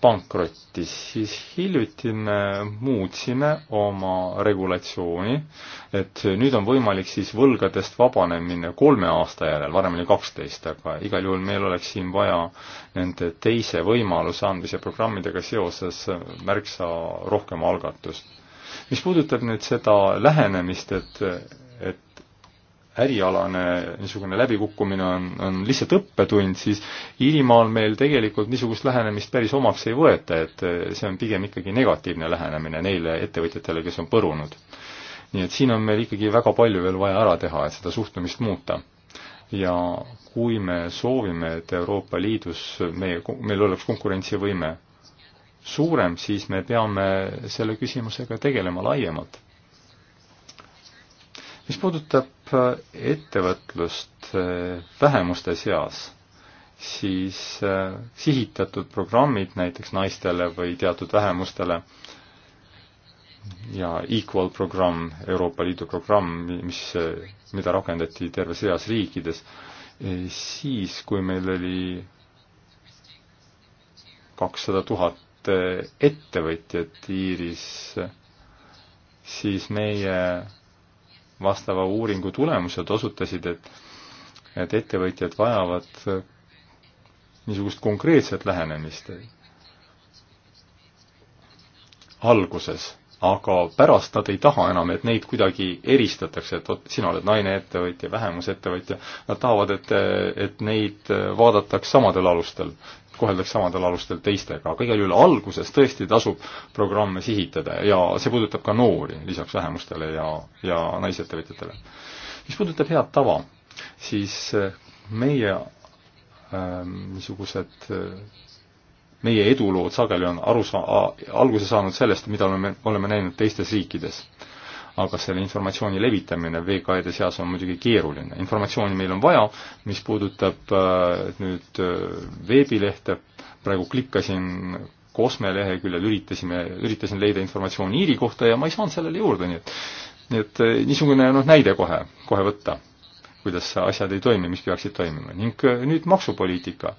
pankrotis, siis hiljuti me muutsime oma regulatsiooni, et nüüd on võimalik siis võlgadest vabanemine kolme aasta järel, varem oli kaksteist, aga igal juhul meil oleks siin vaja nende teise võimaluse andmise programmidega seoses märksa rohkem algatust. mis puudutab nüüd seda lähenemist, et, et ärialane niisugune läbikukkumine on, on lihtsalt õppetund, siis Iirimaal meil tegelikult niisugust lähenemist päris omaks ei võeta, et eh, see on pigem ikkagi negatiivne lähenemine neile ettevõtjatele, kes on põrunud. nii et siin on meil ikkagi väga palju veel vaja ära teha, et seda suhtumist muuta. ja kui me soovime, et Euroopa Liidus meie, meil oleks konkurentsivõime suurem, siis me peame selle küsimusega tegelema laiemalt mis puudutab ettevõtlust eh, vähemuste seas, siis eh, sihitatud programmid näiteks naistele või teatud vähemustele ja Equal programm, Euroopa Liidu programm, mis, eh, mida rakendati terves reas riikides, siis kui meil oli kakssada tuhat ettevõtjat Iiris, siis meie vastava uuringu tulemused osutasid, et, et ettevõtjad vajavad äh, niisugust konkreetset lähenemist alguses, aga pärast nad ei taha enam, et neid kuidagi eristatakse, et vot sina oled naine ettevõtja, vähemusettevõtja, nad tahavad, et, et neid äh, vaadataks samadel alustel koheldaks samadel alustel teistega, aga igal juhul alguses tõesti tasub programme sihitada ja see puudutab ka noori, lisaks vähemustele ja, ja naisettevõtjatele. mis puudutab head tava, siis äh, meie ähm, niisugused äh, meie edulood sageli on aru saa-, alguse saanud sellest, mida oleme, oleme näinud teistes riikides aga selle informatsiooni levitamine VKE-de seas on muidugi keeruline. informatsiooni meil on vaja, mis puudutab äh, nüüd äh, veebilehte, praegu klikkasin Kosme leheküljel, üritasime, üritasin leida informatsiooni Iiri kohta ja ma ei saanud sellele juurde, nii et nii et äh, niisugune noh, näide kohe, kohe võtta, kuidas asjad ei toimi, mis peaksid toimima. ning nüüd maksupoliitika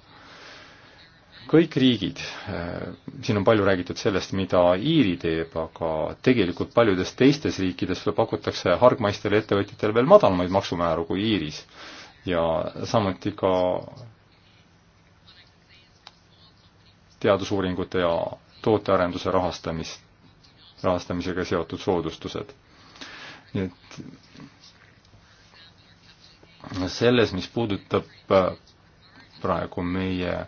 kõik riigid, äh, siin on palju räägitud sellest, mida Iiri teeb, aga tegelikult paljudes teistes riikides pakutakse hargmaistele ettevõtjatele veel madalamaid maksumääru kui Iiris. ja samuti ka teadusuuringute ja tootearenduse rahastamist, rahastamisega seotud soodustused. nii et selles, mis puudutab äh, praegu meie äh,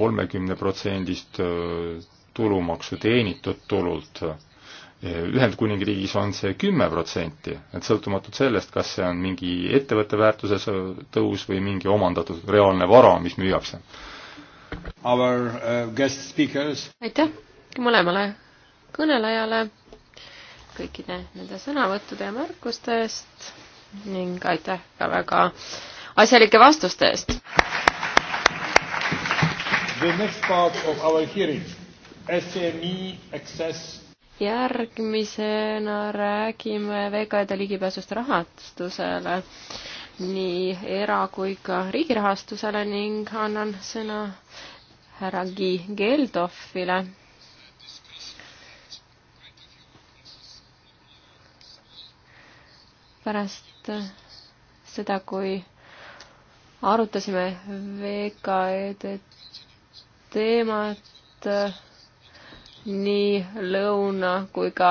kolmekümneprotsendist äh, tulumaksu teenitud tulult. Ühendkuningriigis on see kümme protsenti, et sõltumatult sellest, kas see on mingi ettevõtte väärtuse tõus või mingi omandatud reaalne vara, mis müüakse. Our uh, guest speakers. aitäh mõlemale kõnelejale kõikide nende sõnavõttude ja märkuste eest ning aitäh ka väga asjalike vastuste eest. The next part of our hearing, SME access. järgmisena räägime VKD ligipääsust rahastusele, nii era- kui ka riigirahastusele ning annan sõna härra Gi Geldoffile pärast seda, kui arutasime VKE-d teemat nii lõuna kui ka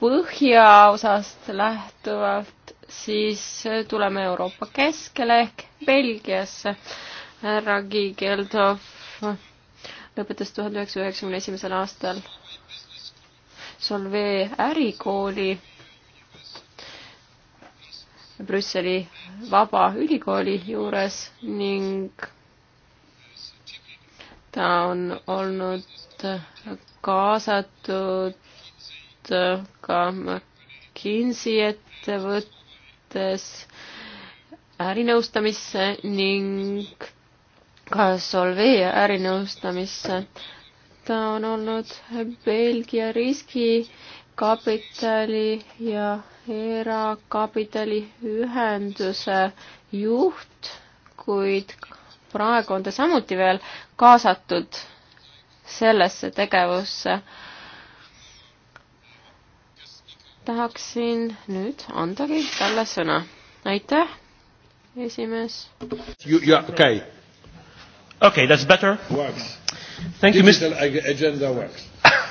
põhjaosast lähtuvalt, siis tuleme Euroopa keskele ehk Belgiasse. härra Kiigeldov lõpetas tuhande üheksasaja üheksakümne esimesel aastal Solvee ärikooli Brüsseli Vabaülikooli juures ning ta on olnud kaasatud ka McKinsey ettevõttes ärinõustamisse ning ka Solvee ärinõustamisse. ta on olnud Belgia riskikapitali ja erakapitali ühenduse juht, kuid praegu on ta samuti veel kaasatud sellesse tegevusse. tahaksin nüüd andagi talle sõna. aitäh, esimees. okei, okei, that's better. Thank you, Mr. Agenda works.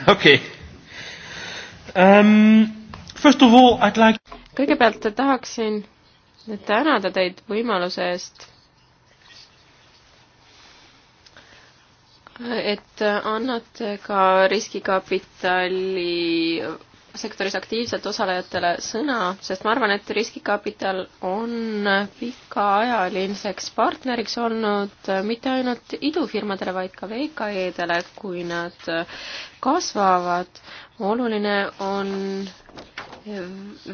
okei okay. um,. First of all, I'd like. kõigepealt tahaksin tänada teid võimaluse eest et annate ka riskikapitali sektoris aktiivselt osalejatele sõna, sest ma arvan, et riskikapital on pikaajaliseks partneriks olnud mitte ainult idufirmadele, vaid ka VKE-dele, kui nad kasvavad. oluline on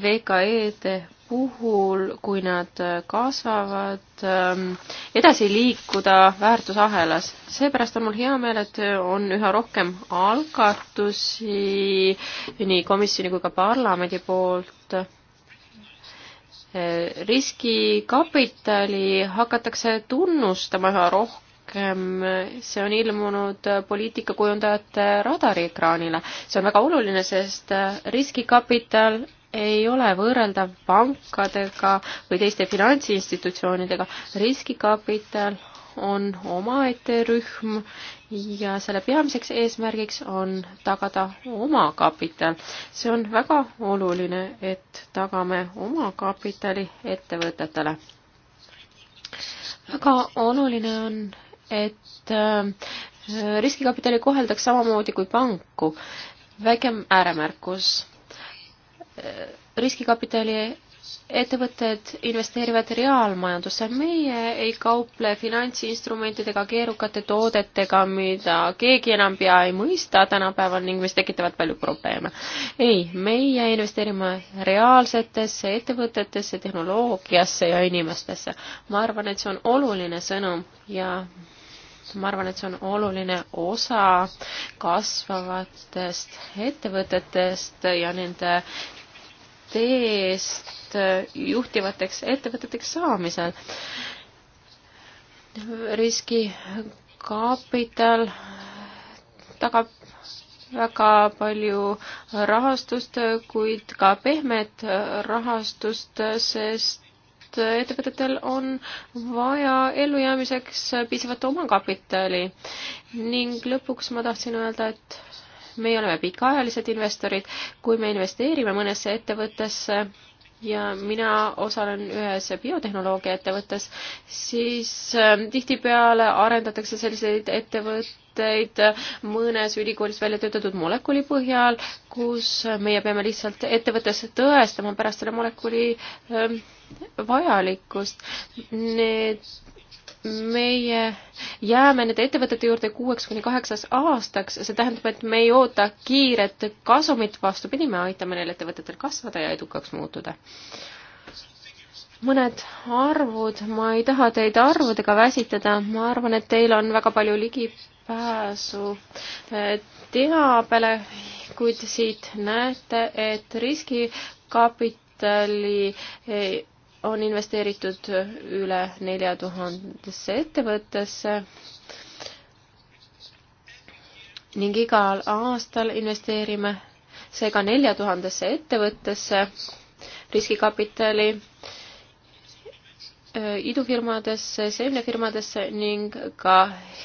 VKE-de puhul, kui nad kasvavad, ähm, edasi liikuda väärtusahelas. seepärast on mul hea meel, et on üha rohkem algatusi nii komisjoni kui ka parlamendi poolt. Äh, riskikapitali hakatakse tunnustama üha rohkem rohkem, see on ilmunud poliitikakujundajate radariekraanile. see on väga oluline, sest riskikapital ei ole võrreldav pankadega või teiste finantsinstitutsioonidega. riskikapital on omaette rühm ja selle peamiseks eesmärgiks on tagada omakapital. see on väga oluline, et tagame omakapitali ettevõtetele. väga oluline on et äh, riskikapitali koheldaks samamoodi kui panku. väike ääremärkus. Äh, riskikapitali ettevõtted investeerivad reaalmajandusse, meie ei kauple finantsinstrumentidega, keerukate toodetega, mida keegi enam pea ei mõista tänapäeval ning mis tekitavad palju probleeme. ei, meie investeerime reaalsetesse ettevõtetesse, tehnoloogiasse ja inimestesse. ma arvan, et see on oluline sõnum ja ma arvan, et see on oluline osa kasvavatest ettevõtetest ja nende teest just äh, juhtivateks ettevõteteks saamisel. riskikapital tagab väga palju rahastust, kuid ka pehmet rahastust, sest ettevõtetel on vaja ellujäämiseks piisavat omakapitali. ning lõpuks ma tahtsin öelda, et meie oleme pikaajalised investorid, kui me investeerime mõnesse ettevõttesse, ja mina osalen ühes biotehnoloogia ettevõttes, siis ähm, tihtipeale arendatakse selliseid ettevõtteid äh, mõnes ülikoolis välja töötatud molekuli põhjal, kus äh, meie peame lihtsalt ettevõttes tõestama pärast selle molekuli ähm, vajalikkust. Need meie jääme nende ettevõtete juurde kuueks kuni kaheksas aastaks, see tähendab, et me ei oota kiiret kasumit, vastupidi, me aitame neil ettevõtetel kasvada ja edukaks muutuda. mõned arvud, ma ei taha teid arvudega väsitada, ma arvan, et teil on väga palju ligipääsu eh, teabele, kuid siit näete, et riskikapitali eh, on investeeritud üle nelja tuhandesse ettevõttesse ning igal aastal investeerime seega nelja tuhandesse ettevõttesse riskikapitali äh, idufirmadesse, seemnefirmadesse ning ka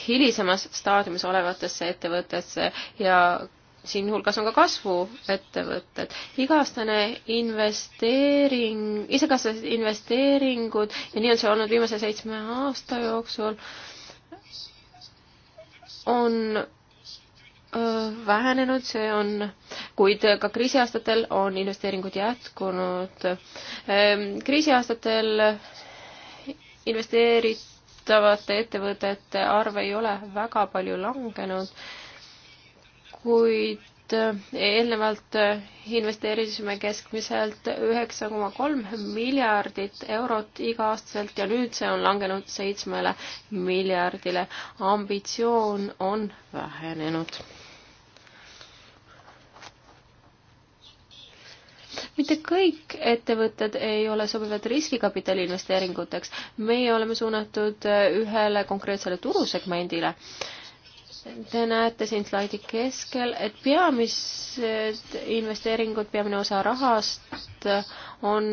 hilisemas staadiumis olevatesse ettevõttesse ja siinhulgas on ka kasvuettevõtted. iga-aastane investeering, isekassalised investeeringud ja nii on see olnud viimase seitsme aasta jooksul, on vähenenud, see on, kuid ka kriisiaastatel on investeeringud jätkunud. Ehm, kriisiaastatel investeeritavate ettevõtete arv ei ole väga palju langenud kuid eh, eelnevalt eh, investeerisime keskmiselt üheksa koma kolm miljardit eurot iga-aastaselt ja nüüd see on langenud seitsmele miljardile. ambitsioon on vähenenud. mitte kõik ettevõtted ei ole sobivad riskikapitali investeeringuteks. meie oleme suunatud eh, ühele konkreetsele turusegmendile Te näete siin slaidi keskel, et peamised investeeringud, peamine osa rahast on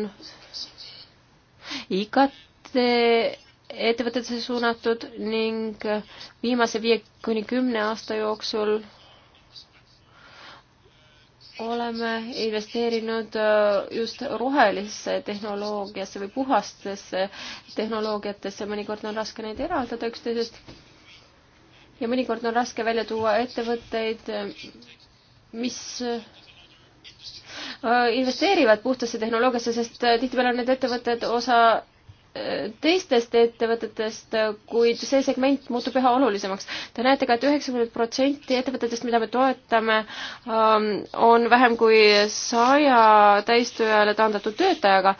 IKT ettevõtetesse suunatud ning viimase viie kuni kümne aasta jooksul oleme investeerinud äh, just rohelisse tehnoloogiasse või puhastesse tehnoloogiatesse, mõnikord on raske neid eraldada üksteisest ja mõnikord on raske välja tuua ettevõtteid, mis äh, investeerivad puhtasse tehnoloogiasse, sest äh, tihtipeale on need ettevõtted osa äh, teistest ettevõtetest, kuid see segment muutub üha olulisemaks. Te näete ka et, et üheksakümmend protsenti ettevõtetest, mida me toetame, ähm, on vähem kui saja täistööajale taandatud töötajaga.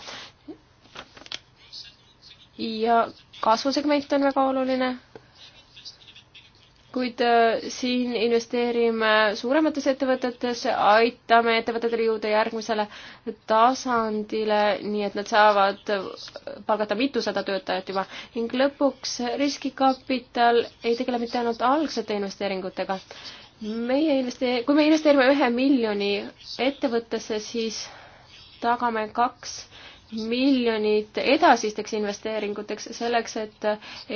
ja kasvusegment on väga oluline kuid äh, siin investeerime suuremates ettevõtetesse, aitame ettevõtetel jõuda järgmisele tasandile, nii et nad saavad äh, palgata mitusada töötajat juba. ning lõpuks riskikapital ei tegele mitte ainult algsete investeeringutega. meie investee-, kui me investeerime ühe miljoni ettevõttesse, siis tagame kaks miljonit edasisteks investeeringuteks, selleks et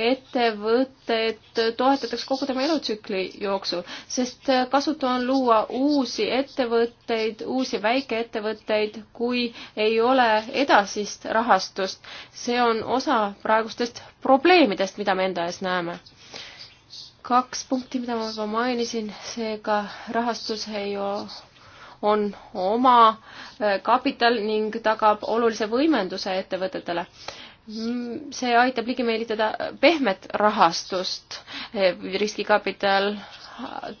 ettevõtted toetataks kogu tema elutsükli jooksul, sest kasutu on luua uusi ettevõtteid, uusi väikeettevõtteid, kui ei ole edasist rahastust. see on osa praegustest probleemidest, mida me enda ees näeme kaks punkti, mida ma juba mainisin, seega rahastus ei ole on oma äh, kapital ning tagab olulise võimenduse ettevõtetele. Mm, see aitab ligi meelitada pehmet rahastust. Äh, riskikapital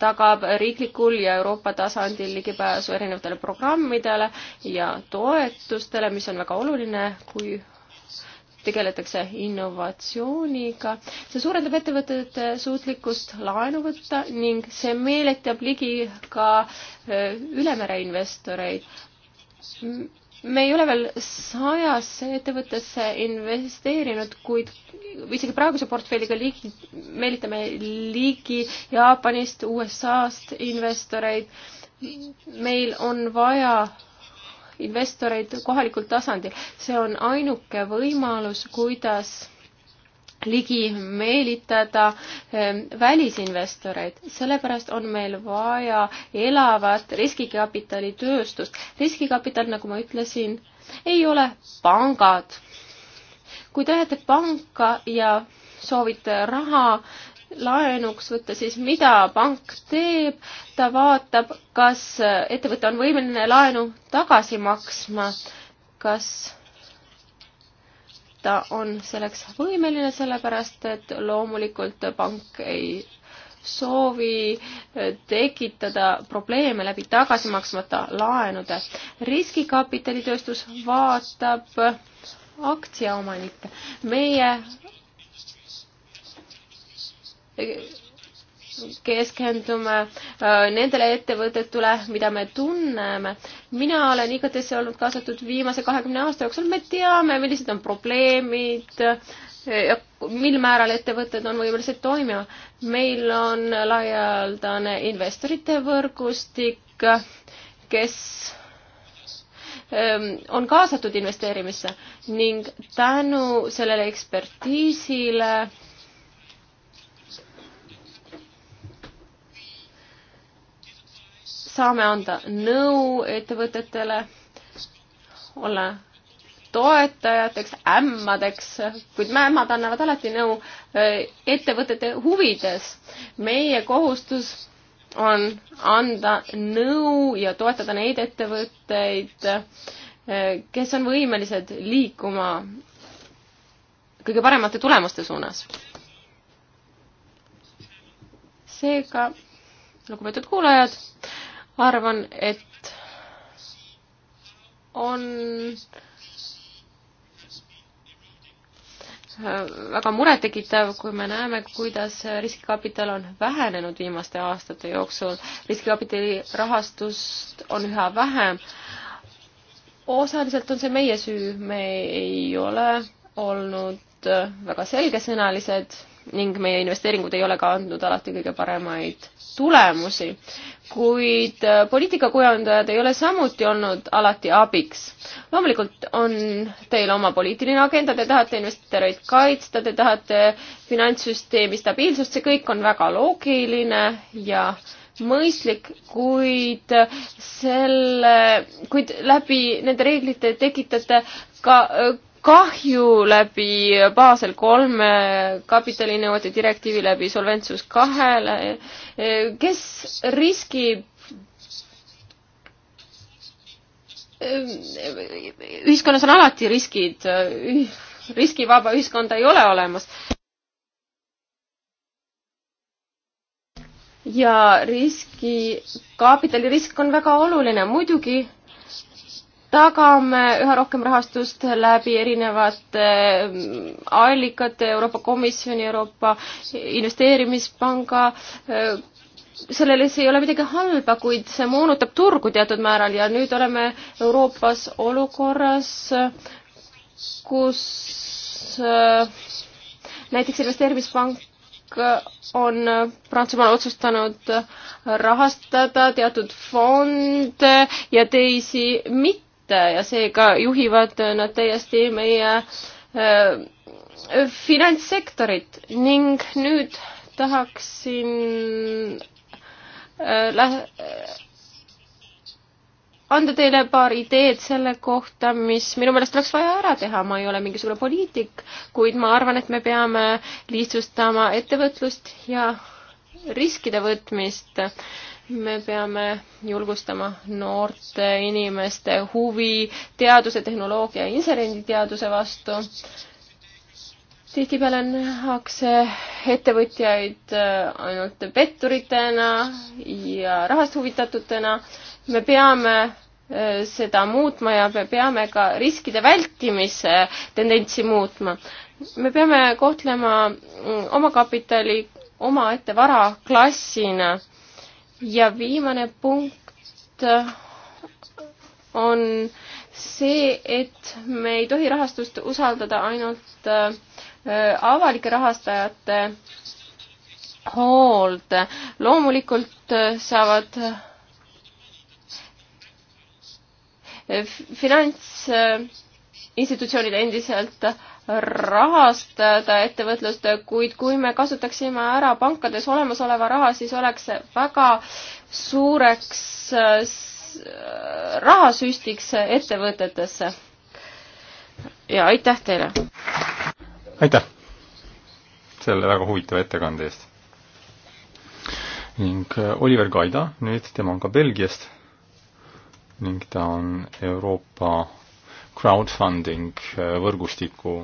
tagab riiklikul ja Euroopa tasandil ligipääsu erinevatele programmidele ja toetustele, mis on väga oluline, kui tegeletakse innovatsiooniga. see suurendab ettevõtete suutlikkust laenu võtta ning see meeletab ligi ka e, ülemere investoreid. me ei ole veel sajasse ettevõttesse investeerinud, kuid isegi praeguse portfelliga ligi, meelitame ligi Jaapanist, USA-st investoreid. meil on vaja investoreid kohalikul tasandil. see on ainuke võimalus, kuidas ligi meelitada ehm, välisinvestoreid, sellepärast on meil vaja elavat riskikapitalitööstust. riskikapital, nagu ma ütlesin, ei ole pangad. kui te lähete panka ja soovite raha laenuks võtta, siis mida pank teeb, ta vaatab, kas ettevõte on võimeline laenu tagasi maksma, kas ta on selleks võimeline, sellepärast et loomulikult pank ei soovi tekitada probleeme läbi tagasimaksmata laenude. riskikapitalitööstus vaatab aktsiaomanikke. meie keskendume äh, nendele ettevõtetele, mida me tunneme. mina olen IKT-sse olnud kaasatud viimase kahekümne aasta jooksul, me teame, millised on probleemid äh, ja mil määral ettevõtted on võimelised toimima. meil on laialdane investorite võrgustik, kes ähm, on kaasatud investeerimisse ning tänu sellele ekspertiisile saame anda nõu ettevõtetele, olla toetajateks, ämmadeks, kuid me ämmad annavad alati nõu eh, ettevõtete huvides. meie kohustus on anda nõu ja toetada neid ettevõtteid, eh, kes on võimelised liikuma kõige paremate tulemuste suunas. seega, lugupeetud kuulajad, arvan, et on väga murettekitav, kui me näeme, kuidas riskikapital on vähenenud viimaste aastate jooksul. riskikapitali rahastust on üha vähem. osaliselt on see meie süü, me ei ole olnud väga selgesõnalised ning meie investeeringud ei ole ka andnud alati kõige paremaid tulemusi. kuid äh, poliitikakujundajad ei ole samuti olnud alati abiks. loomulikult on teil oma poliitiline agenda, te tahate investoreid kaitsta, te tahate finantssüsteemi stabiilsust, see kõik on väga loogiline ja mõistlik, kuid selle, kuid läbi nende reeglite tekitate ka äh, kahju läbi Basel kolme kapitalinõuete direktiivi läbi Solventsus kahele. kes riskib ühiskonnas on alati riskid, riskivaba ühiskonda ei ole olemas. ja riski, kapitali risk on väga oluline, muidugi tagame üha rohkem rahastust läbi erinevate mm, allikate, Euroopa Komisjoni, Euroopa Investeerimispanga, äh, selles ei ole midagi halba, kuid see moonutab turgu teatud määral ja nüüd oleme Euroopas olukorras, kus äh, näiteks investeerimispank on Prantsusmaal otsustanud rahastada teatud fonde ja teisi mitte mitte äh, ja seega juhivad nad täiesti meie äh, finantssektorit ning nüüd tahaksin äh, lähe, anda teile paar ideed selle kohta, mis minu meelest oleks vaja ära teha, ma ei ole mingisugune poliitik, kuid ma arvan, et me peame lihtsustama ettevõtlust ja riskide võtmist me peame julgustama noorte inimeste huvi teaduse, tehnoloogia ja inseneriteaduse vastu. tihtipeale nähakse ettevõtjaid äh, ainult petturitena ja rahast huvitatutena. me peame äh, seda muutma ja me peame ka riskide vältimise tendentsi muutma. me peame kohtlema mm, omakapitali omaette vara klassina ja viimane punkt on see, et me ei tohi rahastust usaldada ainult äh, avalike rahastajate hoolde. loomulikult äh, saavad äh, finantsinstitutsioonid endiselt äh, rahastada ettevõtlust, kuid kui me kasutaksime ära pankades olemasoleva raha, siis oleks see väga suureks äh, rahasüstiks ettevõtetesse. ja aitäh teile! aitäh selle väga huvitava ettekande eest! ning äh, Oliver Kaida, nüüd tema on ka Belgiast ning ta on Euroopa crowdfunding äh, võrgustiku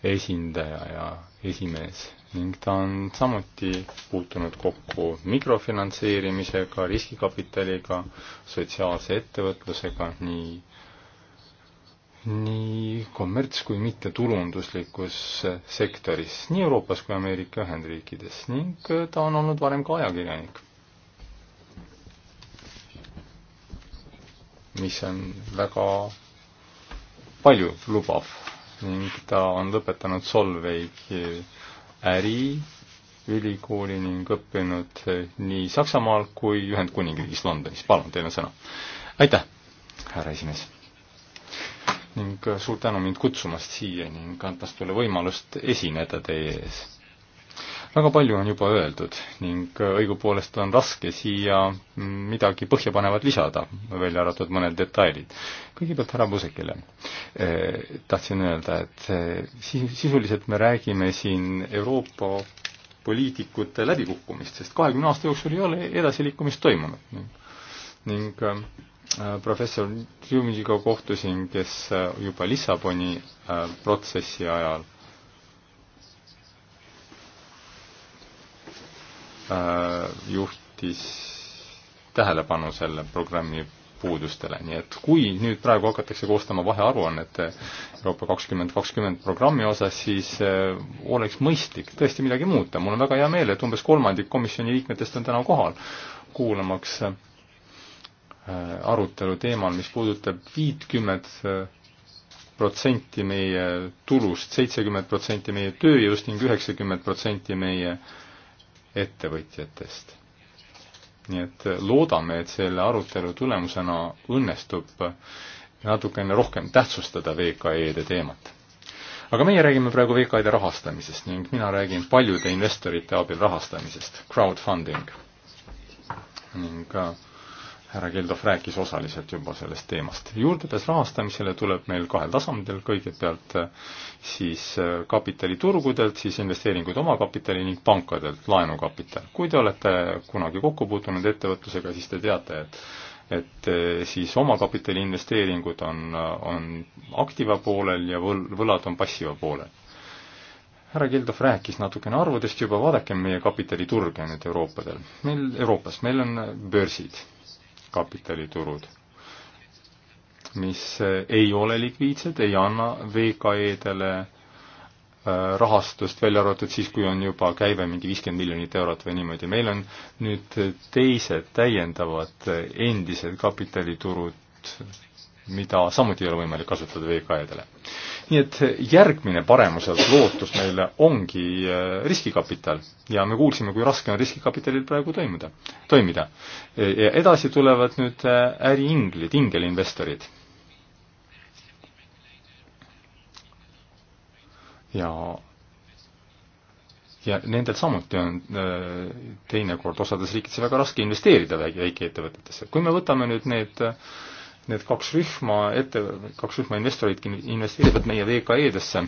esindaja ja esimees ning ta on samuti puutunud kokku mikrofinantseerimisega, riskikapitaliga, sotsiaalse ettevõtlusega nii, nii kommerts- kui mittetulunduslikus sektoris nii Euroopas kui Ameerika Ühendriikides ning ta on olnud varem ka ajakirjanik. mis on väga palju lubav ning ta on lõpetanud Solveigi äriülikooli ning õppinud nii Saksamaal kui Ühendkuningriigis Londonis. palun, teil on sõna. aitäh, härra esimees! ning suur tänu mind kutsumast siia ning andmast mulle võimalust esineda teie ees väga palju on juba öeldud ning äh, õigupoolest on raske siia mm, midagi põhjapanevat lisada, välja arvatud mõned detailid. kõigepealt härra Pusekile äh, tahtsin öelda, et äh, sisuliselt me räägime siin Euroopa poliitikute läbikukkumist, sest kahekümne aasta jooksul ei ole edasiliikumist toimunud. ning professor Tšumiga kohtusin, kes juba Lissaboni protsessi ajal Äh, juhtis tähelepanu selle programmi puudustele, nii et kui nüüd praegu hakatakse koostama vahearuannet äh, Euroopa kakskümmend kakskümmend programmi osas, siis äh, oleks mõistlik tõesti midagi muuta. mul on väga hea meel, et umbes kolmandik komisjoni liikmetest on täna kohal, kuulamaks arutelu teemal, mis puudutab viitkümmet protsenti meie tulust, seitsekümmend protsenti meie tööjõust ning üheksakümmend protsenti meie äh, ettevõtjatest. nii et loodame, et selle arutelu tulemusena õnnestub natukene rohkem tähtsustada VKE-de teemat. aga meie räägime praegu VKE-de rahastamisest ning mina räägin paljude investorite abil rahastamisest, crowdfunding. ning härra Keldov rääkis osaliselt juba sellest teemast. juurdepääs rahastamisele tuleb meil kahel tasandil, kõigepealt äh, siis äh, kapitaliturgudelt, siis investeeringuid omakapitali ning pankadelt laenukapital. kui te olete kunagi kokku puutunud ettevõtlusega, siis te teate, et et äh, siis omakapitali investeeringud on, on aktiva poolel ja võl-, võlad on passiva poolel. härra Kildov rääkis natukene arvudest juba, vaadakem meie kapitaliturge nüüd Euroopadel. meil, Euroopas, meil on börsid kapitaliturud, mis eh, ei ole likviidsed, ei anna VKE-dele eh, rahastust, välja arvatud siis, kui on juba käive mingi viiskümmend miljonit eurot või niimoodi. meil on nüüd teised täiendavad eh, endised kapitaliturud, mida samuti ei ole võimalik kasutada VKE-dele. nii et järgmine paremuselt lootus meile ongi äh, riskikapital ja me kuulsime, kui raske on riskikapitalil praegu toimuda, toimida. ja edasi tulevad nüüd äh, äriinglid, ingelinvestorid. ja ja nendel samuti on äh, teinekord osades riikides väga raske investeerida väikeettevõtetesse. kui me võtame nüüd need äh, need kaks rühma ette, kaks rühma investoreid investeerivad meie VKE-desse,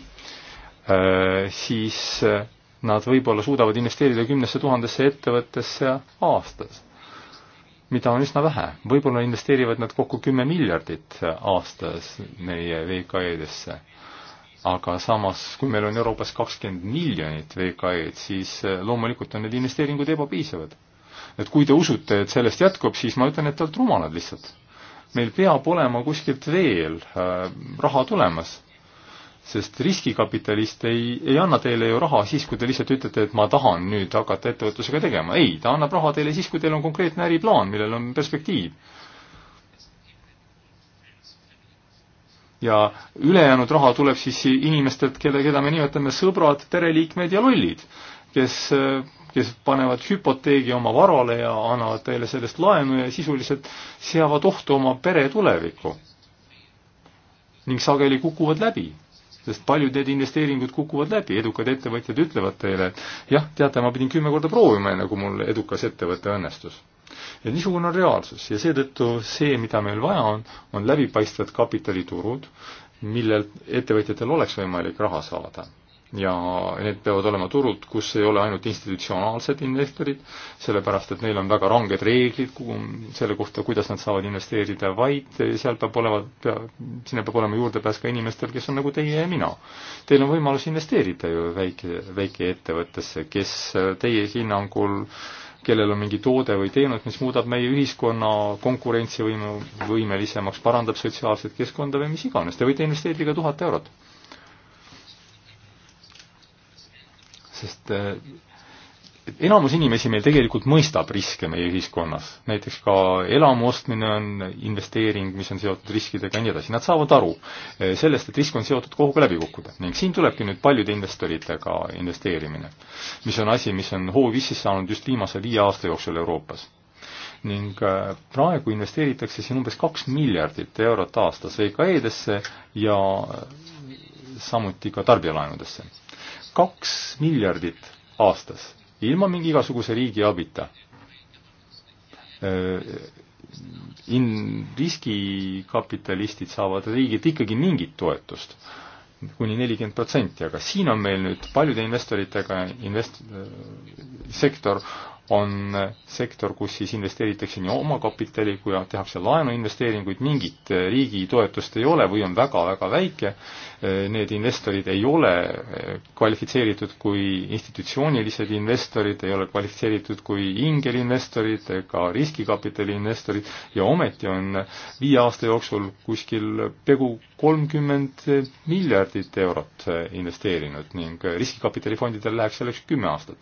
äh, siis äh, nad võib-olla suudavad investeerida kümnesse tuhandesse ettevõttesse aastas, mida on üsna vähe. võib-olla investeerivad nad kokku kümme miljardit aastas meie VKE-desse aga samas, kui meil on Euroopas kakskümmend miljonit VKE-d, siis äh, loomulikult on need investeeringud ebapiisavad. et kui te usute, et sellest jätkub, siis ma ütlen, et te olete rumalad lihtsalt meil peab olema kuskilt veel äh, raha tulemas. sest riskikapitalist ei, ei anna teile ju raha siis, kui te lihtsalt ütlete, et ma tahan nüüd hakata ettevõtlusega tegema. ei, ta annab raha teile siis, kui teil on konkreetne äriplaan, millel on perspektiiv ja ülejäänud raha tuleb siis inimestelt, kelle, keda me nimetame sõbrad, pereliikmed ja lollid, kes äh, kes panevad hüpoteegi oma varale ja annavad teile sellest laenu ja sisuliselt seavad ohtu oma pere tulevikku. ning sageli kukuvad läbi, sest paljud need investeeringud kukuvad läbi, edukad ettevõtjad ütlevad teile, et jah, teate, ma pidin kümme korda proovima, enne kui mul edukas ettevõte õnnestus. ja niisugune on reaalsus ja seetõttu see, mida meil vaja on, on läbipaistvad kapitaliturud, millelt ettevõtjatel oleks võimalik raha saada ja need peavad olema turud, kus ei ole ainult institutsionaalsed investorid, sellepärast et neil on väga ranged reeglid kuhu, selle kohta, kuidas nad saavad investeerida, vaid seal peab olema, sinna peab olema juurdepääs ka inimestel, kes on nagu teie ja mina. Teil on võimalus investeerida ju väike, väikeettevõttesse, kes teie hinnangul kellel on mingi toode või teenus, mis muudab meie ühiskonna konkurentsivõime, võimelisemaks, parandab sotsiaalset keskkonda või mis iganes, te võite investeerida ka tuhat eurot sest äh, enamus inimesi meil tegelikult mõistab riske meie ühiskonnas. näiteks ka elamu ostmine on investeering, mis on seotud riskidega ja nii edasi. Nad saavad aru äh, sellest, et risk on seotud kohuga läbi kukkuda. ning siin tulebki nüüd paljude investoritega investeerimine, mis on asi, mis on hoo sisse saanud just viimase viie aasta jooksul Euroopas ning äh, praegu investeeritakse siin umbes kaks miljardit eurot aastas VKE-desse e ja samuti ka tarbijalaenudesse kaks miljardit aastas, ilma mingi igasuguse riigi abita. Äh, in-, riskikapitalistid saavad riigilt ikkagi mingit toetust, kuni nelikümmend protsenti, aga siin on meil nüüd paljude investoritega invest-, äh, sektor on sektor, kus siis investeeritakse nii omakapitali kui tehakse laenuinvesteeringuid, mingit eh, riigi toetust ei ole või on väga-väga väike, eh, need investorid ei ole eh, kvalifitseeritud kui institutsioonilised investorid, ei ole kvalifitseeritud kui ingelinvestorid ega riskikapitali investorid ja ometi on viie aasta jooksul kuskil pegu kolmkümmend miljardit eurot investeerinud ning riskikapitalifondidel läheks selleks kümme aastat.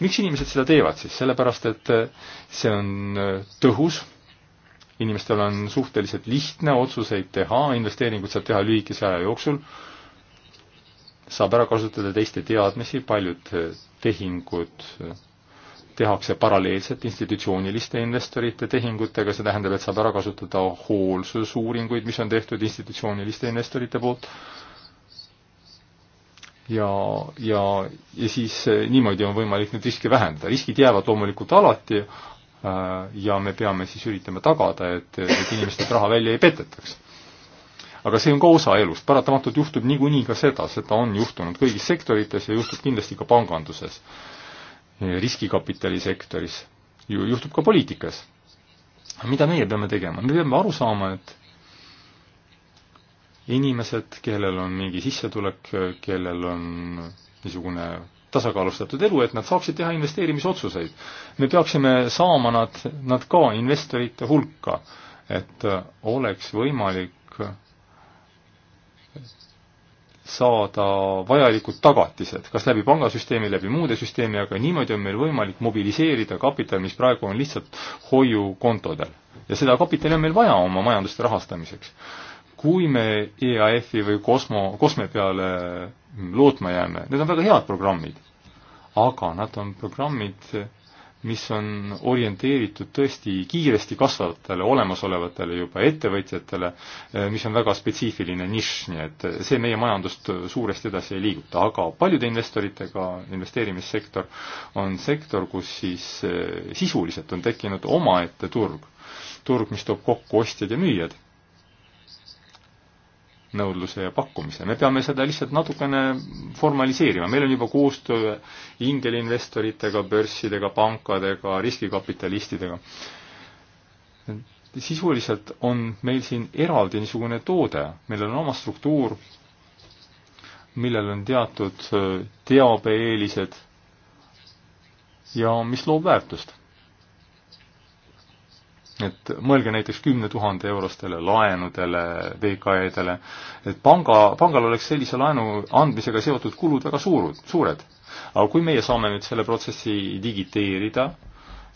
miks inimesed seda teevad siis? sellepärast et äh, see on äh, tõhus, inimestel on suhteliselt lihtne otsuseid teha, investeeringuid saab teha lühikese aja jooksul, saab ära kasutada teiste teadmisi, paljud äh, tehingud tehakse paralleelselt institutsiooniliste investorite tehingutega, see tähendab, et saab ära kasutada hoolsusuuringuid, mis on tehtud institutsiooniliste investorite poolt ja, ja, ja siis eh, niimoodi on võimalik neid riske vähendada. riskid jäävad loomulikult alati eh, ja me peame siis üritama tagada, et, et inimestelt raha välja ei petetaks. aga see on ka osa elust, paratamatult juhtub niikuinii ka seda, seda on juhtunud kõigis sektorites ja juhtub kindlasti ka panganduses, eh, riskikapitali sektoris, ju juhtub ka poliitikas. mida meie peame tegema, me peame aru saama, et inimesed, kellel on mingi sissetulek, kellel on niisugune tasakaalustatud elu, et nad saaksid teha investeerimisotsuseid. me peaksime saama nad, nad ka investorite hulka, et oleks võimalik saada vajalikud tagatised, kas läbi pangasüsteemi, läbi muude süsteemi, aga niimoodi on meil võimalik mobiliseerida kapital, mis praegu on lihtsalt hoiukontodel. ja seda kapitali on meil vaja oma majanduste rahastamiseks kui me EAF-i või Kosmo, Kosme peale lootma jääme, need on väga head programmid, aga nad on programmid, mis on orienteeritud tõesti kiiresti kasvavatele, olemasolevatele juba ettevõtjatele, mis on väga spetsiifiline nišš, nii et see meie majandust suuresti edasi ei liiguta, aga paljude investoritega investeerimissektor on sektor, kus siis sisuliselt on tekkinud omaette turg. turg, mis toob kokku ostjad ja müüjad nõudluse ja pakkumise. me peame seda lihtsalt natukene formaliseerima, meil on juba koostöö ingelinvestoritega, börssidega, pankadega, riskikapitalistidega. sisuliselt on meil siin eraldi niisugune toode, millel on oma struktuur, millel on teatud teabeeelised ja mis loob väärtust et mõelge näiteks kümne tuhande eurostele laenudele, VKE-dele, et panga, pangal oleks sellise laenu andmisega seotud kulud väga suurud, suured. aga kui meie saame nüüd selle protsessi digiteerida,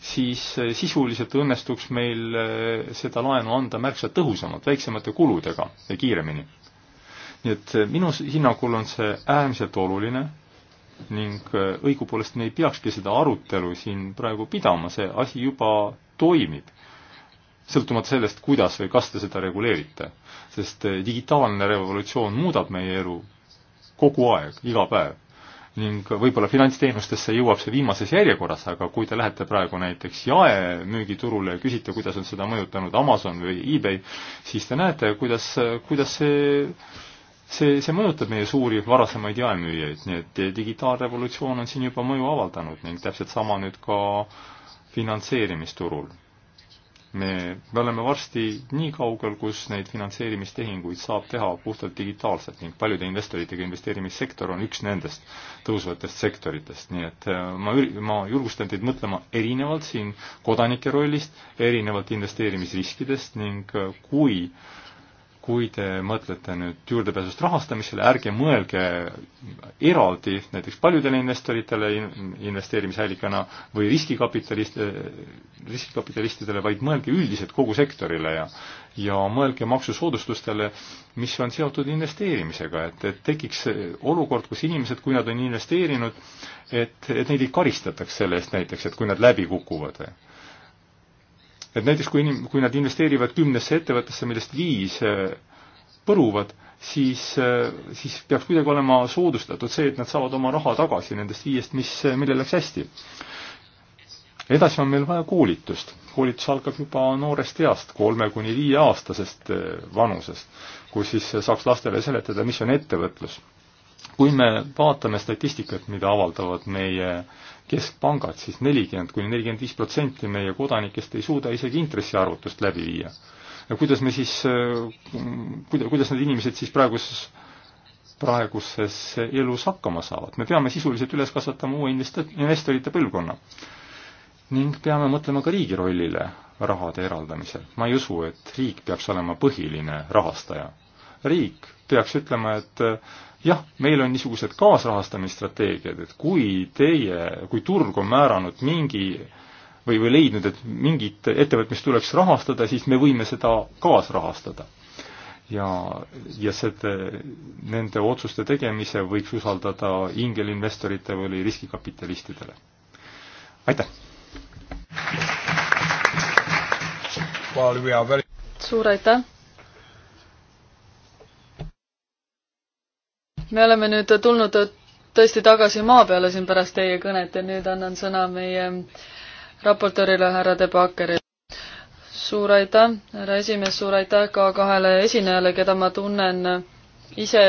siis eh, sisuliselt õnnestuks meil eh, seda laenu anda märksa tõhusamalt, väiksemate kuludega ja kiiremini. nii et eh, minu hinnangul on see äärmiselt oluline ning õigupoolest me ei peakski seda arutelu siin praegu pidama, see asi juba toimib sõltumata sellest, kuidas või kas te seda reguleerite. sest eh, digitaalne revolutsioon muudab meie elu kogu aeg, iga päev. ning võib-olla finantsteenustesse jõuab see viimases järjekorras, aga kui te lähete praegu näiteks jaemüügiturule ja küsite, kuidas on seda mõjutanud Amazon või eBay, siis te näete, kuidas, kuidas see see, see mõjutab meie suuri varasemaid jaemüüjaid, nii et digitaalrevolutsioon on siin juba mõju avaldanud ning täpselt sama nüüd ka finantseerimisturul me, me oleme varsti nii kaugel, kus neid finantseerimistehinguid saab teha puhtalt digitaalselt ning paljude investoritega investeerimissektor on üks nendest tõusvatest sektoritest, nii et äh, ma, ma julgustan teid mõtlema erinevalt siin kodanike rollist, erinevalt investeerimisriskidest ning äh, kui äh, kui te mõtlete nüüd juurdepääsust rahastamisele, ärge mõelge eraldi näiteks paljudele investoritele investeerimisallikana või riskikapitalist, riskikapitalistidele, vaid mõelge üldiselt kogu sektorile ja ja mõelge maksusoodustustele, mis on seotud investeerimisega, et, et tekiks olukord, kus inimesed, kui nad on investeerinud, et, et neid ei karistataks selle eest näiteks, et kui nad läbi kukuvad või et näiteks kui inim-, kui nad investeerivad kümnesse ettevõttesse, millest viis äh, põruvad, siis, äh, siis peaks kuidagi olema soodustatud see, et nad saavad oma raha tagasi nendest viiest, mis, äh, millel läks hästi. edasi on meil vaja koolitust. koolitus algab juba noorest east, kolme kuni viieaastasest vanusest, kus siis saaks lastele seletada, mis on ettevõtlus. kui me vaatame statistikat, mida avaldavad meie äh, keskpangad siis, siis nelikümmend kuni nelikümmend viis protsenti meie kodanikest ei suuda isegi intressiarvutust läbi viia. ja kuidas me siis, kuida-, kuidas need inimesed siis praeguses, praeguses elus hakkama saavad? me peame sisuliselt üles kasvatama uue invest-, investorite põlvkonna. ning peame mõtlema ka riigi rollile rahade eraldamisel. ma ei usu, et riik peaks olema põhiline rahastaja. riik peaks ütlema, et jah, meil on niisugused kaasrahastamisstrateegiad, et kui teie, kui turg on määranud mingi või, või leidnud, et mingit ettevõtmist tuleks rahastada, siis me võime seda kaasrahastada. ja, ja seda, nende otsuste tegemise võiks usaldada ingelinvestorite või riskikapitalistidele. aitäh! suur aitäh! me oleme nüüd tulnud tõesti tagasi maa peale siin pärast teie kõnet ja nüüd annan sõna meie raportöörile härra De Bakkerile. suur aitäh, härra esimees, suur aitäh ka kahele esinejale, keda ma tunnen ise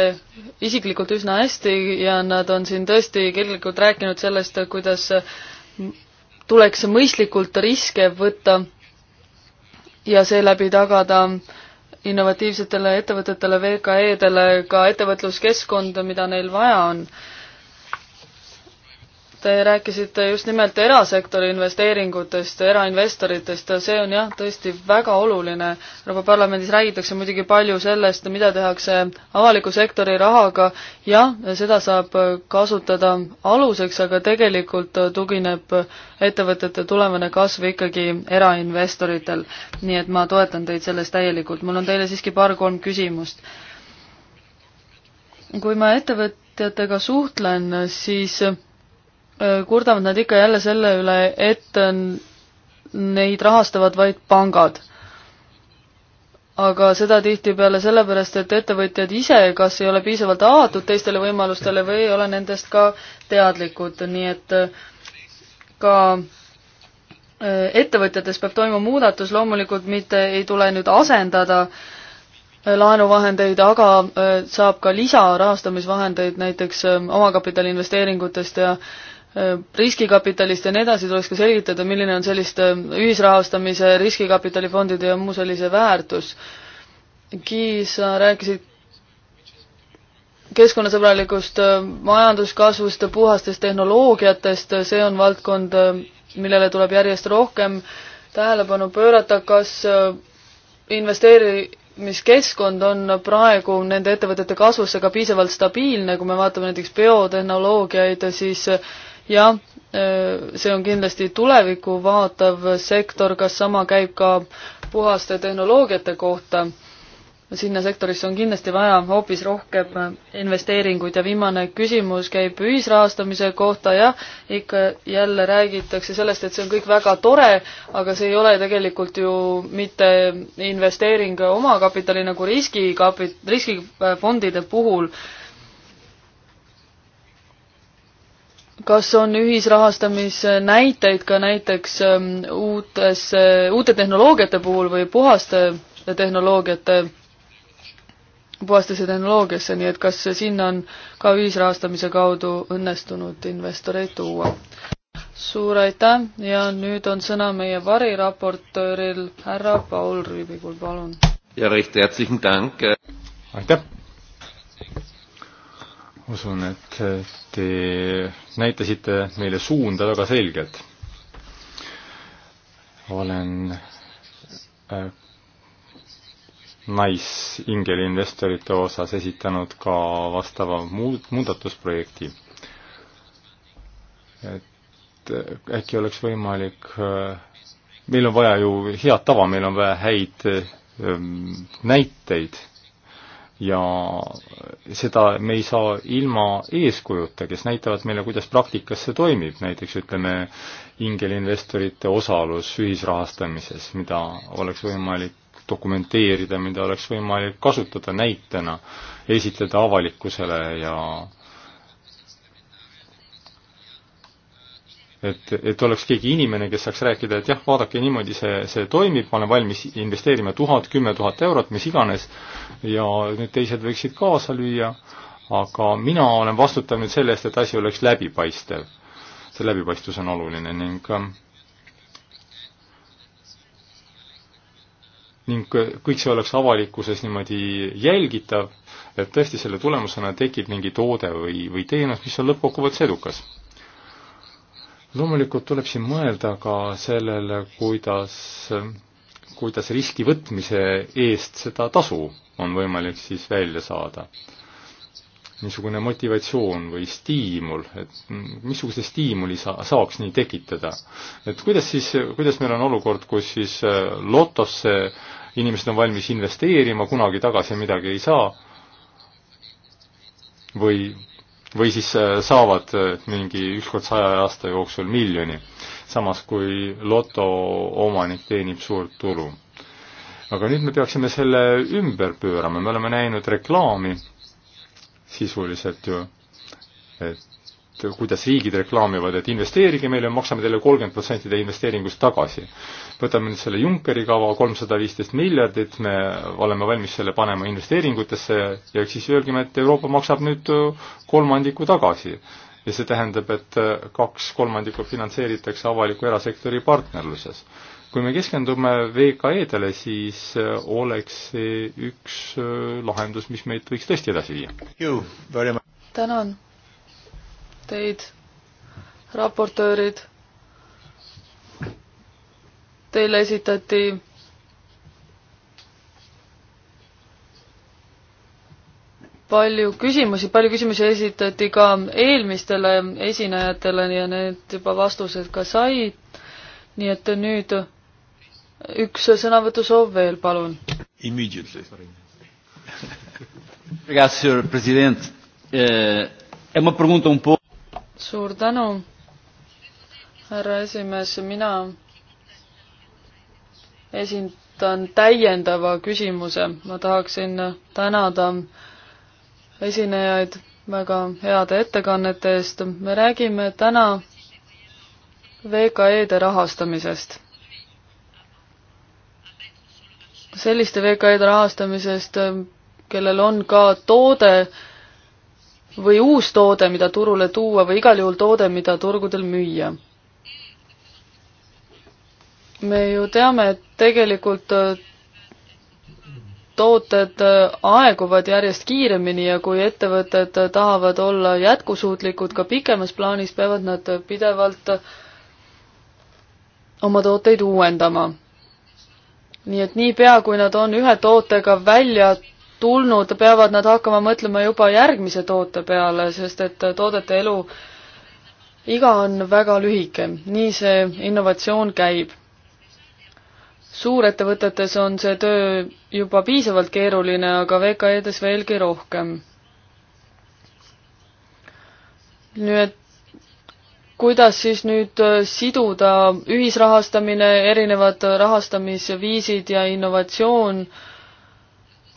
isiklikult üsna hästi ja nad on siin tõesti kirglikult rääkinud sellest, kuidas tuleks mõistlikult riske võtta ja seeläbi tagada äh, innovatiivsetele ettevõtetele, VKE-dele ka ettevõtluskeskkonda, mida neil vaja on. Te rääkisite just nimelt erasektori investeeringutest, erainvestoritest, see on jah, tõesti väga oluline. Euroopa Parlamendis räägitakse muidugi palju sellest, mida tehakse avaliku sektori rahaga, jah, seda saab kasutada aluseks, aga tegelikult tugineb ettevõtete tulevane kasv ikkagi erainvestoritel. nii et ma toetan teid selles täielikult, mul on teile siiski paar-kolm küsimust. kui ma ettevõtjatega suhtlen, siis Äh, kurdavad nad ikka jälle selle üle, et neid rahastavad vaid pangad. aga seda tihtipeale sellepärast, et ettevõtjad ise kas ei ole piisavalt avatud teistele võimalustele või ei ole nendest ka teadlikud, nii et äh, ka äh, ettevõtjates peab toimuma muudatus, loomulikult mitte ei tule nüüd asendada laenuvahendeid, aga saab ka lisarahastamisvahendeid näiteks omakapitali investeeringutest ja äh, Äh, riskikapitalist ja nii edasi, tuleks ka selgitada, milline on selliste äh, ühisrahastamise, riskikapitalifondide ja muu sellise väärtus. Gi, sa rääkisid keskkonnasõbralikust äh, majanduskasvust ja puhastest tehnoloogiatest, see on valdkond, millele tuleb järjest rohkem tähelepanu pöörata, kas investeerimiskeskkond on praegu nende ettevõtete kasvusse ka piisavalt stabiilne, kui me vaatame näiteks biotehnoloogiaid, siis ja äh, see on kindlasti tulevikku vaatav sektor, kas sama käib ka puhaste tehnoloogiate kohta. sinna sektorisse on kindlasti vaja hoopis rohkem investeeringuid ja viimane küsimus käib ühisrahastamise kohta, jah, ikka jälle räägitakse sellest, et see on kõik väga tore, aga see ei ole tegelikult ju mitte investeering omakapitali nagu riskikapit-, riskifondide puhul kas on ühisrahastamise näiteid ka näiteks ähm, uutes, äh, uute tehnoloogiate puhul või puhaste tehnoloogiate, puhastesse tehnoloogiasse, nii et kas sinna on ka ühisrahastamise kaudu õnnestunud investoreid tuua? suur aitäh ja nüüd on sõna meie variraportööril härra Paul Rüübikul, palun. ja recht herzlichen Dank. aitäh usun, et eh, te näitasite meile suunda väga selgelt. olen eh, naisingeli investorite osas esitanud ka vastava muud-, muudatusprojekti. et eh, äkki oleks võimalik, meil on vaja ju head tava, meil on vaja häid näiteid ja seda me ei saa ilma eeskujuta, kes näitavad meile, kuidas praktikas see toimib, näiteks ütleme, ingelinvestorite osalus ühisrahastamises, mida oleks võimalik dokumenteerida, mida oleks võimalik kasutada näitena, esitleda avalikkusele ja et, et oleks keegi inimene, kes saaks rääkida, et jah, vaadake, niimoodi see, see toimib, ma olen valmis investeerima tuhat, kümme tuhat eurot, mis iganes, ja need teised võiksid kaasa lüüa, aga mina olen vastutav nüüd selle eest, et asi oleks läbipaistev. see läbipaistvus on oluline ning ning kõik see oleks avalikkuses niimoodi jälgitav, et tõesti selle tulemusena tekib mingi toode või, või teenus, mis on lõppkokkuvõttes edukas loomulikult tuleb siin mõelda ka sellele, kuidas, kuidas riski võtmise eest seda tasu on võimalik siis välja saada. niisugune motivatsioon või stiimul, et missuguse stiimuli sa-, saaks nii tekitada. et kuidas siis, kuidas meil on olukord, kus siis äh, lotosse inimesed on valmis investeerima, kunagi tagasi midagi ei saa, või või siis äh, saavad äh, mingi ükskord saja aasta jooksul miljoni, samas kui loto omanik teenib suurt tulu. aga nüüd me peaksime selle ümber pöörama, me oleme näinud reklaami sisuliselt ju, et kuidas riigid reklaamivad, et investeerige meile, maksame teile kolmkümmend protsenti teie investeeringust tagasi. võtame nüüd selle Junckeri kava, kolmsada viisteist miljardit, me oleme valmis selle panema investeeringutesse ja siis öelgem, et Euroopa maksab nüüd kolmandiku tagasi. ja see tähendab, et kaks kolmandikku finantseeritakse avaliku erasektori partnerluses. kui me keskendume VKE-dele, siis oleks see üks lahendus, mis meid võiks tõesti edasi viia. tänan teid, raportöörid. Teile esitati palju küsimusi, palju küsimusi esitati ka eelmistele esinejatele ja need juba vastused ka said. nii et nüüd üks sõnavõtusoov veel, palun. Immediately. Obrigado, senhor presidente. Eh, é uma pergunta um pouco suur tänu, härra esimees, mina esindan täiendava küsimuse, ma tahaksin tänada esinejaid väga heade ettekannete eest, me räägime täna VKE-de rahastamisest. selliste VKE-de rahastamisest, kellel on ka toode, või uus toode, mida turule tuua või igal juhul toode, mida turgudel müüa. me ju teame, et tegelikult äh, tooted äh, aeguvad järjest kiiremini ja kui ettevõtted äh, tahavad olla jätkusuutlikud ka pikemas plaanis, peavad nad pidevalt oma tooteid uuendama. nii et niipea, kui nad on ühe tootega välja tulnud, peavad nad hakkama mõtlema juba järgmise toote peale, sest et toodete elu iga on väga lühike, nii see innovatsioon käib. suurettevõtetes on see töö juba piisavalt keeruline, aga VKE-des veelgi rohkem. nii et kuidas siis nüüd siduda ühisrahastamine, erinevad rahastamisviisid ja innovatsioon äh,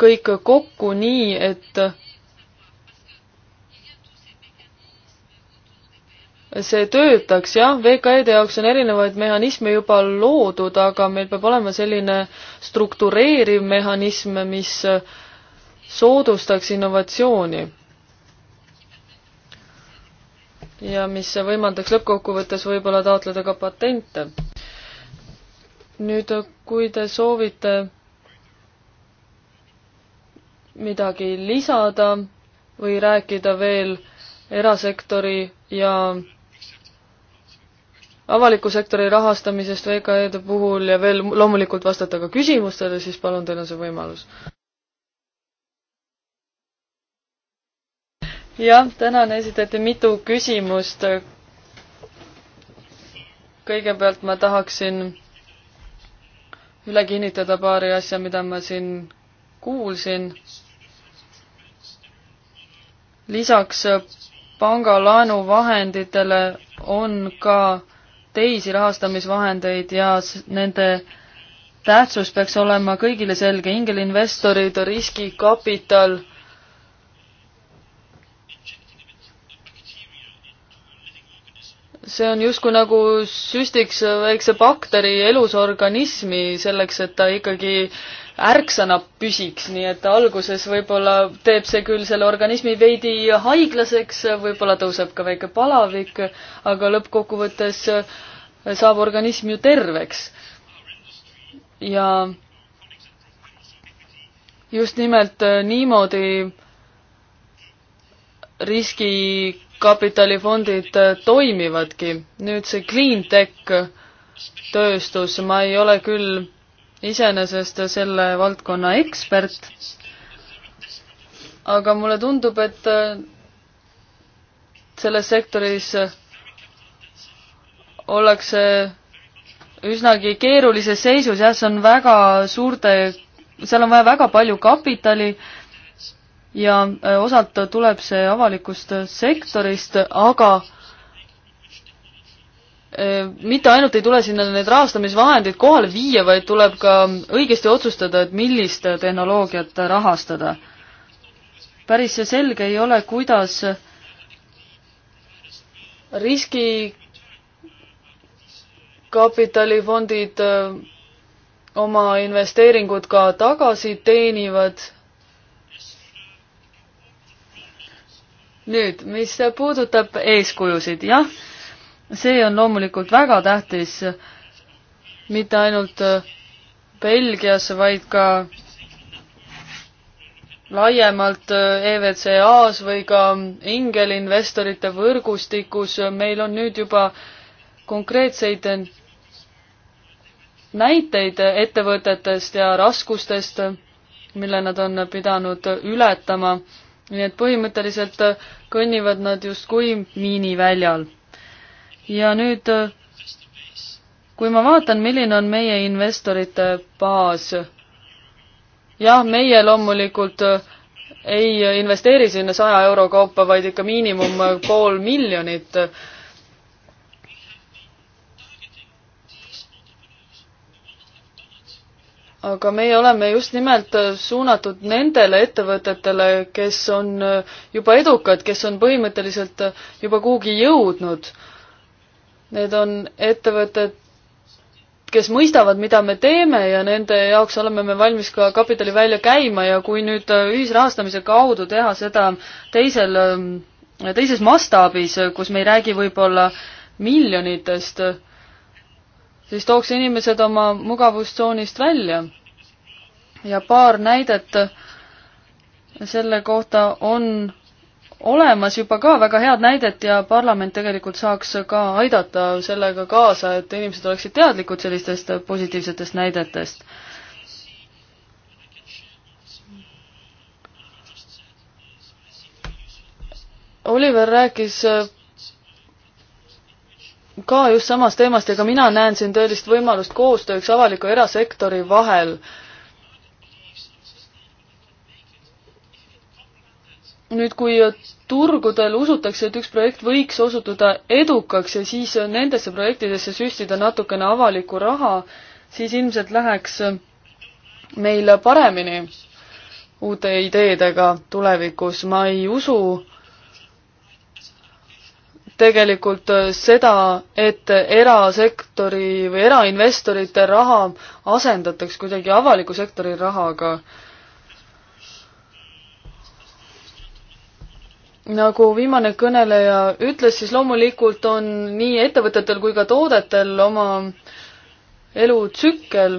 kõik kokku nii, et see töötaks, jah, VKE-de jaoks on erinevaid mehhanisme juba loodud, aga meil peab olema selline struktureeriv mehhanism, mis soodustaks innovatsiooni. ja mis võimaldaks lõppkokkuvõttes võib-olla taotleda ka patente. nüüd, kui te soovite midagi lisada või rääkida veel erasektori ja avaliku sektori rahastamisest VKE-de puhul ja veel loomulikult vastata ka küsimustele, siis palun, teil on see võimalus. jah, tänan, esitati mitu küsimust. kõigepealt ma tahaksin üle kinnitada paari asja, mida ma siin kuulsin lisaks äh, panga laenuvahenditele on ka teisi rahastamisvahendeid ja nende tähtsus peaks olema kõigile selge, ingelinvestorid, riskikapital, see on justkui nagu süstiks väikse bakteri elus organismi selleks, et ta ikkagi äh, ärksana püsiks, nii et alguses võib-olla teeb see küll selle organismi veidi haiglaseks, võib-olla tõuseb ka väike palavik, aga lõppkokkuvõttes äh, saab organism ju terveks. ja just nimelt äh, niimoodi riskikapitalifondid äh, toimivadki. nüüd see clean tech tööstus, ma ei ole küll iseenesest selle valdkonna ekspert, aga mulle tundub, et äh, selles sektoris ollakse üsnagi keerulises seisus, jah, see on väga suurte, seal on vaja väga palju kapitali ja äh, osalt tuleb see avalikust sektorist, aga äh, Äh, mitte ainult ei tule sinna need rahastamisvahendid kohale viia, vaid tuleb ka õigesti otsustada, et millist tehnoloogiat rahastada. päris selge ei ole, kuidas riskikapitalifondid oma investeeringud ka tagasi teenivad. nüüd, mis puudutab eeskujusid, jah see on loomulikult väga tähtis, mitte ainult äh, Belgias, vaid ka laiemalt äh, EVCA-s või ka ingelinvestorite võrgustikus, meil on nüüd juba konkreetseid näiteid ettevõtetest ja raskustest, mille nad on pidanud ületama. nii et põhimõtteliselt kõnnivad nad justkui miiniväljal ja nüüd, kui ma vaatan, milline on meie investorite baas, jah, meie loomulikult äh, ei investeeri sinna saja euro kaupa, vaid ikka miinimum pool miljonit. aga meie oleme just nimelt suunatud nendele ettevõtetele, kes on juba edukad, kes on põhimõtteliselt juba kuhugi jõudnud Need on ettevõtted, kes mõistavad, mida me teeme ja nende jaoks oleme me valmis ka kapitali välja käima ja kui nüüd äh, ühisrahastamise kaudu teha seda teisel, ähm, teises mastaabis, kus me ei räägi võib-olla miljonitest, siis tooks inimesed oma mugavustsoonist välja. ja paar näidet selle kohta on olemas juba ka väga head näidet ja parlament tegelikult saaks ka aidata sellega kaasa, et inimesed oleksid teadlikud sellistest positiivsetest näidetest. Oliver rääkis ka just samast teemast ja ka mina näen siin tõelist võimalust koostööks avaliku ja erasektori vahel äh, nüüd, kui turgudel usutakse, et üks projekt võiks osutuda edukaks ja siis nendesse projektidesse süstida natukene avalikku raha, siis ilmselt läheks meil paremini uute ideedega tulevikus. ma ei usu tegelikult seda, et erasektori või erainvestorite raha asendataks kuidagi avaliku sektori rahaga nagu viimane kõneleja ütles, siis loomulikult on nii ettevõtetel kui ka toodetel oma elutsükkel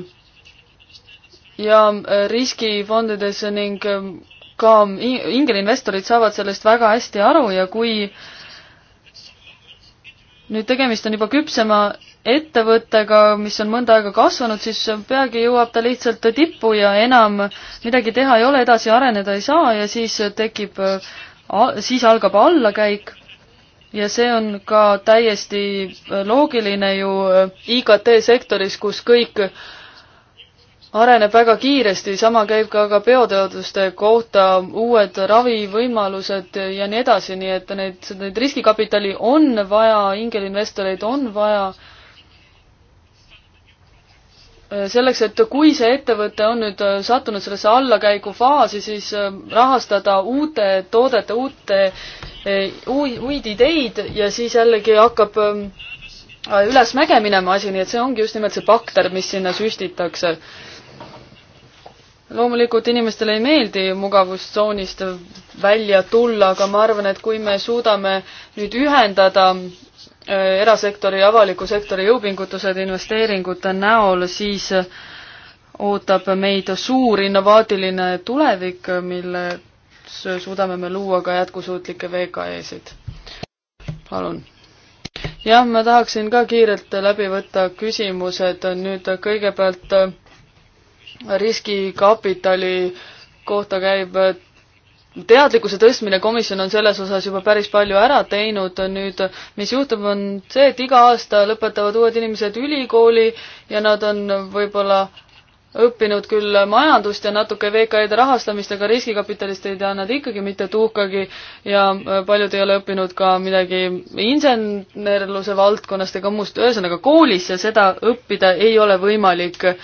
ja äh, riskifondides ning ähm, ka ingelinvestorid saavad sellest väga hästi aru ja kui nüüd tegemist on juba küpsema ettevõttega, mis on mõnda aega kasvanud, siis peagi jõuab ta lihtsalt tippu ja enam midagi teha ei ole, edasi areneda ei saa ja siis tekib äh, siis algab allakäik ja see on ka täiesti loogiline ju äh, IKT sektoris, kus kõik areneb väga kiiresti, sama käib ka, ka bioteaduste kohta, uued ravivõimalused ja nii edasi, nii et neid, neid riskikapitali on vaja, ingelinvestoreid on vaja selleks, et kui see ettevõte on nüüd äh, sattunud sellesse allakäigufaasi, siis äh, rahastada uute toodete, uute, äh, uid ideid ja siis jällegi hakkab ähm, ülesmäge minema asi, nii et see ongi just nimelt see bakter, mis sinna süstitakse. loomulikult inimestele ei meeldi mugavustsoonist välja tulla, aga ma arvan, et kui me suudame nüüd ühendada Äh, erasektori ja avaliku sektori jõupingutused investeeringute näol, siis äh, ootab meid suur innovaatiline tulevik, milles suudame me luua ka jätkusuutlikke VKE-sid. palun. jah, ma tahaksin ka kiirelt läbi võtta küsimused nüüd kõigepealt äh, riskikapitali kohta käib teadlikkuse tõstmine, komisjon on selles osas juba päris palju ära teinud, nüüd mis juhtub, on see, et iga aasta lõpetavad uued inimesed ülikooli ja nad on võib-olla õppinud küll majandust ja natuke VKE-de rahastamist, aga riskikapitalist ei tea nad ikkagi mitte tuhkagi ja paljud ei ole õppinud ka midagi insenerluse valdkonnast ega muust, ühesõnaga koolis ja seda õppida ei ole võimalik äh,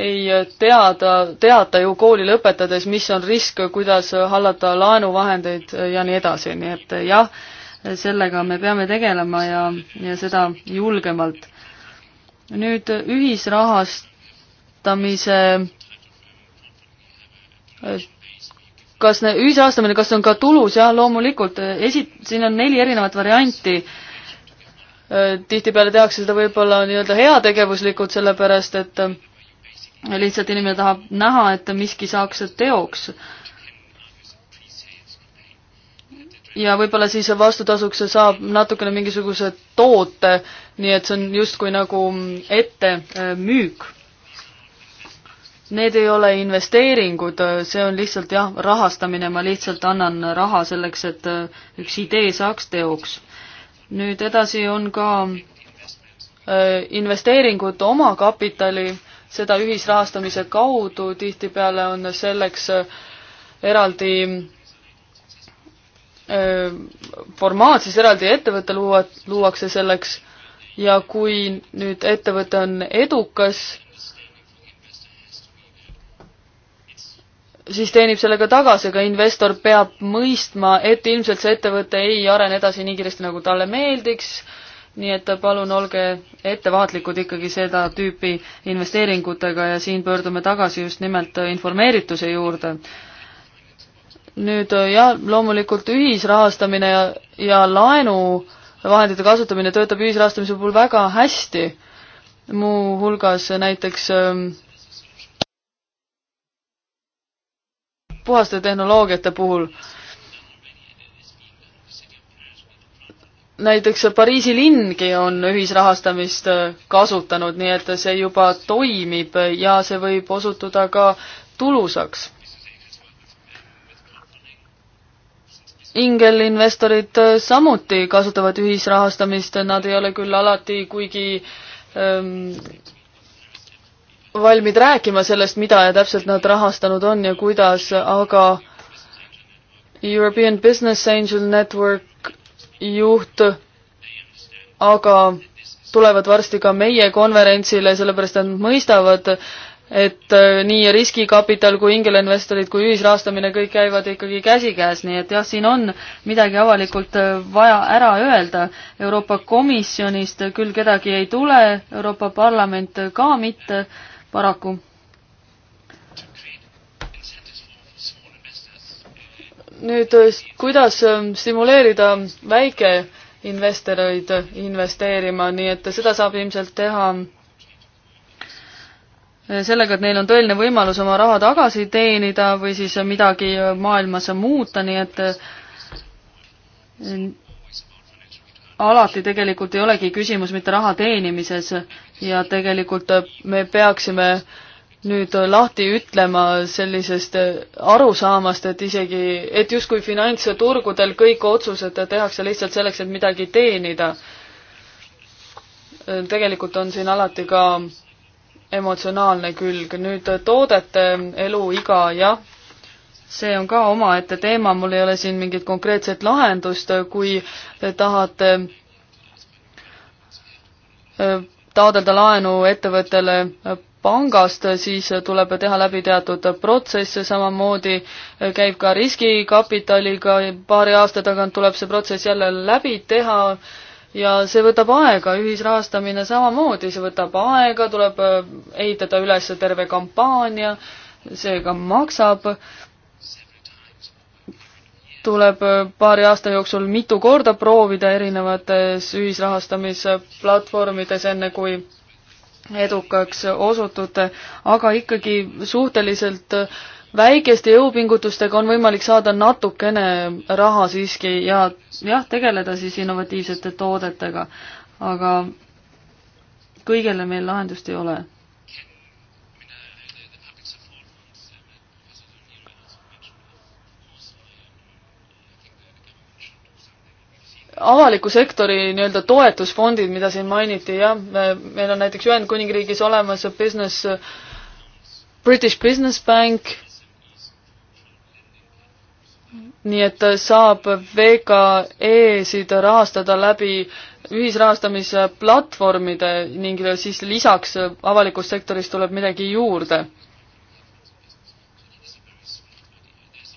ei teada, teata ju kooli lõpetades, mis on risk, kuidas hallata laenuvahendeid ja nii edasi, nii et jah, sellega me peame tegelema ja, ja seda julgemalt. nüüd ühisrahastamise kas ne-, ühisrahastamine, kas see on ka tulus, jah, loomulikult, esi-, siin on neli erinevat varianti, tihtipeale tehakse seda võib-olla nii-öelda heategevuslikult, sellepärast et äh, lihtsalt inimene tahab näha, et miski saaks teoks. ja võib-olla siis vastutasuks saab natukene mingisuguse toote, nii et see on justkui nagu ettemüük. Need ei ole investeeringud, see on lihtsalt jah, rahastamine, ma lihtsalt annan raha selleks, et üks idee saaks teoks. nüüd edasi on ka äh, investeeringud omakapitali seda ühisrahastamise kaudu, tihtipeale on selleks äh, eraldi äh, formaat, siis eraldi ettevõte luua, luuakse selleks ja kui nüüd ettevõte on edukas, siis teenib sellega tagasi, aga investor peab mõistma, et ilmselt see ettevõte ei arene edasi nii kiiresti, nagu talle meeldiks nii et palun olge ettevaatlikud ikkagi seda tüüpi investeeringutega ja siin pöördume tagasi just nimelt informeerituse juurde. nüüd jah, loomulikult ühisrahastamine ja, ja laenuvahendite kasutamine töötab ühisrahastamise puhul väga hästi, muuhulgas näiteks ähm, puhaste tehnoloogiate puhul näiteks Pariisi linngi on ühisrahastamist äh, kasutanud, nii et see juba toimib ja see võib osutuda ka tulusaks. ingelinvestorid äh, samuti kasutavad ühisrahastamist, nad ei ole küll alati kuigi ähm, valmid rääkima sellest, mida ja täpselt nad rahastanud on ja kuidas, aga European Business Angel Network juht, aga tulevad varsti ka meie konverentsile, sellepärast et nad mõistavad, et äh, nii riskikapital kui ingelinvestorid kui ühisrahastamine, kõik käivad ikkagi käsikäes, nii et jah, siin on midagi avalikult äh, vaja ära öelda. Euroopa Komisjonist küll kedagi ei tule, Euroopa Parlament ka mitte, paraku nüüd, äh, kuidas ähm, stimuleerida väikeinvestoreid investeerima, nii et seda saab ilmselt teha äh, sellega, et neil on tõeline võimalus oma raha tagasi teenida või siis midagi äh, maailmas muuta, nii et alati tegelikult ei olegi küsimus mitte raha teenimises ja tegelikult me peaksime äh, nüüd lahti ütlema sellisest äh, arusaamast, et isegi, et justkui finantsturgudel kõik otsused tehakse lihtsalt selleks, et midagi teenida. Äh, tegelikult on siin alati ka emotsionaalne külg. nüüd äh, toodete eluiga, jah, see on ka omaette teema, mul ei ole siin mingit konkreetset lahendust, kui te tahate taotleda laenu ettevõttele pangast, siis tuleb teha läbi teatud protsesse, samamoodi käib ka riskikapitaliga, paari aasta tagant tuleb see protsess jälle läbi teha ja see võtab aega, ühisrahastamine samamoodi, see võtab aega, tuleb ehitada üles terve kampaania, see ka maksab, tuleb paari aasta jooksul mitu korda proovida erinevates ühisrahastamisplatvormides, enne kui edukaks osutute, aga ikkagi suhteliselt väikeste jõupingutustega on võimalik saada natukene raha siiski ja jah, tegeleda siis innovatiivsete toodetega. aga kõigele meil lahendust ei ole avaliku sektori nii-öelda toetusfondid, mida siin mainiti, jah, meil on näiteks Ühendkuningriigis olemas business, British Business Bank, nii et saab VKE-sid rahastada läbi ühisrahastamisplatvormide ning siis lisaks avalikust sektorist tuleb midagi juurde.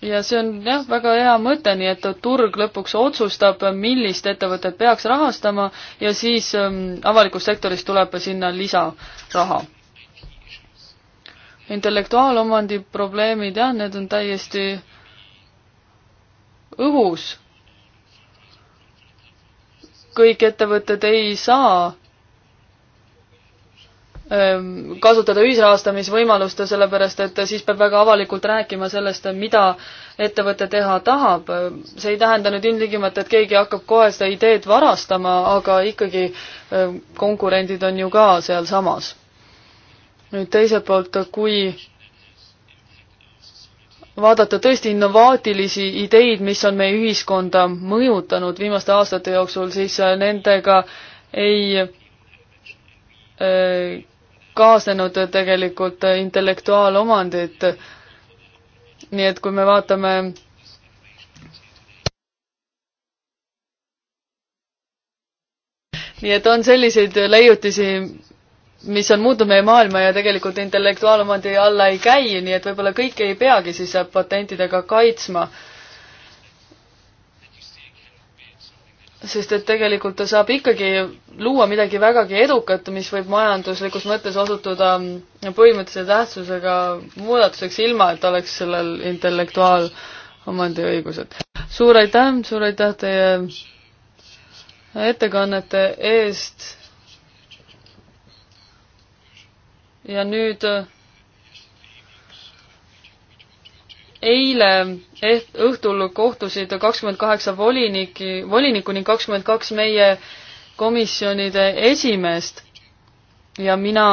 ja see on jah, väga hea mõte, nii et turg lõpuks otsustab, millist ettevõtet peaks rahastama ja siis ähm, avalikust sektorist tuleb sinna lisaraha. intellektuaalomandi probleemid, jah, need on täiesti õhus. kõik ettevõtted ei saa Ähm, kasutada ühisrahastamisvõimalust, sellepärast et siis peab väga avalikult rääkima sellest, mida ettevõte teha tahab. see ei tähenda nüüd ilmtingimata, et keegi hakkab kohe seda ideed varastama, aga ikkagi ähm, konkurendid on ju ka sealsamas. nüüd teiselt poolt, kui vaadata tõesti innovaatilisi ideid, mis on meie ühiskonda mõjutanud viimaste aastate jooksul, siis äh, nendega ei äh, kaasnenud tegelikult intellektuaalomandit. nii et kui me vaatame nii et on selliseid leiutisi, mis on muutnud meie maailma ja tegelikult intellektuaalomandi alla ei käi, nii et võib-olla kõike ei peagi siis patentidega kaitsma sest et tegelikult ta saab ikkagi luua midagi vägagi edukat, mis võib majanduslikus mõttes osutuda põhimõttelise tähtsusega muudatuseks, ilma et oleks sellel intellektuaalomandiõigused. suur aitäh, suur aitäh teie ettekannete eest. ja nüüd eile eh, õhtul kohtusid kakskümmend kaheksa voliniki, volinikku ning kakskümmend kaks meie komisjonide esimeest ja mina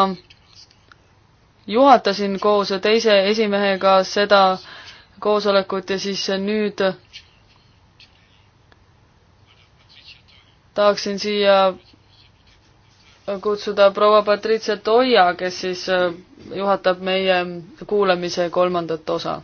juhatasin koos teise esimehega seda koosolekut ja siis nüüd tahaksin siia kutsuda proua Patricia Toia, kes siis eh, juhatab meie kuulamise kolmandat osa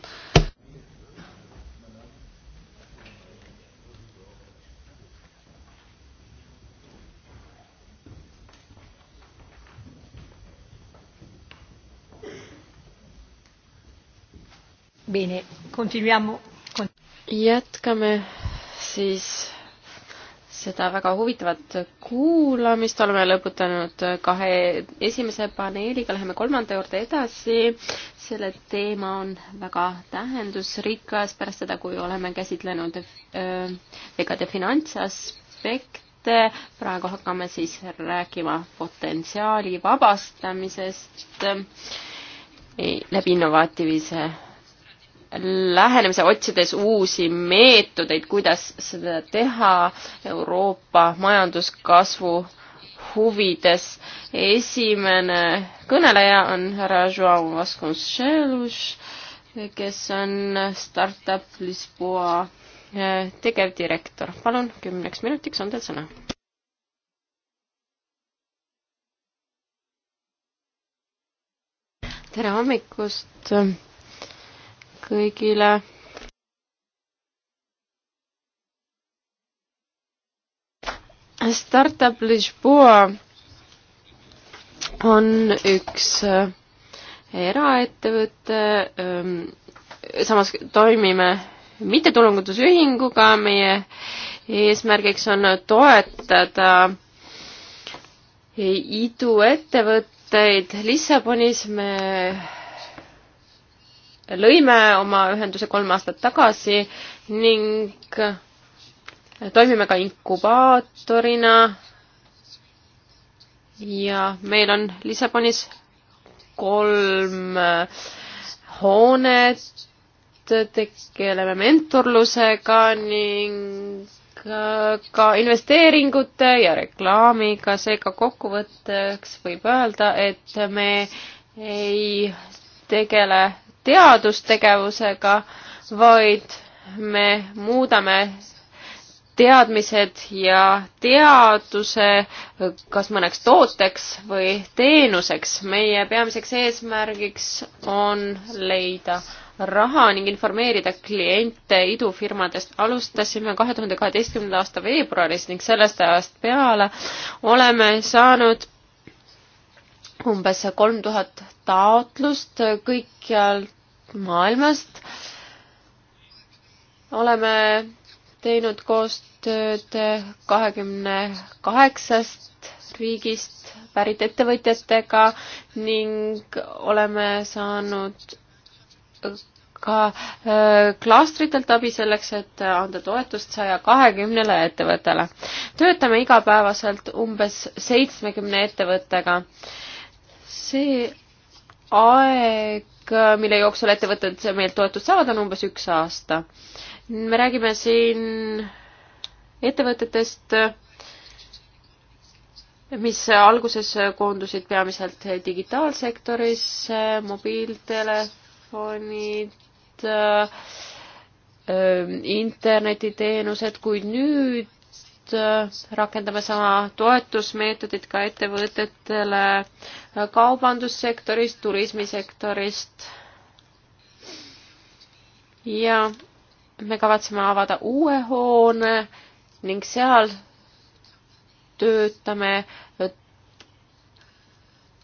Bene, continuiamo. jätkame siis seda väga huvitavat kuulamist, oleme lõputanud kahe esimese paneeliga, läheme kolmanda juurde edasi. selle teema on väga tähendusrikas pärast seda, kui oleme käsitlenud vigade finantsaspekte. praegu hakkame siis rääkima potentsiaali vabastamisest läbi innovaatilise lähenemise, otsides uusi meetodeid, kuidas seda teha Euroopa majanduskasvu huvides. esimene kõneleja on härra Joao Vasconcelos, kes on startup Lisboa eh, tegevdirektor. palun, kümneks minutiks on teil sõna. tere hommikust kõigile. Startup Lisboa on üks äh, eraettevõte, ähm, samas toimime mittetulundusühinguga, meie eesmärgiks on toetada iduettevõtteid. Lissabonis me lõime oma ühenduse kolm aastat tagasi ning toimime ka inkubaatorina. ja meil on Lissabonis kolm äh, hoonet, tegeleme mentorlusega ning äh, ka investeeringute ja reklaamiga, seega kokkuvõtteks võib öelda, et me ei tegele teadustegevusega, vaid me muudame teadmised ja teaduse kas mõneks tooteks või teenuseks. meie peamiseks eesmärgiks on leida raha ning informeerida kliente idufirmadest. alustasime kahe tuhande kaheteistkümnenda aasta veebruaris ning sellest ajast peale oleme saanud umbes kolm tuhat taotlust kõikjal maailmast. oleme teinud koostööd kahekümne kaheksast riigist pärit ettevõtjatega ning oleme saanud ka äh, klastritelt abi selleks, et anda toetust saja kahekümnele ettevõttele. töötame igapäevaselt umbes seitsmekümne ettevõttega. see aeg tähtaeg, mille jooksul ettevõtted meilt toetust saavad, on umbes üks aasta. me räägime siin ettevõtetest, mis alguses koondusid peamiselt digitaalsektorisse, mobiiltelefonid, äh, internetiteenused, kuid nüüd Äh, rakendame sama toetusmeetodit ka ettevõtetele äh, kaubandussektorist, turismisektorist. ja me kavatseme avada uue hoone ning seal töötame äh,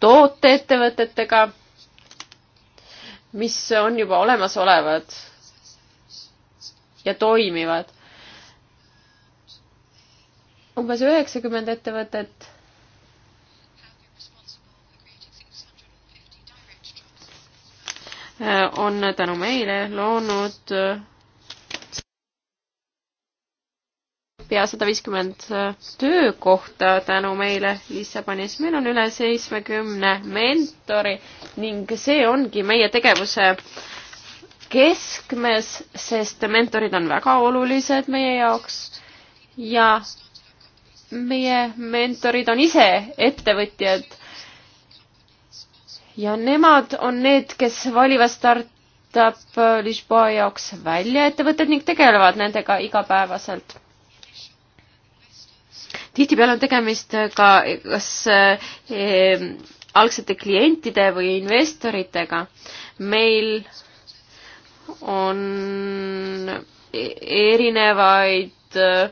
tooteettevõtetega, mis on juba olemasolevad ja toimivad umbes üheksakümmend ettevõtet. on tänu meile loonud pea sada viiskümmend töökohta tänu meile Lissabonis. meil on üle seitsmekümne mentori ning see ongi meie tegevuse keskmes, sest mentorid on väga olulised meie jaoks ja meie mentorid on ise ettevõtjad ja nemad on need, kes valivad startup Lisboa jaoks välja ettevõtted ning tegelevad nendega igapäevaselt. tihtipeale on tegemist ka kas eh, algsete klientide või investoritega. meil on erinevaid eh,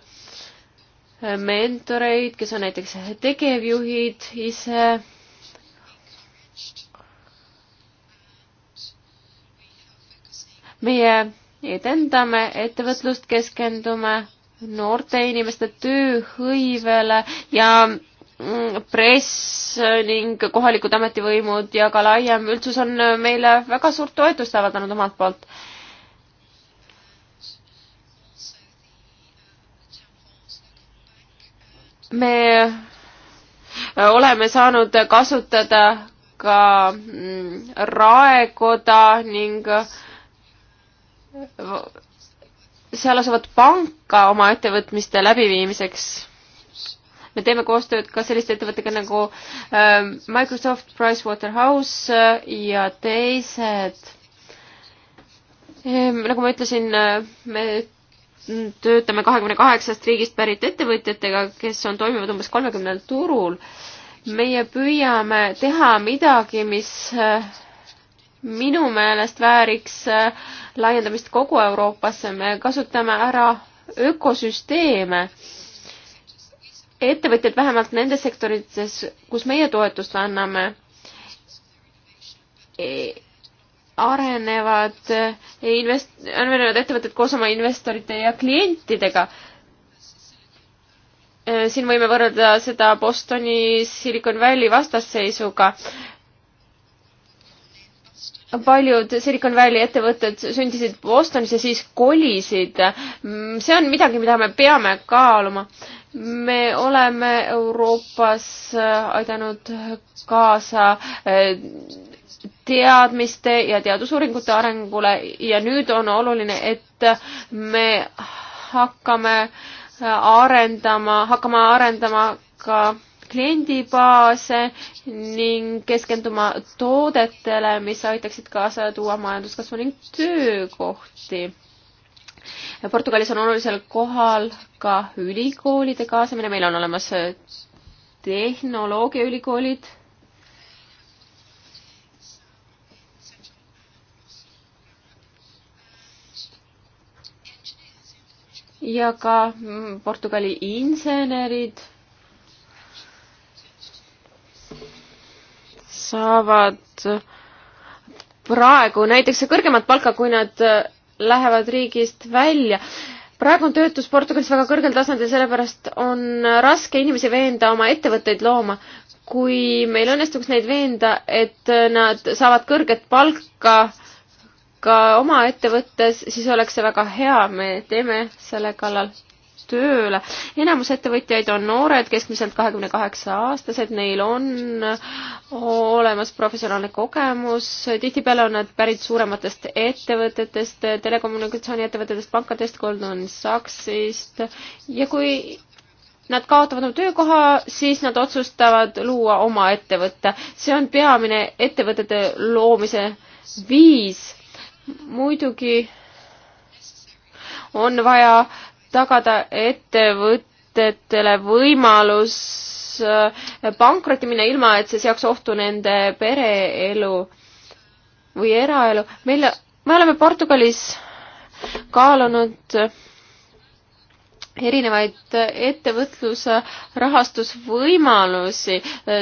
mentoreid, kes on näiteks tegevjuhid ise. meie edendame ettevõtlust, keskendume noorte inimeste tööhõivele ja mm, press ning kohalikud ametivõimud ja ka laiem üldsus on meile väga suurt toetust avaldanud omalt poolt me äh, oleme saanud kasutada ka mm, raekoda ning äh, seal asuvat panka oma ettevõtmiste läbiviimiseks. me teeme koostööd ka selliste ettevõttega nagu äh, Microsoft, Pricewaterhouse ja teised. Ehm, nagu ma ütlesin, me töötame kahekümne kaheksast riigist pärit ettevõtjatega, kes on toimivad umbes kolmekümnel turul. meie püüame teha midagi, mis äh, minu meelest vääriks äh, laiendamist kogu Euroopasse, me kasutame ära ökosüsteeme ettevõtjad vähemalt nendes sektorites, kus meie toetust anname, e- arenevad eh, invest-, arenevad ettevõtted koos oma investorite ja klientidega. Eh, siin võime võrrelda seda Bostoni Silicon Valley vastasseisuga. paljud Silicon Valley ettevõtted sündisid Bostonis ja siis kolisid. Mm, see on midagi, mida me peame kaaluma me oleme Euroopas eh, aidanud kaasa teadmiste ja teadusuuringute arengule ja nüüd on oluline, et me hakkame arendama, hakkama arendama ka kliendibaase ning keskenduma toodetele, mis aitaksid kaasa tuua majanduskasvu ning töökohti. Portugalis on olulisel kohal ka ülikoolide kaasamine, meil on olemas tehnoloogiaülikoolid ja ka mm, Portugali insenerid saavad praegu näiteks kõrgemat palka, kui nad äh, lähevad riigist välja. praegu on töötus Portugalis väga kõrgel tasandil, sellepärast on raske inimesi veenda oma ettevõtteid looma. kui meil õnnestuks neid veenda, et nad saavad kõrget palka ka oma ettevõttes, siis oleks see väga hea, me teeme selle kallal tööle. enamus ettevõtjaid on noored, keskmiselt kahekümne kaheksa aastased, neil on olemas professionaalne kogemus, tihtipeale on nad pärit suurematest ettevõtetest, telekommunikatsiooniettevõtetest, pankadest, Goldman Sachsist ja kui nad kaotavad oma töökoha, siis nad otsustavad luua oma ettevõtte. see on peamine ettevõtete loomise viis muidugi on vaja tagada ettevõtetele võimalus äh, pankrotti minna, ilma et see seaks ohtu nende pereelu või eraelu. meil, me oleme Portugalis kaalunud erinevaid ettevõtluse rahastusvõimalusi.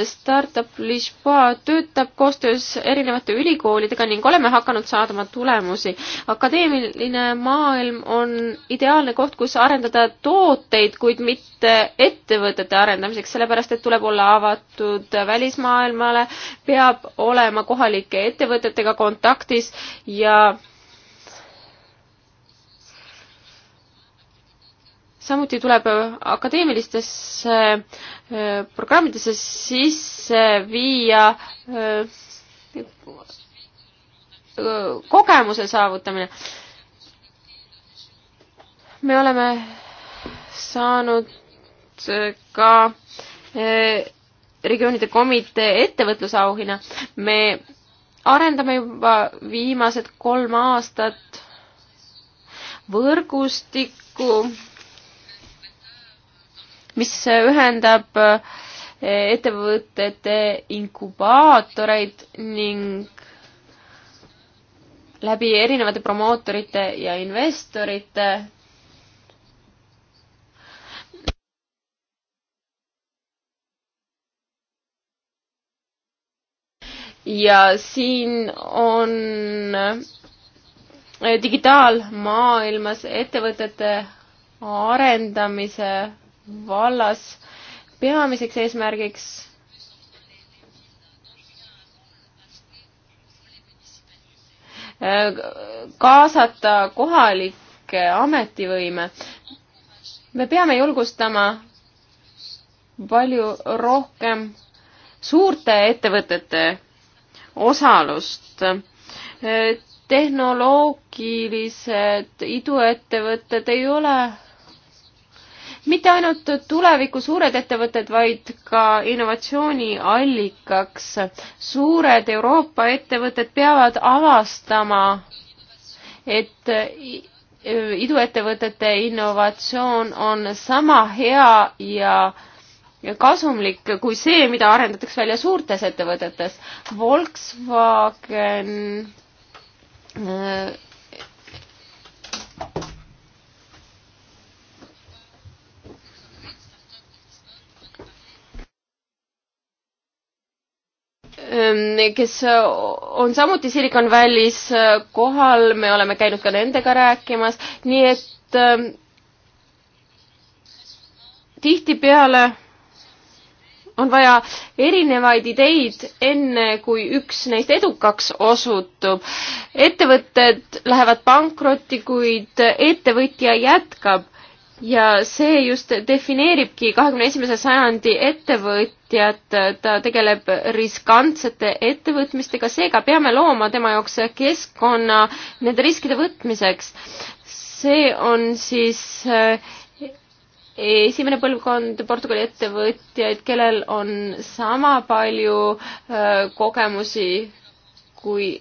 Startup Lisboa töötab koostöös erinevate ülikoolidega ning oleme hakanud saadama tulemusi. akadeemiline maailm on ideaalne koht, kus arendada tooteid, kuid mitte ettevõtete arendamiseks, sellepärast et tuleb olla avatud välismaailmale, peab olema kohalike ettevõtetega kontaktis ja samuti tuleb akadeemilistesse äh, programmidesse sisse viia äh, kogemuse saavutamine. me oleme saanud äh, ka regioonide komitee ettevõtlusauhinna. me arendame juba viimased kolm aastat võrgustikku mis ühendab eh, ettevõtete inkubaatoreid ning läbi erinevate promootorite ja investorite ja siin on eh, digitaalmaailmas ettevõtete arendamise vallas peamiseks eesmärgiks äh, kaasata kohalikke ametivõime. me peame julgustama palju rohkem suurte ettevõtete osalust. Äh, tehnoloogilised iduettevõtted ei ole mitte ainult tuleviku suured ettevõtted, vaid ka innovatsiooniallikaks. suured Euroopa ettevõtted peavad avastama, et iduettevõtete innovatsioon on sama hea ja kasumlik kui see, mida arendatakse välja suurtes ettevõtetes. Volkswagen äh, Ehm, kes äh, on samuti Silicon Valley's äh, kohal, me oleme käinud ka nendega rääkimas, nii et ehm, tihtipeale on vaja erinevaid ideid, enne kui üks neist edukaks osutub. ettevõtted lähevad pankrotti, kuid ettevõtja jätkab ja see just defineeribki kahekümne esimese sajandi ettevõtjat, ta tegeleb riskantsete ettevõtmistega, seega peame looma tema jaoks keskkonna nende riskide võtmiseks. see on siis eh, esimene põlvkond Portugali ettevõtjaid, kellel on sama palju eh, kogemusi kui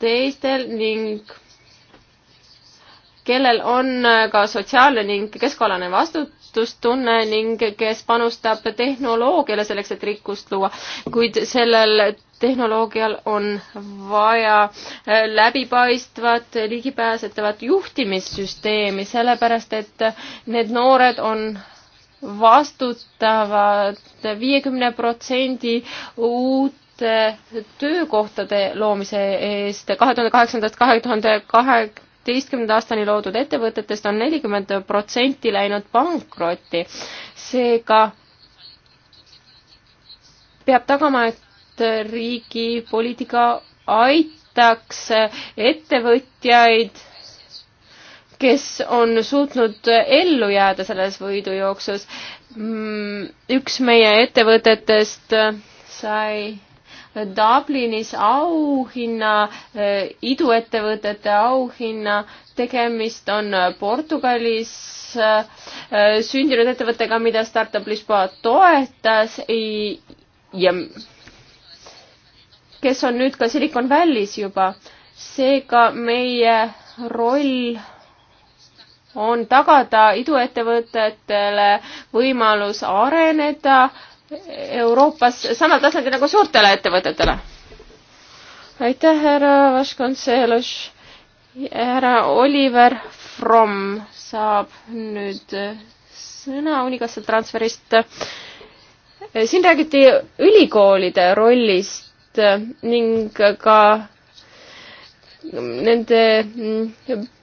teistel ning kellel on äh, ka sotsiaalne ning keskkonnane vastutustunne ning kes panustab tehnoloogiale selleks, et rikkust luua, kuid sellel tehnoloogial on vaja äh, läbipaistvat, ligipääsetavat juhtimissüsteemi, sellepärast et need noored on vastutavad viiekümne protsendi uute töökohtade loomise eest kahe tuhande kaheksandast kahe tuhande kahe kaheteistkümnenda aastani loodud ettevõtetest on nelikümmend protsenti läinud pankrotti. seega peab tagama, et riigi poliitika aitaks ettevõtjaid kes on suutnud ellu jääda selles võidujooksus. Mm, üks meie ettevõtetest sai Dublinis auhinna, eh, iduettevõtete auhinna, tegemist on eh, Portugalis eh, sündinud ettevõttega, mida Startup Lisboa toetas ja kes on nüüd ka Silicon Valley's juba. seega meie roll on tagada iduettevõtetele võimalus areneda Euroopas samal tasandil nagu suurtele ettevõtetele. aitäh, härra Vaskonselos. härra Oliver Fromm saab nüüd sõna Unikassa transferist. siin räägiti ülikoolide rollist ning ka nende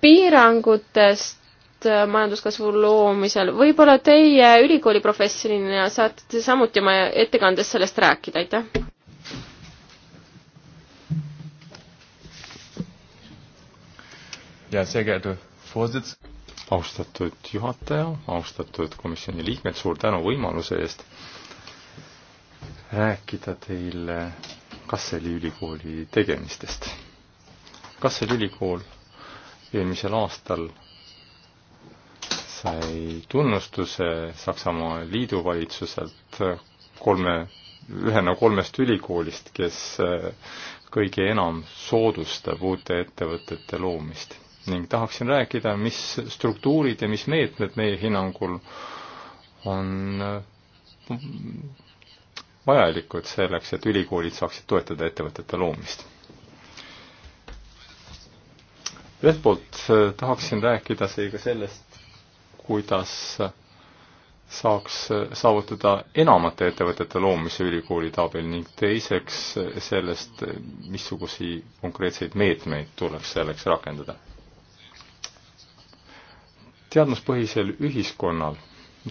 piirangutest rollist äh, majanduskasvu loomisel. võib-olla teie ülikooli professorina saate samuti oma ettekandes sellest rääkida, aitäh! ja sehr geehrte Vorsitz. austatud juhataja, austatud komisjoni liikmed, suur tänu võimaluse eest rääkida teile Kasseli ülikooli tegemistest. Kasseli ülikool eelmisel aastal sai tunnustuse Saksamaa liiduvalitsuselt kolme, ühena kolmest ülikoolist, kes eh, kõige enam soodustab uute ettevõtete loomist. ning tahaksin rääkida, mis struktuurid ja mis meetmed meie hinnangul on eh, vajalikud selleks, et ülikoolid saaksid toetada ettevõtete loomist ühelt poolt eh, tahaksin rääkida seega sellest, kuidas saaks saavutada enamate ettevõtete loomise ülikoolide abil ning teiseks sellest, missugusi konkreetseid meetmeid tuleks selleks rakendada. teadmuspõhisel ühiskonnal,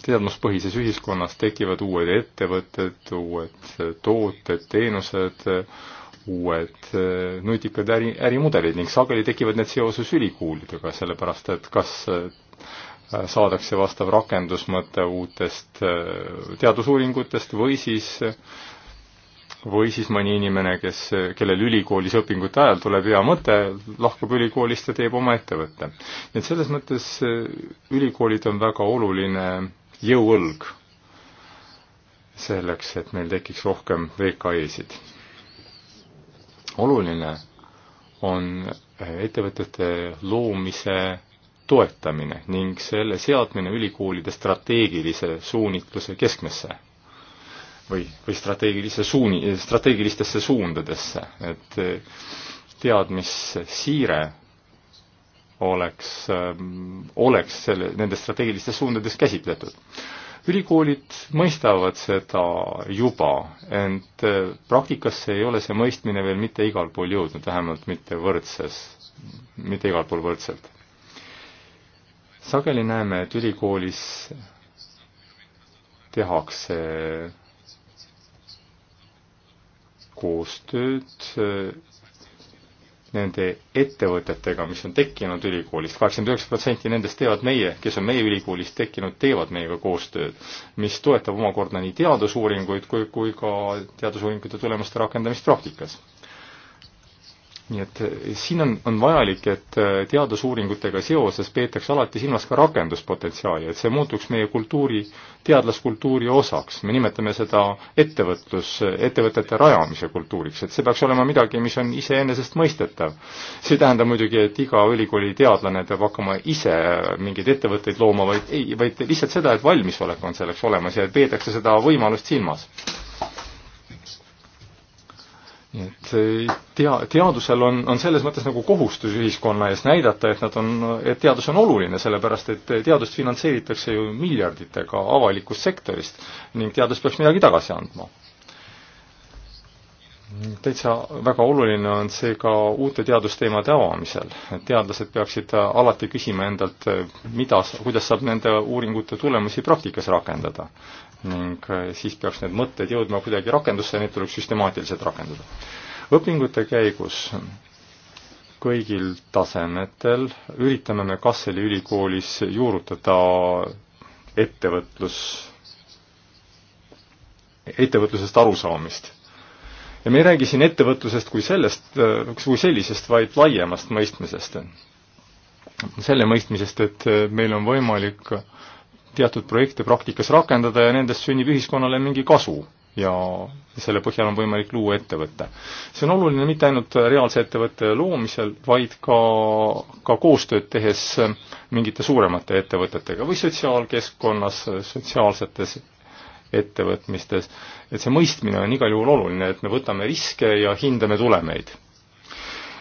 teadmuspõhises ühiskonnas tekivad uued ettevõtted, uued tooted, teenused, uued nutikad äri, ärimudelid ning sageli tekivad need seoses ülikoolidega, sellepärast et kas saadakse vastav rakendusmõte uutest äh, teadusuuringutest või siis või siis mõni inimene, kes, kellel ülikoolis õpingute ajal tuleb hea mõte, lahkub ülikoolist ja teeb oma ettevõtte. nii et selles mõttes äh, ülikoolid on väga oluline jõuõlg selleks, et meil tekiks rohkem VKE-sid. oluline on äh, ettevõtete loomise toetamine ning selle seadmine ülikoolide strateegilise suunitluse keskmesse või, või strateegilise suuni, strateegilistesse suundadesse, et eh, teadmissiire oleks, ähm, oleks selle, nendes strateegilistes suundades käsitletud. ülikoolid mõistavad seda juba, ent eh, praktikasse ei ole see mõistmine veel mitte igal pool jõudnud, vähemalt mitte võrdses, mitte igal pool võrdselt sageli näeme, et ülikoolis tehakse koostööd eh, nende ettevõtetega, mis on tekkinud ülikoolist, kaheksakümmend üheksa protsenti nendest teevad meie, kes on meie ülikoolist tekkinud, teevad meiega koostööd, mis toetab omakorda nii teadusuuringuid kui, kui ka teadusuuringute tulemuste rakendamist praktikas nii et eh, siin on, on vajalik, et eh, teadusuuringutega seoses peetakse alati silmas ka rakenduspotentsiaali, et see muutuks meie kultuuri, teadlaskultuuri osaks, me nimetame seda ettevõtlus, ettevõtete rajamise kultuuriks, et see peaks olema midagi, mis on iseenesestmõistetav. see ei tähenda muidugi, et iga ülikooli teadlane peab hakkama ise mingeid ettevõtteid looma, vaid ei, vaid lihtsalt seda, et valmisolek on selleks olemas ja et peetakse seda võimalust silmas nii et tea, teadusel on, on selles mõttes nagu kohustus ühiskonna ees näidata, et nad on, et teadus on oluline, sellepärast et teadust finantseeritakse ju miljarditega avalikust sektorist ning teadus peaks midagi tagasi andma. täitsa väga oluline on see ka uute teadusteemade avamisel, et teadlased peaksid alati küsima endalt, mida, kuidas saab nende uuringute tulemusi praktikas rakendada ning äh, siis peaks need mõtted jõudma kuidagi rakendusse, neid tuleks süstemaatiliselt rakendada. õpingute käigus kõigil tasemetel üritame me Kasseli ülikoolis juurutada ettevõtlus, ettevõtlusest arusaamist. ja me ei räägi siin ettevõtlusest kui sellest, äh, kui sellisest, vaid laiemast mõistmisest. selle mõistmisest, et äh, meil on võimalik äh, teatud projekte praktikas rakendada ja nendest sünnib ühiskonnale mingi kasu ja selle põhjal on võimalik luua ettevõte. see on oluline mitte ainult reaalse ettevõtte loomisel, vaid ka, ka koostööd tehes mingite suuremate ettevõtetega või sotsiaalkeskkonnas, sotsiaalsetes ettevõtmistes. et see mõistmine on igal juhul oluline, et me võtame riske ja hindame tulemeid.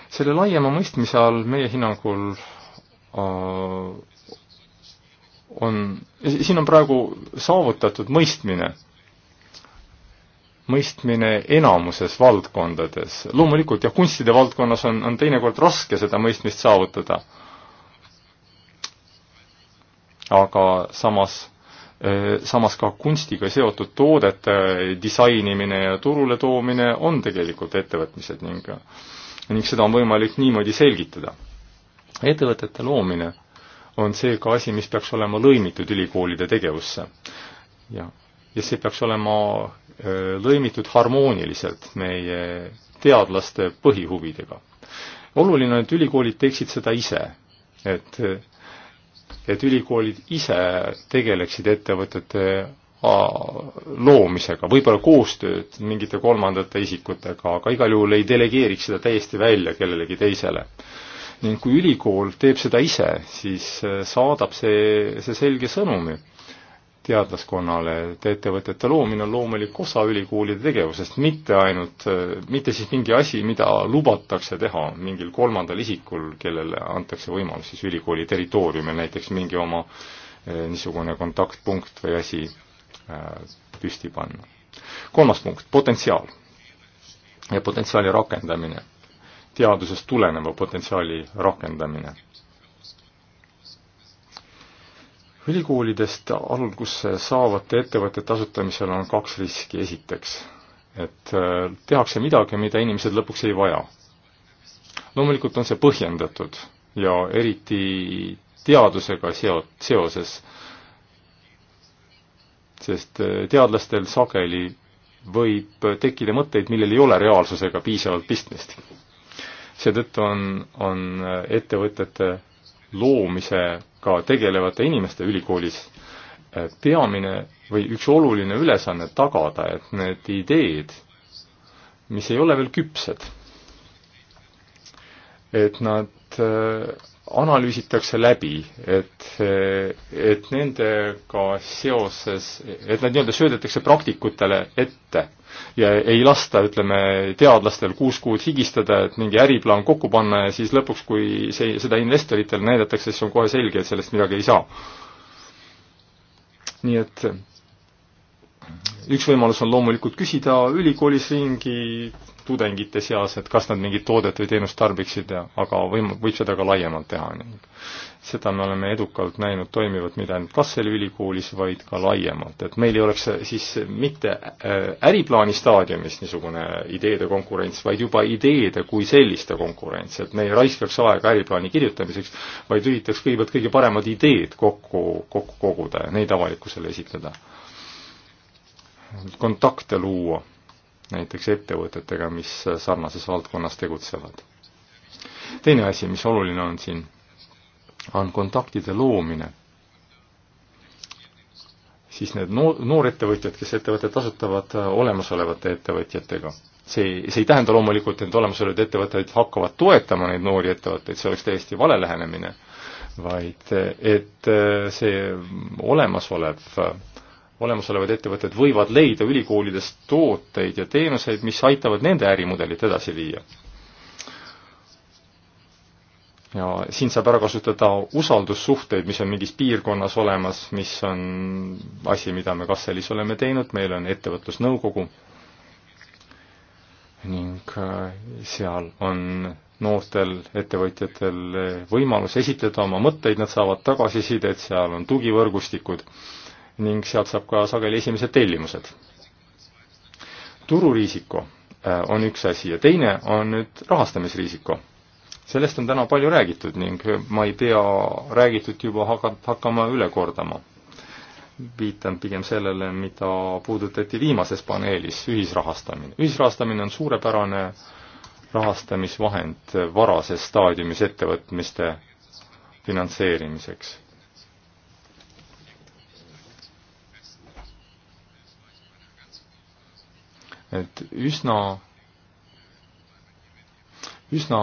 selle laiema mõistmise all meie hinnangul äh, on, siin on praegu saavutatud mõistmine, mõistmine enamuses valdkondades. loomulikult, jah, kunstide valdkonnas on, on teinekord raske seda mõistmist saavutada. aga samas, eh, samas ka kunstiga seotud toodete disainimine ja turule toomine on tegelikult ettevõtmised ning ning seda on võimalik niimoodi selgitada. ettevõtete loomine on seega asi, mis peaks olema lõimitud ülikoolide tegevusse. ja, ja see peaks olema lõimitud harmooniliselt meie teadlaste põhihuvidega. oluline on, et ülikoolid teeksid seda ise, et, et ülikoolid ise tegeleksid ettevõtete loomisega, võib-olla koostööd mingite kolmandate isikutega, aga igal juhul ei delegeeriks seda täiesti välja kellelegi teisele ning kui ülikool teeb seda ise, siis äh, saadab see, see selge sõnumi teadlaskonnale, et ettevõtete loomine on loomulik osa ülikoolide tegevusest, mitte ainult, äh, mitte siis mingi asi, mida lubatakse teha mingil kolmandal isikul, kellele antakse võimalus siis ülikooli territooriumil näiteks mingi oma äh, niisugune kontaktpunkt või asi püsti panna. kolmas punkt, potentsiaal ja potentsiaali rakendamine teadusest tuleneva potentsiaali rakendamine. ülikoolidest algusse saavate ettevõtete asutamisel on kaks riski, esiteks, et äh, tehakse midagi, mida inimesed lõpuks ei vaja. loomulikult on see põhjendatud ja eriti teadusega seo-, seoses, sest äh, teadlastel sageli võib tekkida mõtteid, millel ei ole reaalsusega piisavalt pistmist seetõttu on, on äh, ettevõtete loomisega tegelevate inimeste ülikoolis äh, peamine või üks oluline ülesanne tagada, et need ideed, mis ei ole veel küpsed, et nad äh, analüüsitakse läbi, et, et nendega seoses, et nad nii-öelda söödetakse praktikutele ette ja ei lasta, ütleme, teadlastel kuus kuud higistada, et mingi äriplaan kokku panna ja siis lõpuks, kui see, seda investoritele näidatakse, siis on kohe selge, et sellest midagi ei saa. nii et üks võimalus on loomulikult küsida ülikoolis ringi, tudengite seas, et kas nad mingit toodet või teenust tarbiksid ja aga võim-, võib seda ka laiemalt teha ning seda me oleme edukalt näinud toimivat mitte ainult Kasseli ülikoolis, vaid ka laiemalt, et meil ei oleks siis mitte äh, äriplaani staadiumis niisugune ideede konkurents, vaid juba ideede kui selliste konkurents, et me ei raiskaks aega äriplaani kirjutamiseks, vaid üritaks kõigepealt kõige paremad ideed kokku, kokku koguda ja neid avalikkusele esitleda kontakte luua näiteks ettevõtetega, mis sarnases valdkonnas tegutsevad. teine asi, mis oluline on siin, on kontaktide loomine. siis need noor, noorettevõtjad, kes ettevõtted asutavad äh, olemasolevate ettevõtjatega. see, see ei tähenda loomulikult, et olemasolevad ettevõtted hakkavad toetama neid noori ettevõtteid, see oleks täiesti vale lähenemine, vaid äh, et äh, see olemasolev olemasolevad ettevõtted võivad leida ülikoolides tooteid ja teenuseid, mis aitavad nende ärimudelit edasi viia. ja siin saab ära kasutada usaldussuhteid, mis on mingis piirkonnas olemas, mis on asi, mida me Kasselis oleme teinud, meil on ettevõtlusnõukogu ning äh, seal on noortel ettevõtjatel võimalus esitleda oma mõtteid, nad saavad tagasisidet, seal on tugivõrgustikud ning sealt saab ka sageli esimesed tellimused. tururiisiko äh, on üks asi ja teine on nüüd rahastamisriisiko. sellest on täna palju räägitud ning ma ei pea räägitut juba hakka, hakkama üle kordama. viitan pigem sellele, mida puudutati viimases paneelis, ühisrahastamine. ühisrahastamine on suurepärane rahastamisvahend varases staadiumis ettevõtmiste finantseerimiseks et üsna, üsna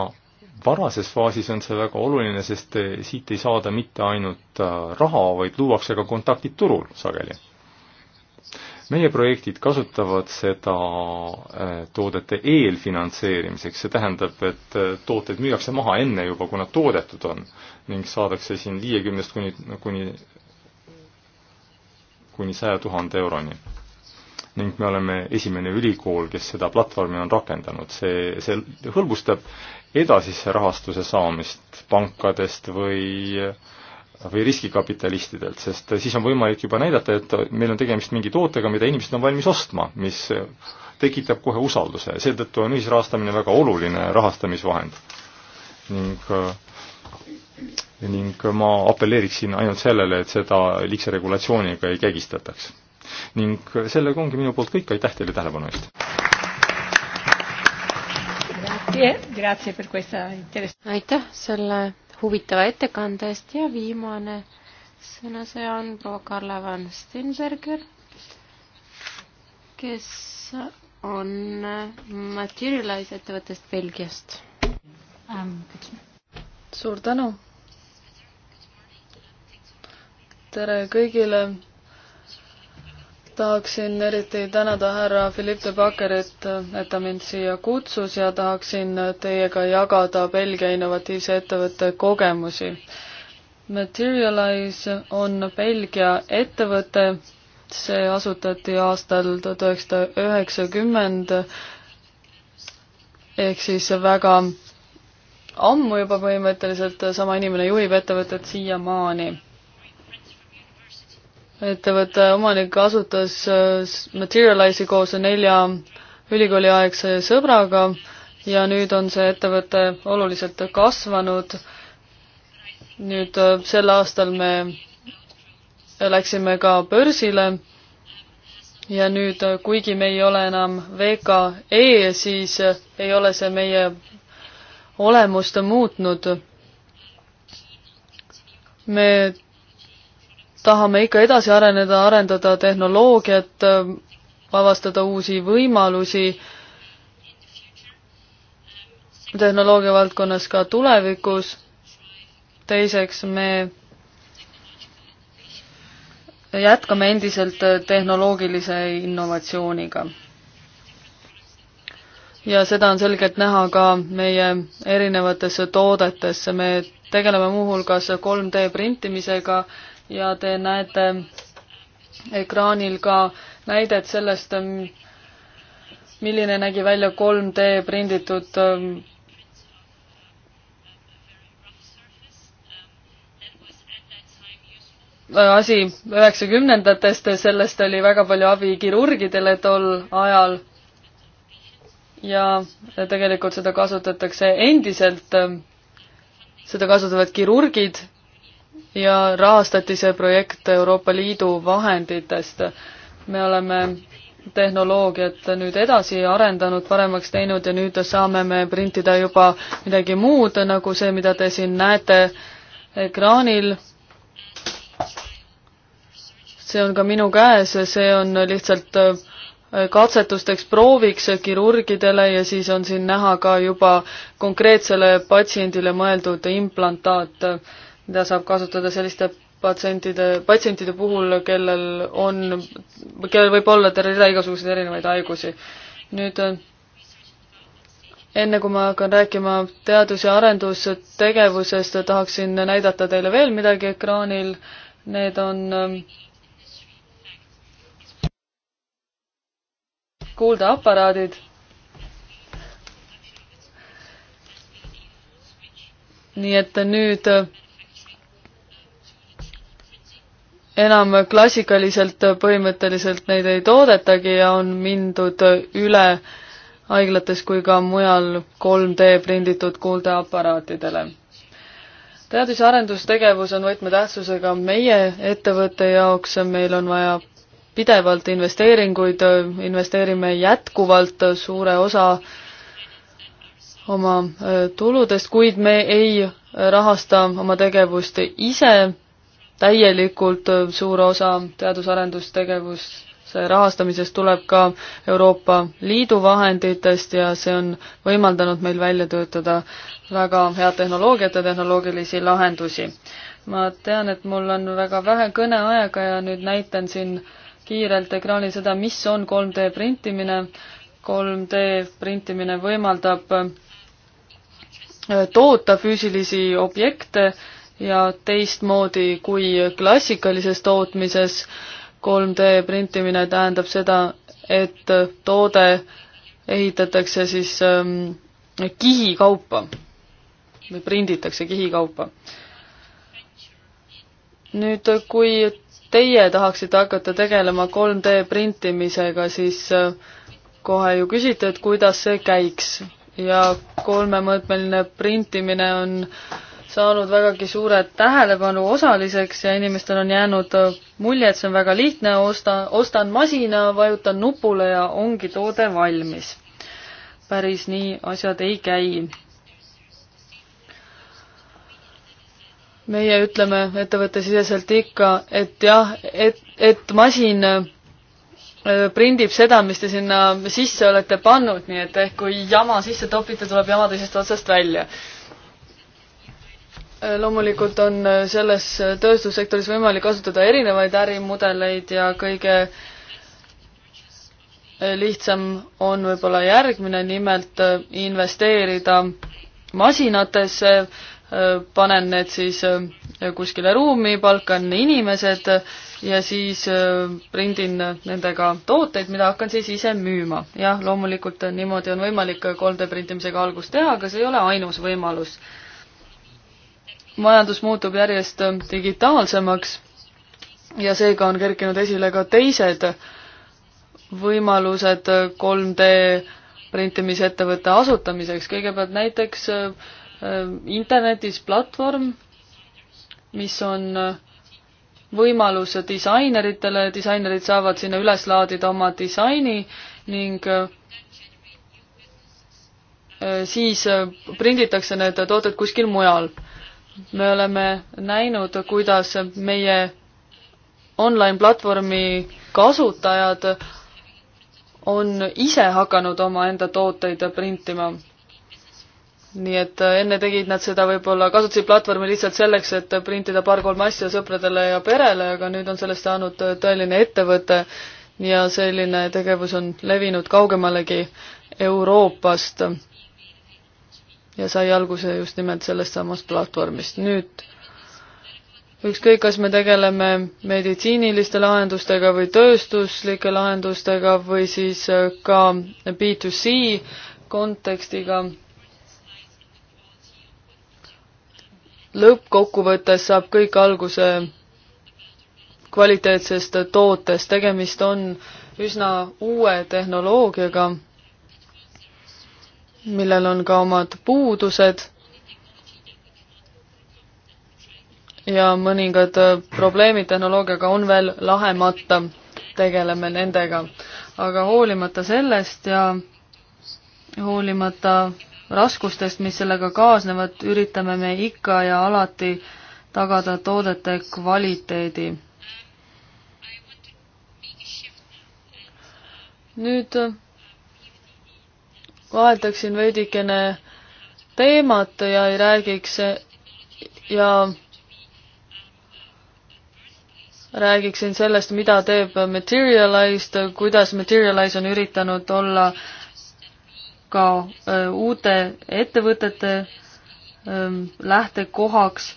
varases faasis on see väga oluline, sest eh, siit ei saada mitte ainult äh, raha, vaid luuakse ka kontaktid turul sageli. meie projektid kasutavad seda äh, toodete eelfinantseerimiseks, see tähendab, et äh, tooted müüakse maha enne juba, kui nad toodetud on ning saadakse siin viiekümnest kuni, kuni, kuni saja tuhande euroni ning me oleme esimene ülikool, kes seda platvormi on rakendanud. see, see hõlbustab edasise rahastuse saamist pankadest või või riskikapitalistidelt, sest siis on võimalik juba näidata, et meil on tegemist mingi tootega, mida inimesed on valmis ostma, mis tekitab kohe usalduse ja seetõttu on ühisrahastamine väga oluline rahastamisvahend. ning ning ma apelleeriksin ainult sellele, et seda liigse regulatsiooniga ei kägistataks ning sellega ongi minu poolt kõik, aitäh teile tähelepanu eest! aitäh selle huvitava ettekande eest ja viimane sõnasõja on proua Karla van Stenberger, kes on Materialize ettevõttest Belgiast um,. suur tänu! tere kõigile! tahaksin eriti tänada härra Philippe de Bakkerit, et ta mind siia kutsus ja tahaksin teiega jagada Belgia innovatiivse ettevõtte kogemusi. Materialize on Belgia ettevõte, see asutati aastal tuhat üheksasada üheksakümmend ehk siis väga ammu juba põhimõtteliselt sama inimene juhib ettevõtet siiamaani ettevõtte omanik asutas äh, Materialise'i koos nelja ülikooliaegse sõbraga ja nüüd on see ettevõte oluliselt kasvanud. nüüd äh, sel aastal me läksime ka börsile ja nüüd, äh, kuigi me ei ole enam VKE, siis ei ole see meie olemust muutnud. me tahame ikka edasi areneda, arendada tehnoloogiat, avastada uusi võimalusi tehnoloogia valdkonnas ka tulevikus. teiseks, me jätkame endiselt tehnoloogilise innovatsiooniga. ja seda on selgelt näha ka meie erinevatesse toodetesse, me tegeleme muuhulgas 3D printimisega, ja te näete ekraanil ka näidet sellest, milline nägi välja 3D prinditud asi üheksakümnendatest, sellest oli väga palju abi kirurgidele tol ajal. ja tegelikult seda kasutatakse endiselt, seda kasutavad kirurgid ja rahastati see projekt Euroopa Liidu vahenditest. me oleme tehnoloogiat nüüd edasi arendanud, paremaks teinud ja nüüd saame me printida juba midagi muud, nagu see, mida te siin näete ekraanil. see on ka minu käes, see on lihtsalt äh, katsetusteks prooviks kirurgidele ja siis on siin näha ka juba konkreetsele patsiendile mõeldud implantaat mida saab kasutada selliste patsientide, patsientide puhul, kellel on, kellel võib olla terve rida igasuguseid erinevaid haigusi. nüüd enne kui ma hakkan rääkima teadus- ja arendustegevusest, tahaksin näidata teile veel midagi ekraanil. Need on kuuldeaparaadid. nii et nüüd enam klassikaliselt põhimõtteliselt neid ei toodetagi ja on mindud üle haiglates kui ka mujal 3D prinditud kuuldeaparaatidele. teadus- ja arendustegevus on võtmetähtsusega meie ettevõtte jaoks, meil on vaja pidevalt investeeringuid, investeerime jätkuvalt suure osa oma äh, tuludest, kuid me ei rahasta oma tegevust ise täielikult äh, suur osa teadus-arendustegevuse rahastamisest tuleb ka Euroopa Liidu vahenditest ja see on võimaldanud meil välja töötada väga head tehnoloogiat ja tehnoloogilisi lahendusi. ma tean, et mul on väga vähe kõneaega ja nüüd näitan siin kiirelt ekraanil seda, mis on 3D printimine. 3D printimine võimaldab äh, toota füüsilisi objekte äh, ja teistmoodi kui klassikalises tootmises. 3D printimine tähendab seda, et toode ehitatakse siis ähm, kihi kaupa või prinditakse kihi kaupa. nüüd, kui teie tahaksite hakata tegelema 3D printimisega, siis äh, kohe ju küsite, et kuidas see käiks ja kolmemõõtmeline printimine on äh, saanud vägagi suure tähelepanu osaliseks ja inimestel on jäänud äh, mulje, et see on väga lihtne, osta, ostan masina, vajutan nupule ja ongi toode valmis. päris nii asjad ei käi. meie ütleme ettevõttesiseselt ikka, et jah, et, et masin äh, prindib seda, mis te sinna sisse olete pannud, nii et ehk kui jama sisse topite, tuleb jama teisest otsast välja loomulikult on selles tööstussektoris võimalik kasutada erinevaid ärimudeleid ja kõige lihtsam on võib-olla järgmine, nimelt investeerida masinatesse, panen need siis kuskile ruumi, palkan inimesed ja siis prindin nendega tooteid, mida hakkan siis ise müüma. jah, loomulikult niimoodi on võimalik 3D printimisega algust teha, aga see ei ole ainus võimalus majandus muutub järjest digitaalsemaks ja seega on kerkinud esile ka teised võimalused 3D printimisettevõtte asutamiseks, kõigepealt näiteks äh, internetis platvorm, mis on äh, võimalus disaineritele, disainerid saavad sinna üles laadida oma disaini ning äh, siis prinditakse need tooted kuskil mujal me oleme näinud, kuidas meie online platvormi kasutajad on ise hakanud omaenda tooteid printima. nii et enne tegid nad seda võib-olla, kasutasid platvormi lihtsalt selleks, et printida paar-kolm asja sõpradele ja perele, aga nüüd on sellest saanud tõeline ettevõte ja selline tegevus on levinud kaugemalegi Euroopast ja sai alguse just nimelt sellest samast platvormist. nüüd ükskõik, kas me tegeleme meditsiiniliste lahendustega või tööstuslike lahendustega või siis äh, ka B2C kontekstiga, lõppkokkuvõttes saab kõik alguse kvaliteetsest tootest, tegemist on üsna uue tehnoloogiaga millel on ka omad puudused ja mõningad äh, probleemid tehnoloogiaga on veel lahendamata, tegeleme nendega. aga hoolimata sellest ja hoolimata raskustest, mis sellega kaasnevad, üritame me ikka ja alati tagada toodete kvaliteedi. nüüd äh, vahetaksin veidikene teemat ja ei räägiks ja räägiksin sellest, mida teeb Materialized, kuidas Materialize on üritanud olla ka äh, uute ettevõtete ähm, lähtekohaks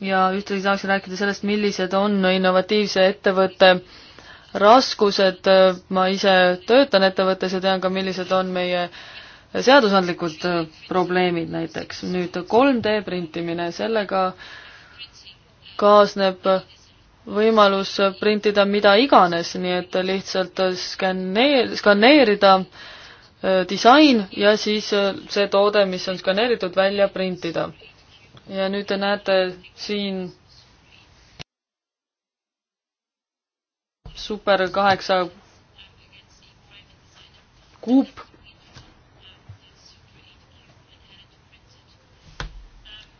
ja ühtlasi tahaksin rääkida sellest, millised on innovatiivse ettevõtte raskused, ma ise töötan ettevõttes ja tean ka, millised on meie seadusandlikud probleemid näiteks. nüüd 3D printimine, sellega kaasneb võimalus printida mida iganes, nii et lihtsalt skaneer-, skaneerida äh, disain ja siis äh, see toode, mis on skaneeritud, välja printida. ja nüüd te näete siin super kaheksa kuup.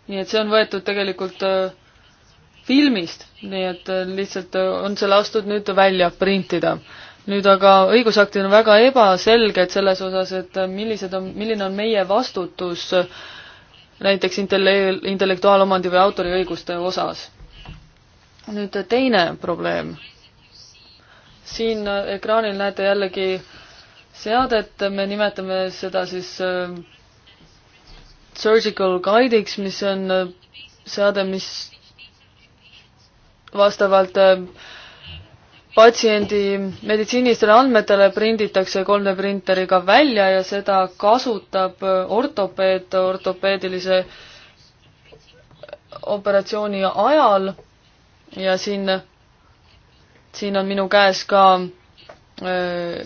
nii et see on võetud tegelikult äh, filmist, nii et äh, lihtsalt äh, on see lastud nüüd välja printida. nüüd aga õigusaktid on väga ebaselged selles osas, et millised on, milline on meie vastutus näiteks intelle-, intellektuaalomandi või autoriõiguste osas. nüüd teine probleem siin äh, ekraanil näete jällegi seadet, me nimetame seda siis äh, surgical guide'iks, mis on äh, seade, mis vastavalt patsiendi meditsiinilistele andmetele prinditakse 3D printeriga välja ja seda kasutab ortopeed ortopeedilise operatsiooni ajal ja siin siin on minu käes ka öö,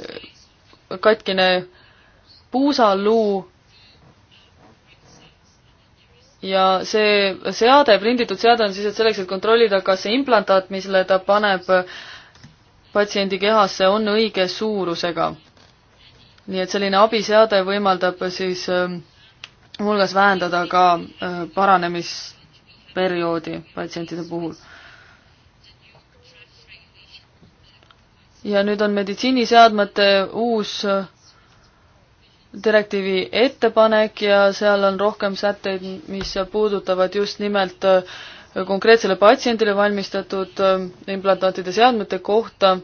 katkine puusaluu ja see seade, prinditud seade on siis, et selleks, et kontrollida, kas see implantaat, mille ta paneb patsiendi kehasse, on õige suurusega. nii et selline abiseade võimaldab siis muuhulgas vähendada ka paranemisperioodi patsientide puhul ja nüüd on meditsiiniseadmete uus äh, direktiivi ettepanek ja seal on rohkem sätteid, mis puudutavad just nimelt äh, konkreetsele patsiendile valmistatud äh, implantaatide seadmete kohta.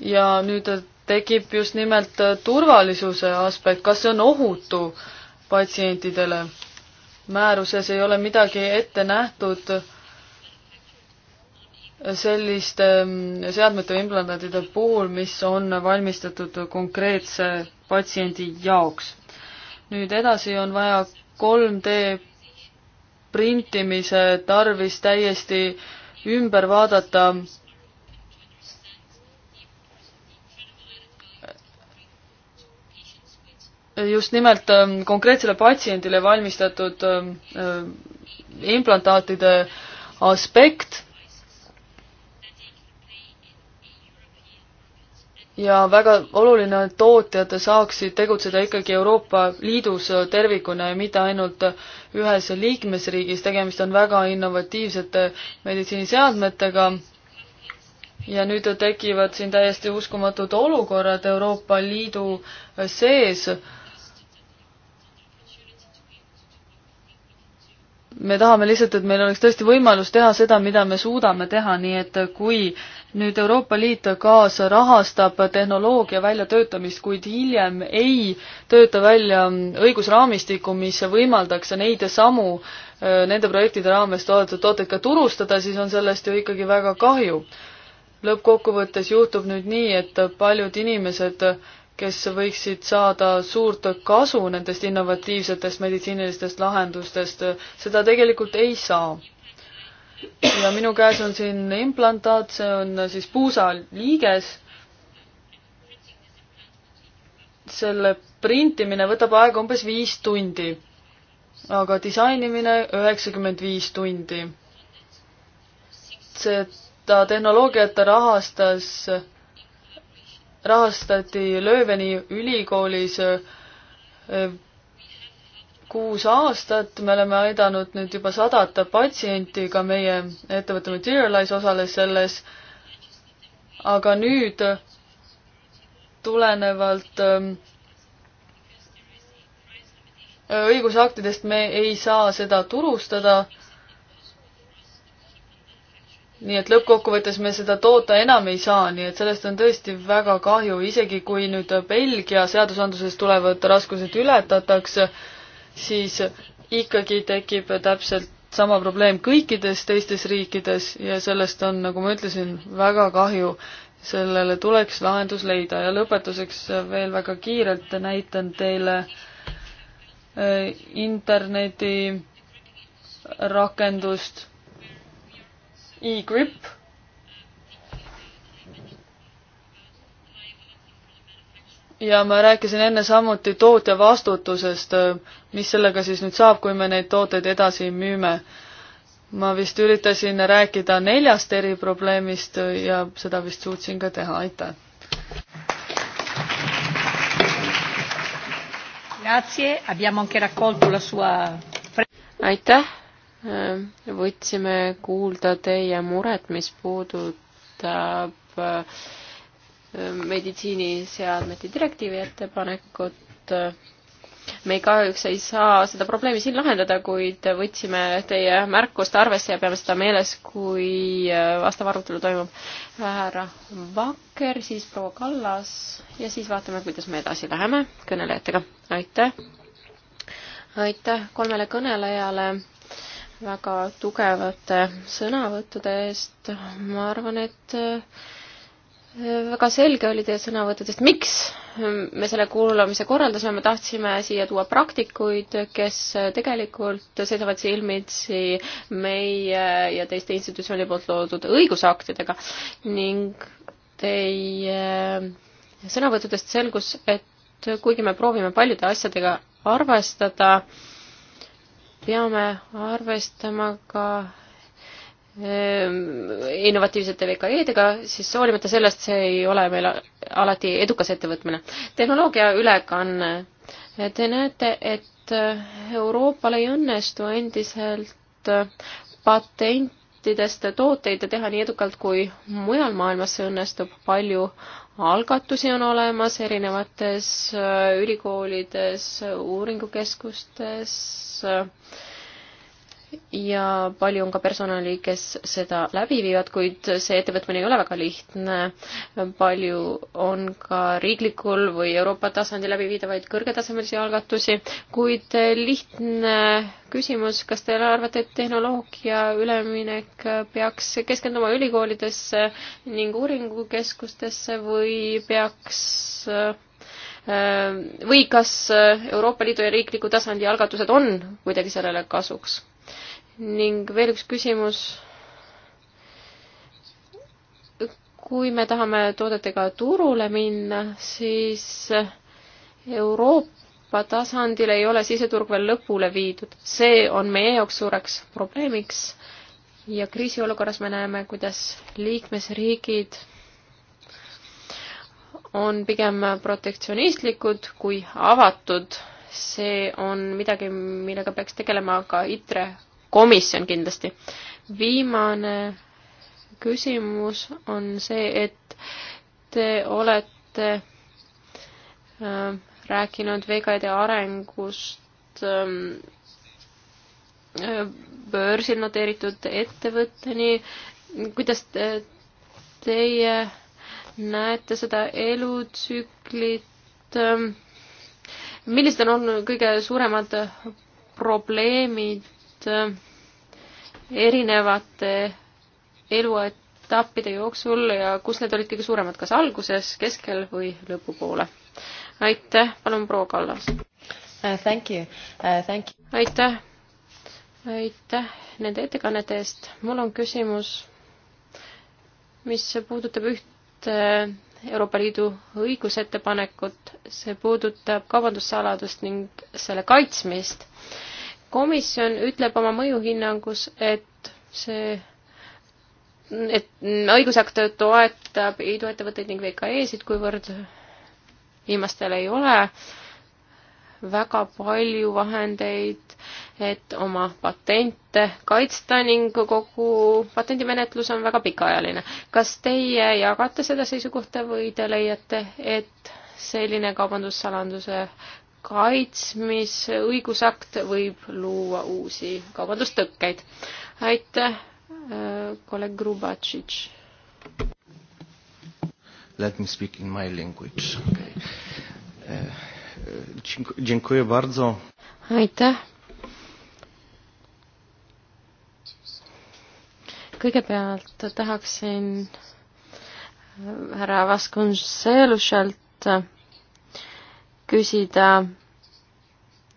ja nüüd tekib just nimelt turvalisuse aspekt, kas see on ohutu patsientidele? määruses ei ole midagi ette nähtud selliste mm, seadmete või implantaatide puhul, mis on valmistatud konkreetse patsiendi jaoks. nüüd edasi on vaja 3D printimise tarvis täiesti ümber vaadata just nimelt mm, konkreetsele patsiendile valmistatud mm, äh, implantaatide aspekt ja väga oluline on, et tootjad saaksid tegutseda ikkagi Euroopa Liidus tervikuna ja mitte ainult ühes liikmesriigis, tegemist on väga innovatiivsete meditsiiniseadmetega ja nüüd tekivad siin täiesti uskumatud olukorrad Euroopa Liidu sees. me tahame lihtsalt, et meil oleks tõesti võimalus teha seda, mida me suudame teha, nii et kui nüüd Euroopa Liit kaasa rahastab tehnoloogia väljatöötamist, kuid hiljem ei tööta välja õigusraamistikku, mis võimaldaks neid samu äh, nende projektide raames toodetud tooteid ka turustada, siis on sellest ju ikkagi väga kahju. lõppkokkuvõttes juhtub nüüd nii, et paljud inimesed kes võiksid saada suurt kasu nendest innovatiivsetest meditsiinilistest lahendustest, seda tegelikult ei saa ja minu käes on siin implantaat, see on siis puusaliiges. selle printimine võtab aega umbes viis tundi, aga disainimine üheksakümmend viis tundi. seda tehnoloogiat rahastas, rahastati Lööveni ülikoolis eh, kuus aastat, me oleme aidanud nüüd juba sadat patsienti, ka meie ettevõte Materialize osales selles. aga nüüd tulenevalt ähm, õigusaktidest me ei saa seda turustada. nii et lõppkokkuvõttes me seda toota enam ei saa, nii et sellest on tõesti väga kahju, isegi kui nüüd Belgia seadusandluses tulevad raskused ületatakse siis ikkagi tekib täpselt sama probleem kõikides teistes riikides ja sellest on, nagu ma ütlesin, väga kahju. sellele tuleks lahendus leida ja lõpetuseks veel väga kiirelt näitan teile äh, interneti rakendust e-grip ja ma rääkisin enne samuti tootja vastutusest, mis sellega siis nüüd saab, kui me neid tooteid edasi müüme. ma vist üritasin rääkida neljast eriprobleemist ja seda vist suutsin ka teha, aitäh. aitäh, võtsime kuulda teie muret, mis puudutab äh, meditsiiniseadmete direktiivi ettepanekut. me kahjuks ei saa seda probleemi siin lahendada, kuid võtsime teie märkust arvesse ja peame seda meeles, kui äh, vastav arutelu toimub. härra Vakker, siis proua Kallas ja siis vaatame, kuidas me edasi läheme kõnelejatega. aitäh! aitäh kolmele kõnelejale väga tugevate sõnavõttude eest. ma arvan, et äh, väga selge oli teie sõnavõttudest, miks me selle kuulamise korraldasime, me tahtsime siia tuua praktikuid, kes tegelikult seisavad silmitsi meie ja teiste institutsiooni poolt loodud õigusaktidega ning teie sõnavõttudest selgus, et kuigi me proovime paljude asjadega arvestada, peame arvestama ka Ehm, innovatiivsete VKE-dega, siis hoolimata sellest see ei ole meil alati edukas ettevõtmine. tehnoloogia ülekanne. Te näete, et eh, Euroopal ei õnnestu endiselt eh, patentidest tooteid teha nii edukalt, kui mujal maailmas see õnnestub. palju algatusi on olemas erinevates eh, ülikoolides, uuringukeskustes äh,, ja palju on ka personali, kes seda läbi viivad, kuid see ettevõtmine ei ole väga lihtne. palju on ka riiklikul või Euroopa tasandil läbiviidavaid kõrgetasemelisi algatusi, kuid lihtne küsimus, kas te arvate, et tehnoloogia üleminek peaks keskenduma ülikoolidesse ning uuringukeskustesse või peaks või kas Euroopa Liidu ja riikliku tasandi algatused on kuidagi sellele kasuks? ning veel üks küsimus. kui me tahame toodetega turule minna, siis Euroopa tasandil ei ole siseturg veel lõpule viidud. see on meie jaoks suureks probleemiks ja kriisiolukorras me näeme, kuidas liikmesriigid on pigem protektsionistlikud kui avatud. see on midagi, millega peaks tegelema ka ITRE komisjon kindlasti. viimane küsimus on see, et te olete äh, rääkinud vegade arengust ähm, äh, börsil noteeritud ettevõtteni. kuidas te, teie näete seda elutsüklit ähm,? millised on olnud kõige suuremad probleemid et äh, erinevate eluetappide jooksul ja kus need olid kõige suuremad, kas alguses, keskel või lõpupoole? aitäh, palun proua Kallas uh,. Thank you uh,, thank you. aitäh, aitäh nende ettekannete eest. mul on küsimus, mis puudutab ühte Euroopa Liidu õigusettepanekut, see puudutab kaubandussaladust ning selle kaitsmist komisjon ütleb oma mõjuhinnangus, et see, et õigusakt toetab iduettevõtteid ning VKE-sid, kuivõrd viimastel ei ole väga palju vahendeid, et oma patente kaitsta ning kogu patendimenetlus on väga pikaajaline. kas teie jagate seda seisukohta või te leiate, et selline kaubandussalanduse kaitsmisõigusakt võib luua uusi kaubandustõkkeid. aitäh, äh, kolleeg Grubatšitš. Let me speak in my language okay.. Äh, dziękuję bardzo. aitäh. kõigepealt tahaksin äh, härra Vasconceluselt küsida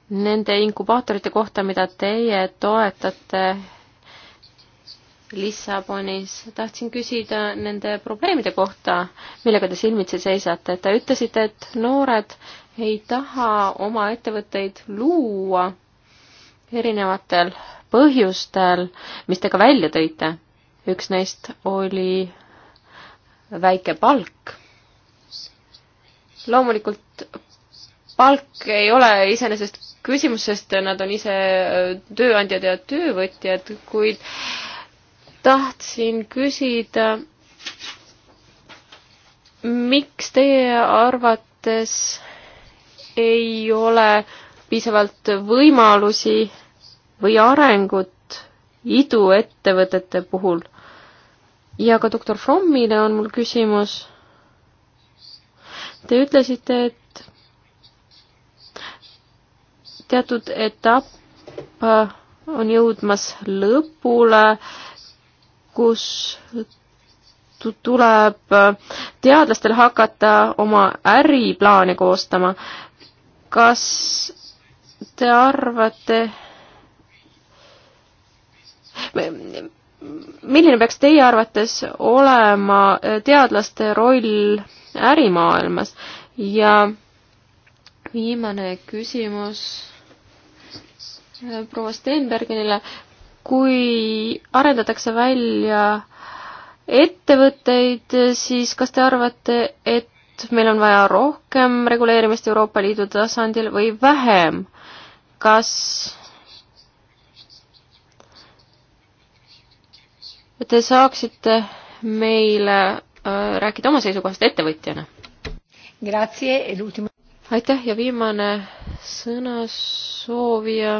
nende inkubaatorite kohta, mida teie toetate Lissabonis. tahtsin küsida nende probleemide kohta, millega te silmitsi seisate. Te ütlesite, et noored ei taha oma ettevõtteid luua erinevatel põhjustel, mis te ka välja tõite. üks neist oli väike palk. loomulikult palk ei ole iseenesest küsimus, sest nad on ise äh, tööandjad ja töövõtjad, kuid tahtsin küsida, miks teie arvates ei ole piisavalt võimalusi või arengut iduettevõtete puhul? ja ka doktor Frommile on mul küsimus. Te ütlesite, et teatud etapp äh, on jõudmas lõpule, kus tuleb äh, teadlastel hakata oma äriplaane koostama. kas te arvate, milline peaks teie arvates olema äh, teadlaste roll ärimaailmas ja viimane küsimus Äh, proua Steenbergenile, kui arendatakse välja ettevõtteid, siis kas te arvate, et meil on vaja rohkem reguleerimist Euroopa Liidu tasandil või vähem? kas te saaksite meile äh, rääkida oma seisukohast ettevõtjana? E aitäh ja viimane sõnasoovija.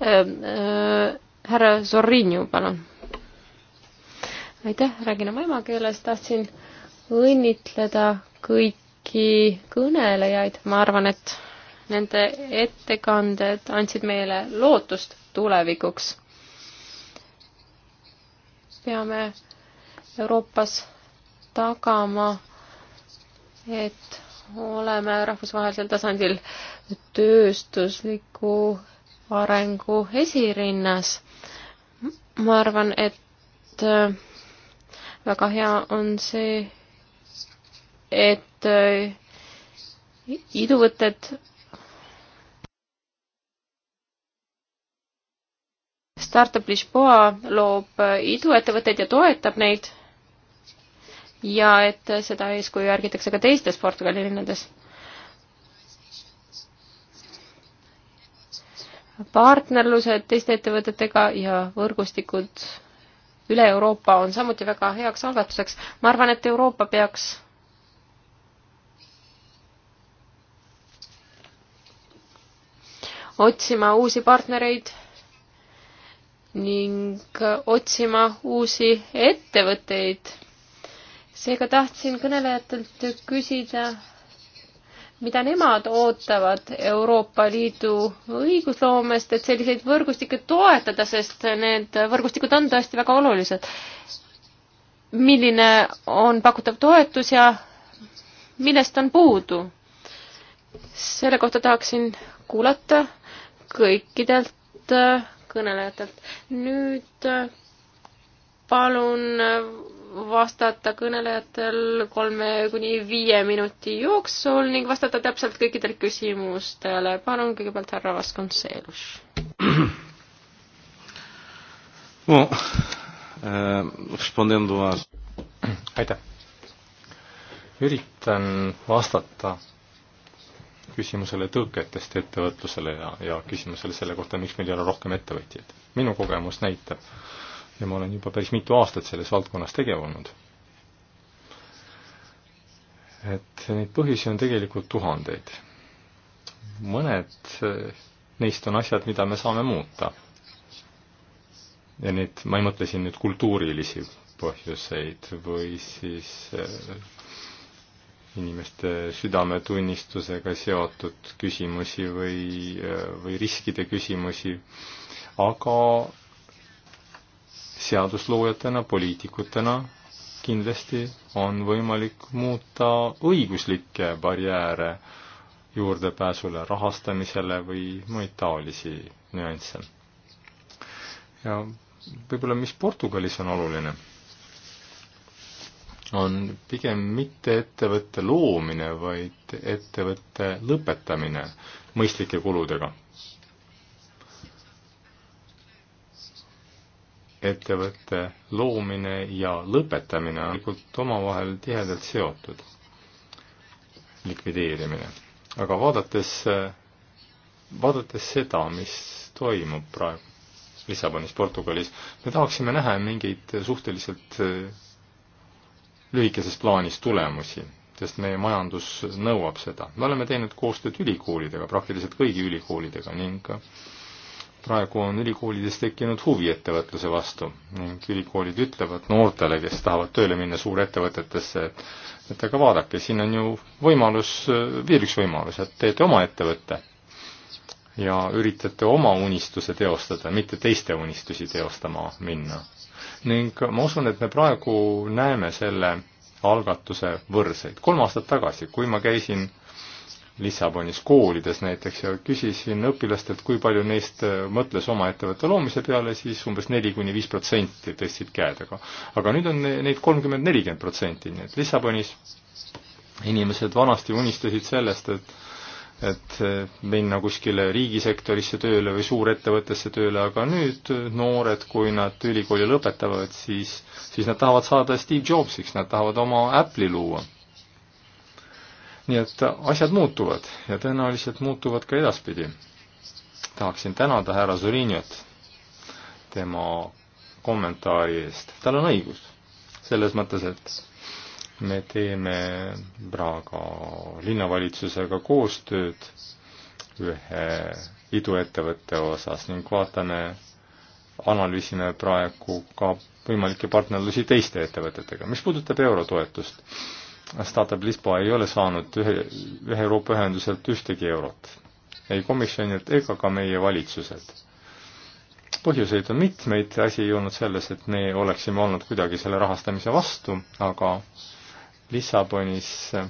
Ehm, eh, härra Zorinju, palun. aitäh, räägin oma emakeeles, tahtsin õnnitleda kõiki kõnelejaid, ma arvan, et nende ettekanded andsid meile lootust tulevikuks. peame Euroopas tagama, et oleme rahvusvahelisel tasandil tööstusliku arengu esirinnas. ma arvan, et äh, väga hea on see, et äh, iduvõtted Startup Lisboa loob äh, iduettevõtteid ja toetab neid ja et seda eeskuju järgitakse ka teistes Portugali linnades partnerlused teiste ettevõtetega ja võrgustikud üle Euroopa on samuti väga heaks algatuseks. ma arvan, et Euroopa peaks otsima uusi partnereid ning otsima uusi ettevõtteid. seega tahtsin kõnelejatelt küsida, mida nemad ootavad Euroopa Liidu õigusloomest, et selliseid võrgustikke toetada, sest need võrgustikud on tõesti väga olulised. milline on pakutav toetus ja millest on puudu? selle kohta tahaksin kuulata kõikidelt äh, kõnelejatelt. nüüd äh, palun äh, vastata kõnelejatel kolme kuni viie minuti jooksul ning vastata täpselt kõikidele küsimustele. palun kõigepealt härra Vasconcelus. no eh, respondendo a... aitäh. üritan vastata küsimusele tõuketest ettevõtlusele ja, ja küsimusele selle kohta, miks meil ei ole rohkem ettevõtjaid. minu kogemus näitab, ja ma olen juba päris mitu aastat selles valdkonnas tegev olnud. et neid põhjusi on tegelikult tuhandeid. mõned eh, neist on asjad, mida me saame muuta. ja neid, ma ei mõtle siin nüüd kultuurilisi põhjuseid või siis eh, inimeste südametunnistusega seotud küsimusi või, eh, või riskide küsimusi, aga seadusloojatena, poliitikutena kindlasti on võimalik muuta õiguslikke barjääre juurdepääsule, rahastamisele või muid taolisi nüansse. ja võib-olla, mis Portugalis on oluline, on pigem mitte ettevõtte loomine, vaid ettevõtte lõpetamine mõistlike kuludega ettevõtte loomine ja lõpetamine on tegelikult omavahel tihedalt seotud, likvideerimine. aga vaadates, vaadates seda, mis toimub praegu Lissabonis, Portugalis, me tahaksime näha mingeid suhteliselt eh, lühikeses plaanis tulemusi, sest meie majandus nõuab seda. me oleme teinud koostööd ülikoolidega, praktiliselt kõigi ülikoolidega ning praegu on ülikoolides tekkinud huvi ettevõtluse vastu ning ülikoolid ütlevad noortele, kes tahavad tööle minna suurettevõtetesse, et et aga vaadake, siin on ju võimalus, veel üks võimalus, et teete oma ettevõtte ja üritate oma unistuse teostada, mitte teiste unistusi teostama minna. ning ma usun, et me praegu näeme selle algatuse võrseid. kolm aastat tagasi, kui ma käisin Lissabonis koolides näiteks ja küsisin õpilastelt, kui palju neist äh, mõtles oma ettevõtte loomise peale, siis umbes neli kuni viis protsenti tõstsid käed, aga aga nüüd on neid kolmkümmend, nelikümmend protsenti, nii et Lissabonis inimesed vanasti unistasid sellest, et et äh, minna kuskile riigisektorisse tööle või suurettevõttesse tööle, aga nüüd noored, kui nad ülikooli lõpetavad, siis, siis nad tahavad saada Steve Jobsiks, nad tahavad oma Apple'i luua nii et asjad muutuvad ja tõenäoliselt muutuvad ka edaspidi. tahaksin tänada härra Zorinjat tema kommentaari eest, tal on õigus. selles mõttes, et me teeme Praga linnavalitsusega koostööd ühe iduettevõtte osas ning vaatame, analüüsime praegu ka võimalikke partnerlusi teiste ettevõtetega. mis puudutab eurotoetust, Startup Lisboa ei ole saanud ühe, ühe Euroopa ühenduselt ühtegi eurot. ei komisjonilt ega ka meie valitsuselt. põhjuseid on mitmeid, asi ei olnud selles, et me oleksime olnud kuidagi selle rahastamise vastu, aga Lissabonis eh,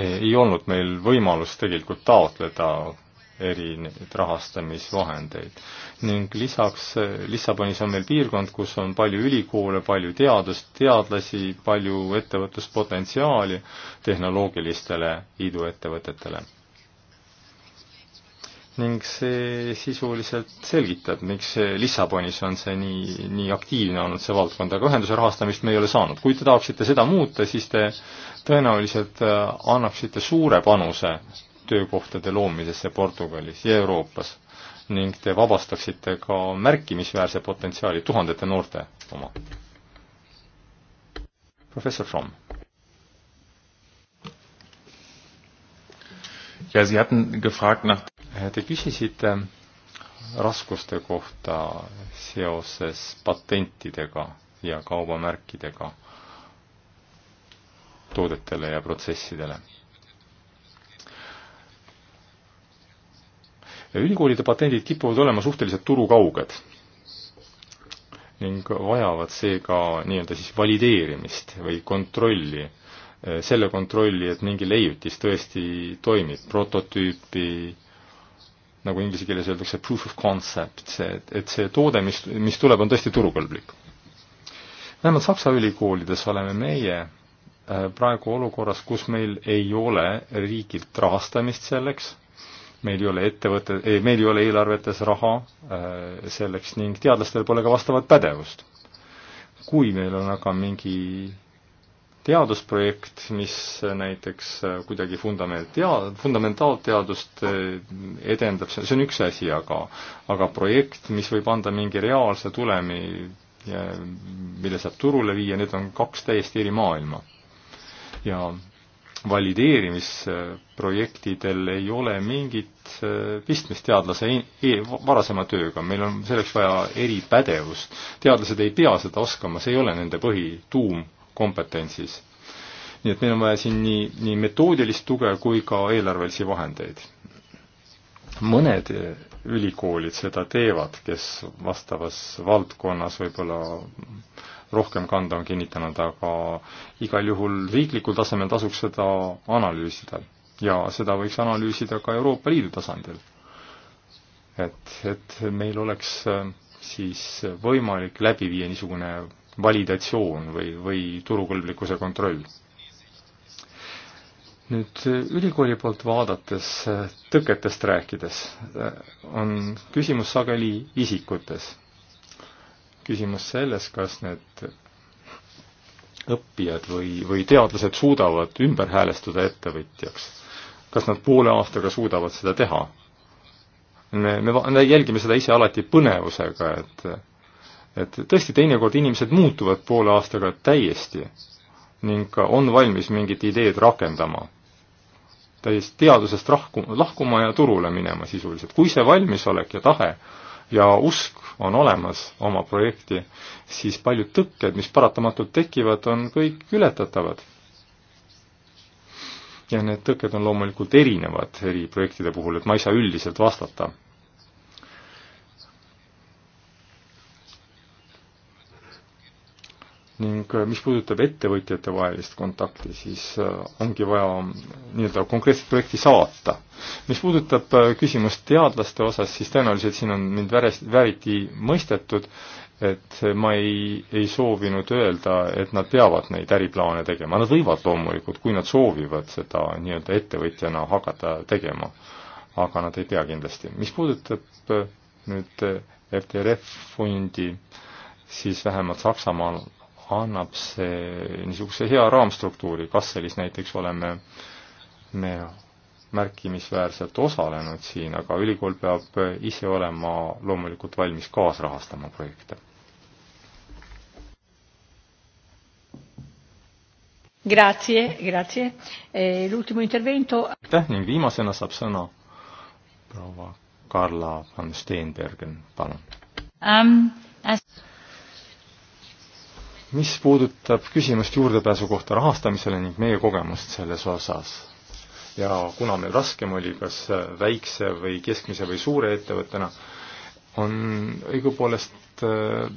ei olnud meil võimalust tegelikult taotleda erinevaid rahastamisvahendeid. ning lisaks Lissabonis on meil piirkond, kus on palju ülikoole, palju teadust, teadlasi, palju ettevõtluspotentsiaali tehnoloogilistele iduettevõtetele. ning see sisuliselt selgitab, miks Lissabonis on see nii, nii aktiivne olnud, see valdkond, aga ühenduse rahastamist me ei ole saanud. kui te tahaksite seda muuta, siis te tõenäoliselt äh, annaksite suure panuse töökohtade loomisesse Portugalis ja Euroopas ning te vabastaksite ka märkimisväärse potentsiaali tuhandete noorte oma. professor Fromm. ja Sie hatten gefragt nach Te küsisite raskuste kohta seoses patentidega ja kaubamärkidega toodetele ja protsessidele ülikoolide patendid kipuvad olema suhteliselt turukauged ning vajavad seega nii-öelda siis valideerimist või kontrolli, eh, selle kontrolli, et mingi leiutis tõesti toimib, prototüüpi, nagu inglise keeles öeldakse, proof of concept, see, et see toode, mis, mis tuleb, on tõesti turukõlblik. vähemalt Saksa ülikoolides oleme meie eh, praegu olukorras, kus meil ei ole riigilt rahastamist selleks meil ei ole ettevõte, ei, meil ei ole eelarvetes raha äh, selleks ning teadlastel pole ka vastavat pädevust. kui meil on aga mingi teadusprojekt, mis näiteks äh, kuidagi fundamentia-, fundamentaalteadust äh, edendab, see, see on üks asi, aga aga projekt, mis võib anda mingi reaalse tulemi, mille saab turule viia, need on kaks täiesti eri maailma. ja valideerimisprojektidel ei ole mingit äh, pistmist teadlase e varasema tööga, meil on selleks vaja eripädevust. teadlased ei pea seda oskama, see ei ole nende põhituum kompetentsis. nii et meil on vaja siin nii, nii metoodilist tuge kui ka eelarvelisi vahendeid. mõned äh, ülikoolid seda teevad, kes vastavas valdkonnas võib-olla rohkem kanda, on kinnitanud, aga igal juhul riiklikul tasemel tasuks seda analüüsida. ja seda võiks analüüsida ka Euroopa Liidu tasandil. et, et meil oleks äh, siis võimalik läbi viia niisugune validatsioon või, või turukõlblikkuse kontroll nüüd ülikooli poolt vaadates, äh, tõketest rääkides, äh, on küsimus sageli isikutes küsimus selles, kas need õppijad või, või teadlased suudavad ümber häälestuda ettevõtjaks. kas nad poole aastaga suudavad seda teha? me, me jälgime seda ise alati põnevusega, et et tõesti, teinekord inimesed muutuvad poole aastaga täiesti ning on valmis mingit ideed rakendama. täiesti teadusest lahku, lahkuma ja turule minema sisuliselt. kui see valmisolek ja tahe äh, ja usk on olemas oma projekti, siis paljud tõkked, mis paratamatult tekivad, on kõik ületatavad. ja need tõkked on loomulikult erinevad eri projektide puhul, et ma ei saa üldiselt vastata ning äh, mis puudutab ettevõtjate vahelist kontakti, siis äh, ongi vaja nii-öelda konkreetset projekti saata. mis puudutab äh, küsimust teadlaste osas, siis tõenäoliselt siin on mind värest, vääriti mõistetud, et ma ei, ei soovinud öelda, et nad peavad neid äriplaane tegema, nad võivad loomulikult, kui nad soovivad seda nii-öelda ettevõtjana hakata tegema, aga nad ei pea kindlasti. mis puudutab nüüd FDRF fondi, siis vähemalt Saksamaal annab see niisuguse hea raamstruktuuri, Kasselis näiteks oleme me märkimisväärselt osalenud siin, aga ülikool peab ise olema loomulikult valmis kaasrahastama projekte. Grazie, grazie e,. L'ultimo intervento. aitäh ning viimasena saab sõna proua Karla van Steenbergen, palun um,. As mis puudutab küsimust juurdepääsu kohta rahastamisele ning meie kogemust selles osas ja kuna meil raskem oli, kas väikse või keskmise või suure ettevõttena, on õigupoolest äh,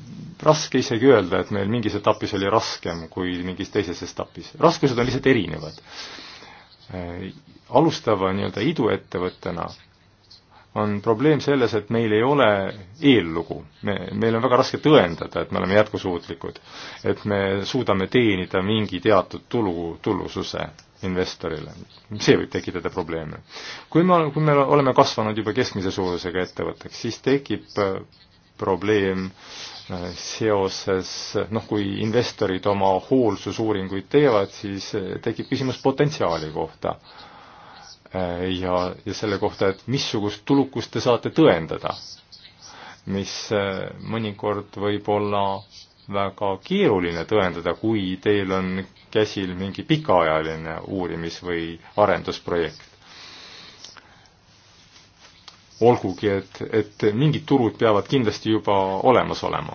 raske isegi öelda, et meil mingis etapis oli raskem kui mingis teises etapis. raskused on lihtsalt erinevad. Äh, alustava nii-öelda iduettevõttena on probleem selles, et meil ei ole eellugu. me, meil on väga raske tõendada, et me oleme jätkusuutlikud. et me suudame teenida mingi teatud tulu, tulususe investorile. see võib tekitada probleeme. kui me, kui me oleme kasvanud juba keskmise suurusega ettevõtteks, siis tekib äh, probleem äh, seoses, noh, kui investorid oma hoolsusuuringuid teevad, siis äh, tekib küsimus potentsiaali kohta Äh, ja, ja selle kohta, et missugust tulukust te saate tõendada, mis äh, mõnikord võib olla väga keeruline tõendada, kui teil on käsil mingi pikaajaline uurimis- või arendusprojekt. olgugi, et, et mingid turud peavad kindlasti juba olemas olema.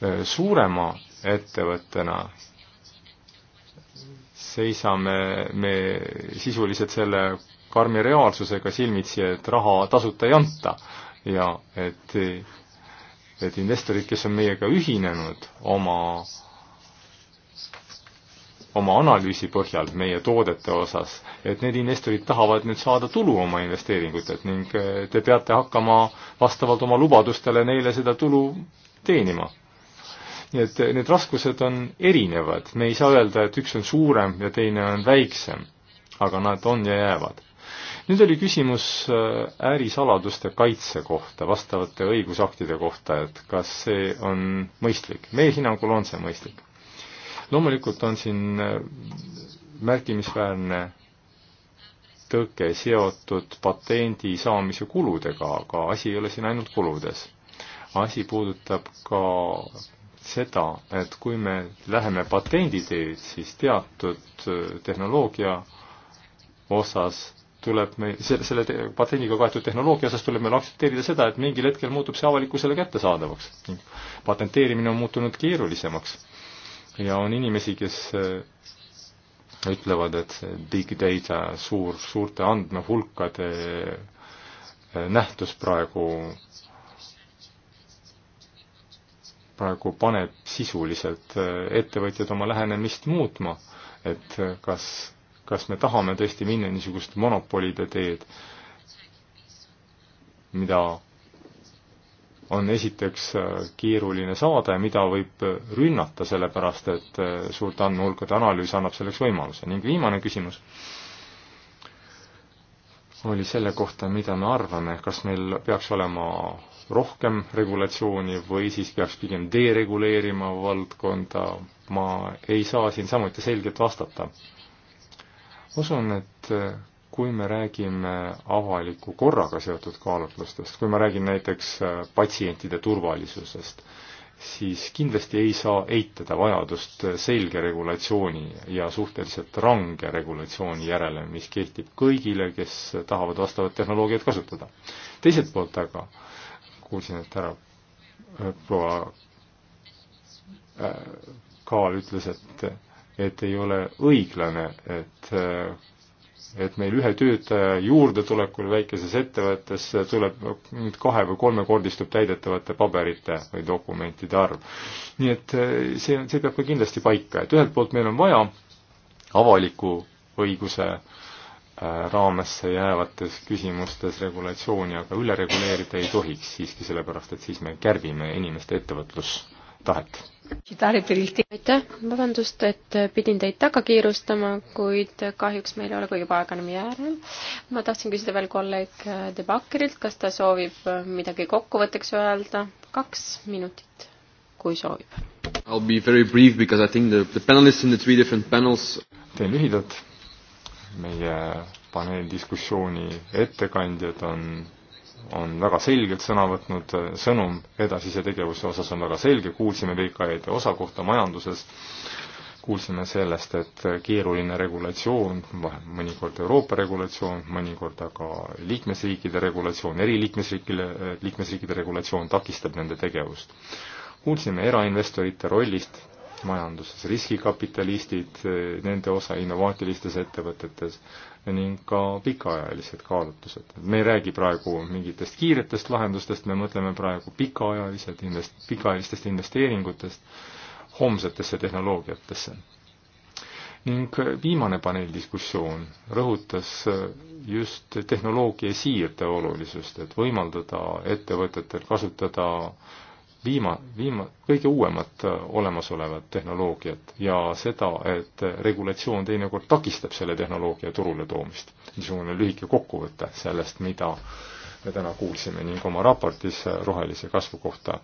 Äh, suurema ettevõttena seisame me sisuliselt selle karmi reaalsusega silmitsi, et raha tasuta ei anta ja et, et investorid, kes on meiega ühinenud oma, oma analüüsi põhjal meie toodete osas, et need investorid tahavad nüüd saada tulu oma investeeringutelt ning te peate hakkama vastavalt oma lubadustele neile seda tulu teenima nii et eh, need raskused on erinevad, me ei saa öelda, et üks on suurem ja teine on väiksem, aga nad on ja jäävad. nüüd oli küsimus eh, ärisaladuste kaitse kohta, vastavate õigusaktide kohta, et kas see on mõistlik. meie hinnangul on see mõistlik. loomulikult on siin eh, märkimisväärne tõke seotud patendi saamise kuludega, aga asi ei ole siin ainult kuludes. asi puudutab ka seda, et kui me läheme patendi teed, siis teatud äh, tehnoloogia osas tuleb meil, selle, selle patendiga kaetud tehnoloogia osas tuleb meil aktsepteerida seda, et mingil hetkel muutub see avalikkusele kättesaadavaks. patenteerimine on muutunud keerulisemaks ja on inimesi, kes äh, ütlevad, et see big data, suur, suurte andmehulkade äh, nähtus praegu praegu paneb sisuliselt äh, ettevõtjad oma lähenemist muutma, et äh, kas, kas me tahame tõesti minna niisugust monopolide teed, mida on esiteks äh, keeruline saada ja mida võib rünnata, sellepärast et suurte andmehulkade analüüs annab selleks võimaluse. ning viimane küsimus oli selle kohta, mida me arvame, kas meil peaks olema rohkem regulatsiooni või siis peaks pigem dereguleerima valdkonda, ma ei saa siin samuti selgelt vastata. usun, et äh, kui me räägime avaliku korraga seotud kaalutlustest, kui ma räägin näiteks äh, patsientide turvalisusest, siis kindlasti ei saa eitada vajadust äh, selge regulatsiooni ja suhteliselt range regulatsiooni järele, mis kehtib kõigile, kes tahavad vastavat tehnoloogiat kasutada. teiselt poolt aga äh, kuulsin, et härra äh, proua äh, Kaal ütles, et, et ei ole õiglane, et, äh, et meil ühe töötaja juurdetulekul väikeses ettevõttes tuleb nüüd kahe või kolmekordistub täidetavate paberite või dokumentide arv. nii et see, see peab ka kindlasti paika, et ühelt poolt meil on vaja avaliku õiguse äh, raamesse jäävates küsimustes regulatsiooni aga üle reguleerida ei tohiks siiski, sellepärast et siis me kärbime inimeste ettevõtlustahet. aitäh, vabandust, et pidin teid taga kiirustama, kuid kahjuks meil ei ole kõige paeganum järel. ma tahtsin küsida veel kolleeg Debakkerilt, kas ta soovib midagi kokkuvõtteks öelda, kaks minutit, kui soovib. I will be very brief because I think the, the panelists in the three different panels teen lühidalt meie paneeldiskussiooni ettekandjad on, on väga selgelt sõna võtnud, äh, sõnum edasise tegevuse osas on väga selge, kuulsime VKE-d osa kohta majanduses, kuulsime sellest, et äh, keeruline regulatsioon, mõnikord Euroopa regulatsioon, mõnikord aga liikmesriikide regulatsioon, eri liikmesriikide, äh, liikmesriikide regulatsioon takistab nende tegevust. kuulsime erainvestorite rollist majanduses, riskikapitalistid, eh, nende osa innovaatilistes ettevõtetes ning ka pikaajalised kaalutlused. me ei räägi praegu mingitest kiiretest lahendustest, me mõtleme praegu pikaajaliselt invest-, pikaajalistest investeeringutest homsetesse tehnoloogiatesse. ning viimane paneeldiskussioon rõhutas eh, just tehnoloogia siirde olulisust, et võimaldada ettevõtetel kasutada äh, viima, viima, kõige uuemat äh, olemasolevat tehnoloogiat ja seda, et regulatsioon teinekord takistab selle tehnoloogia turule toomist. niisugune lühike kokkuvõte sellest, mida me täna kuulsime ning oma raportis äh, rohelise kasvu kohta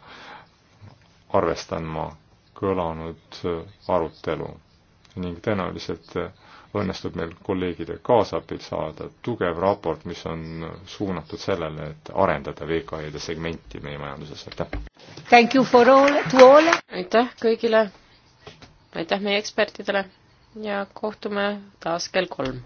arvestan ma kõlanud äh, arutelu ning tõenäoliselt õnnestub meil kolleegide kaasabil saada tugev raport, mis on suunatud sellele, et arendada VKE-de segmenti meie majanduses, aitäh! aitäh kõigile, aitäh meie ekspertidele ja kohtume taas kell kolm!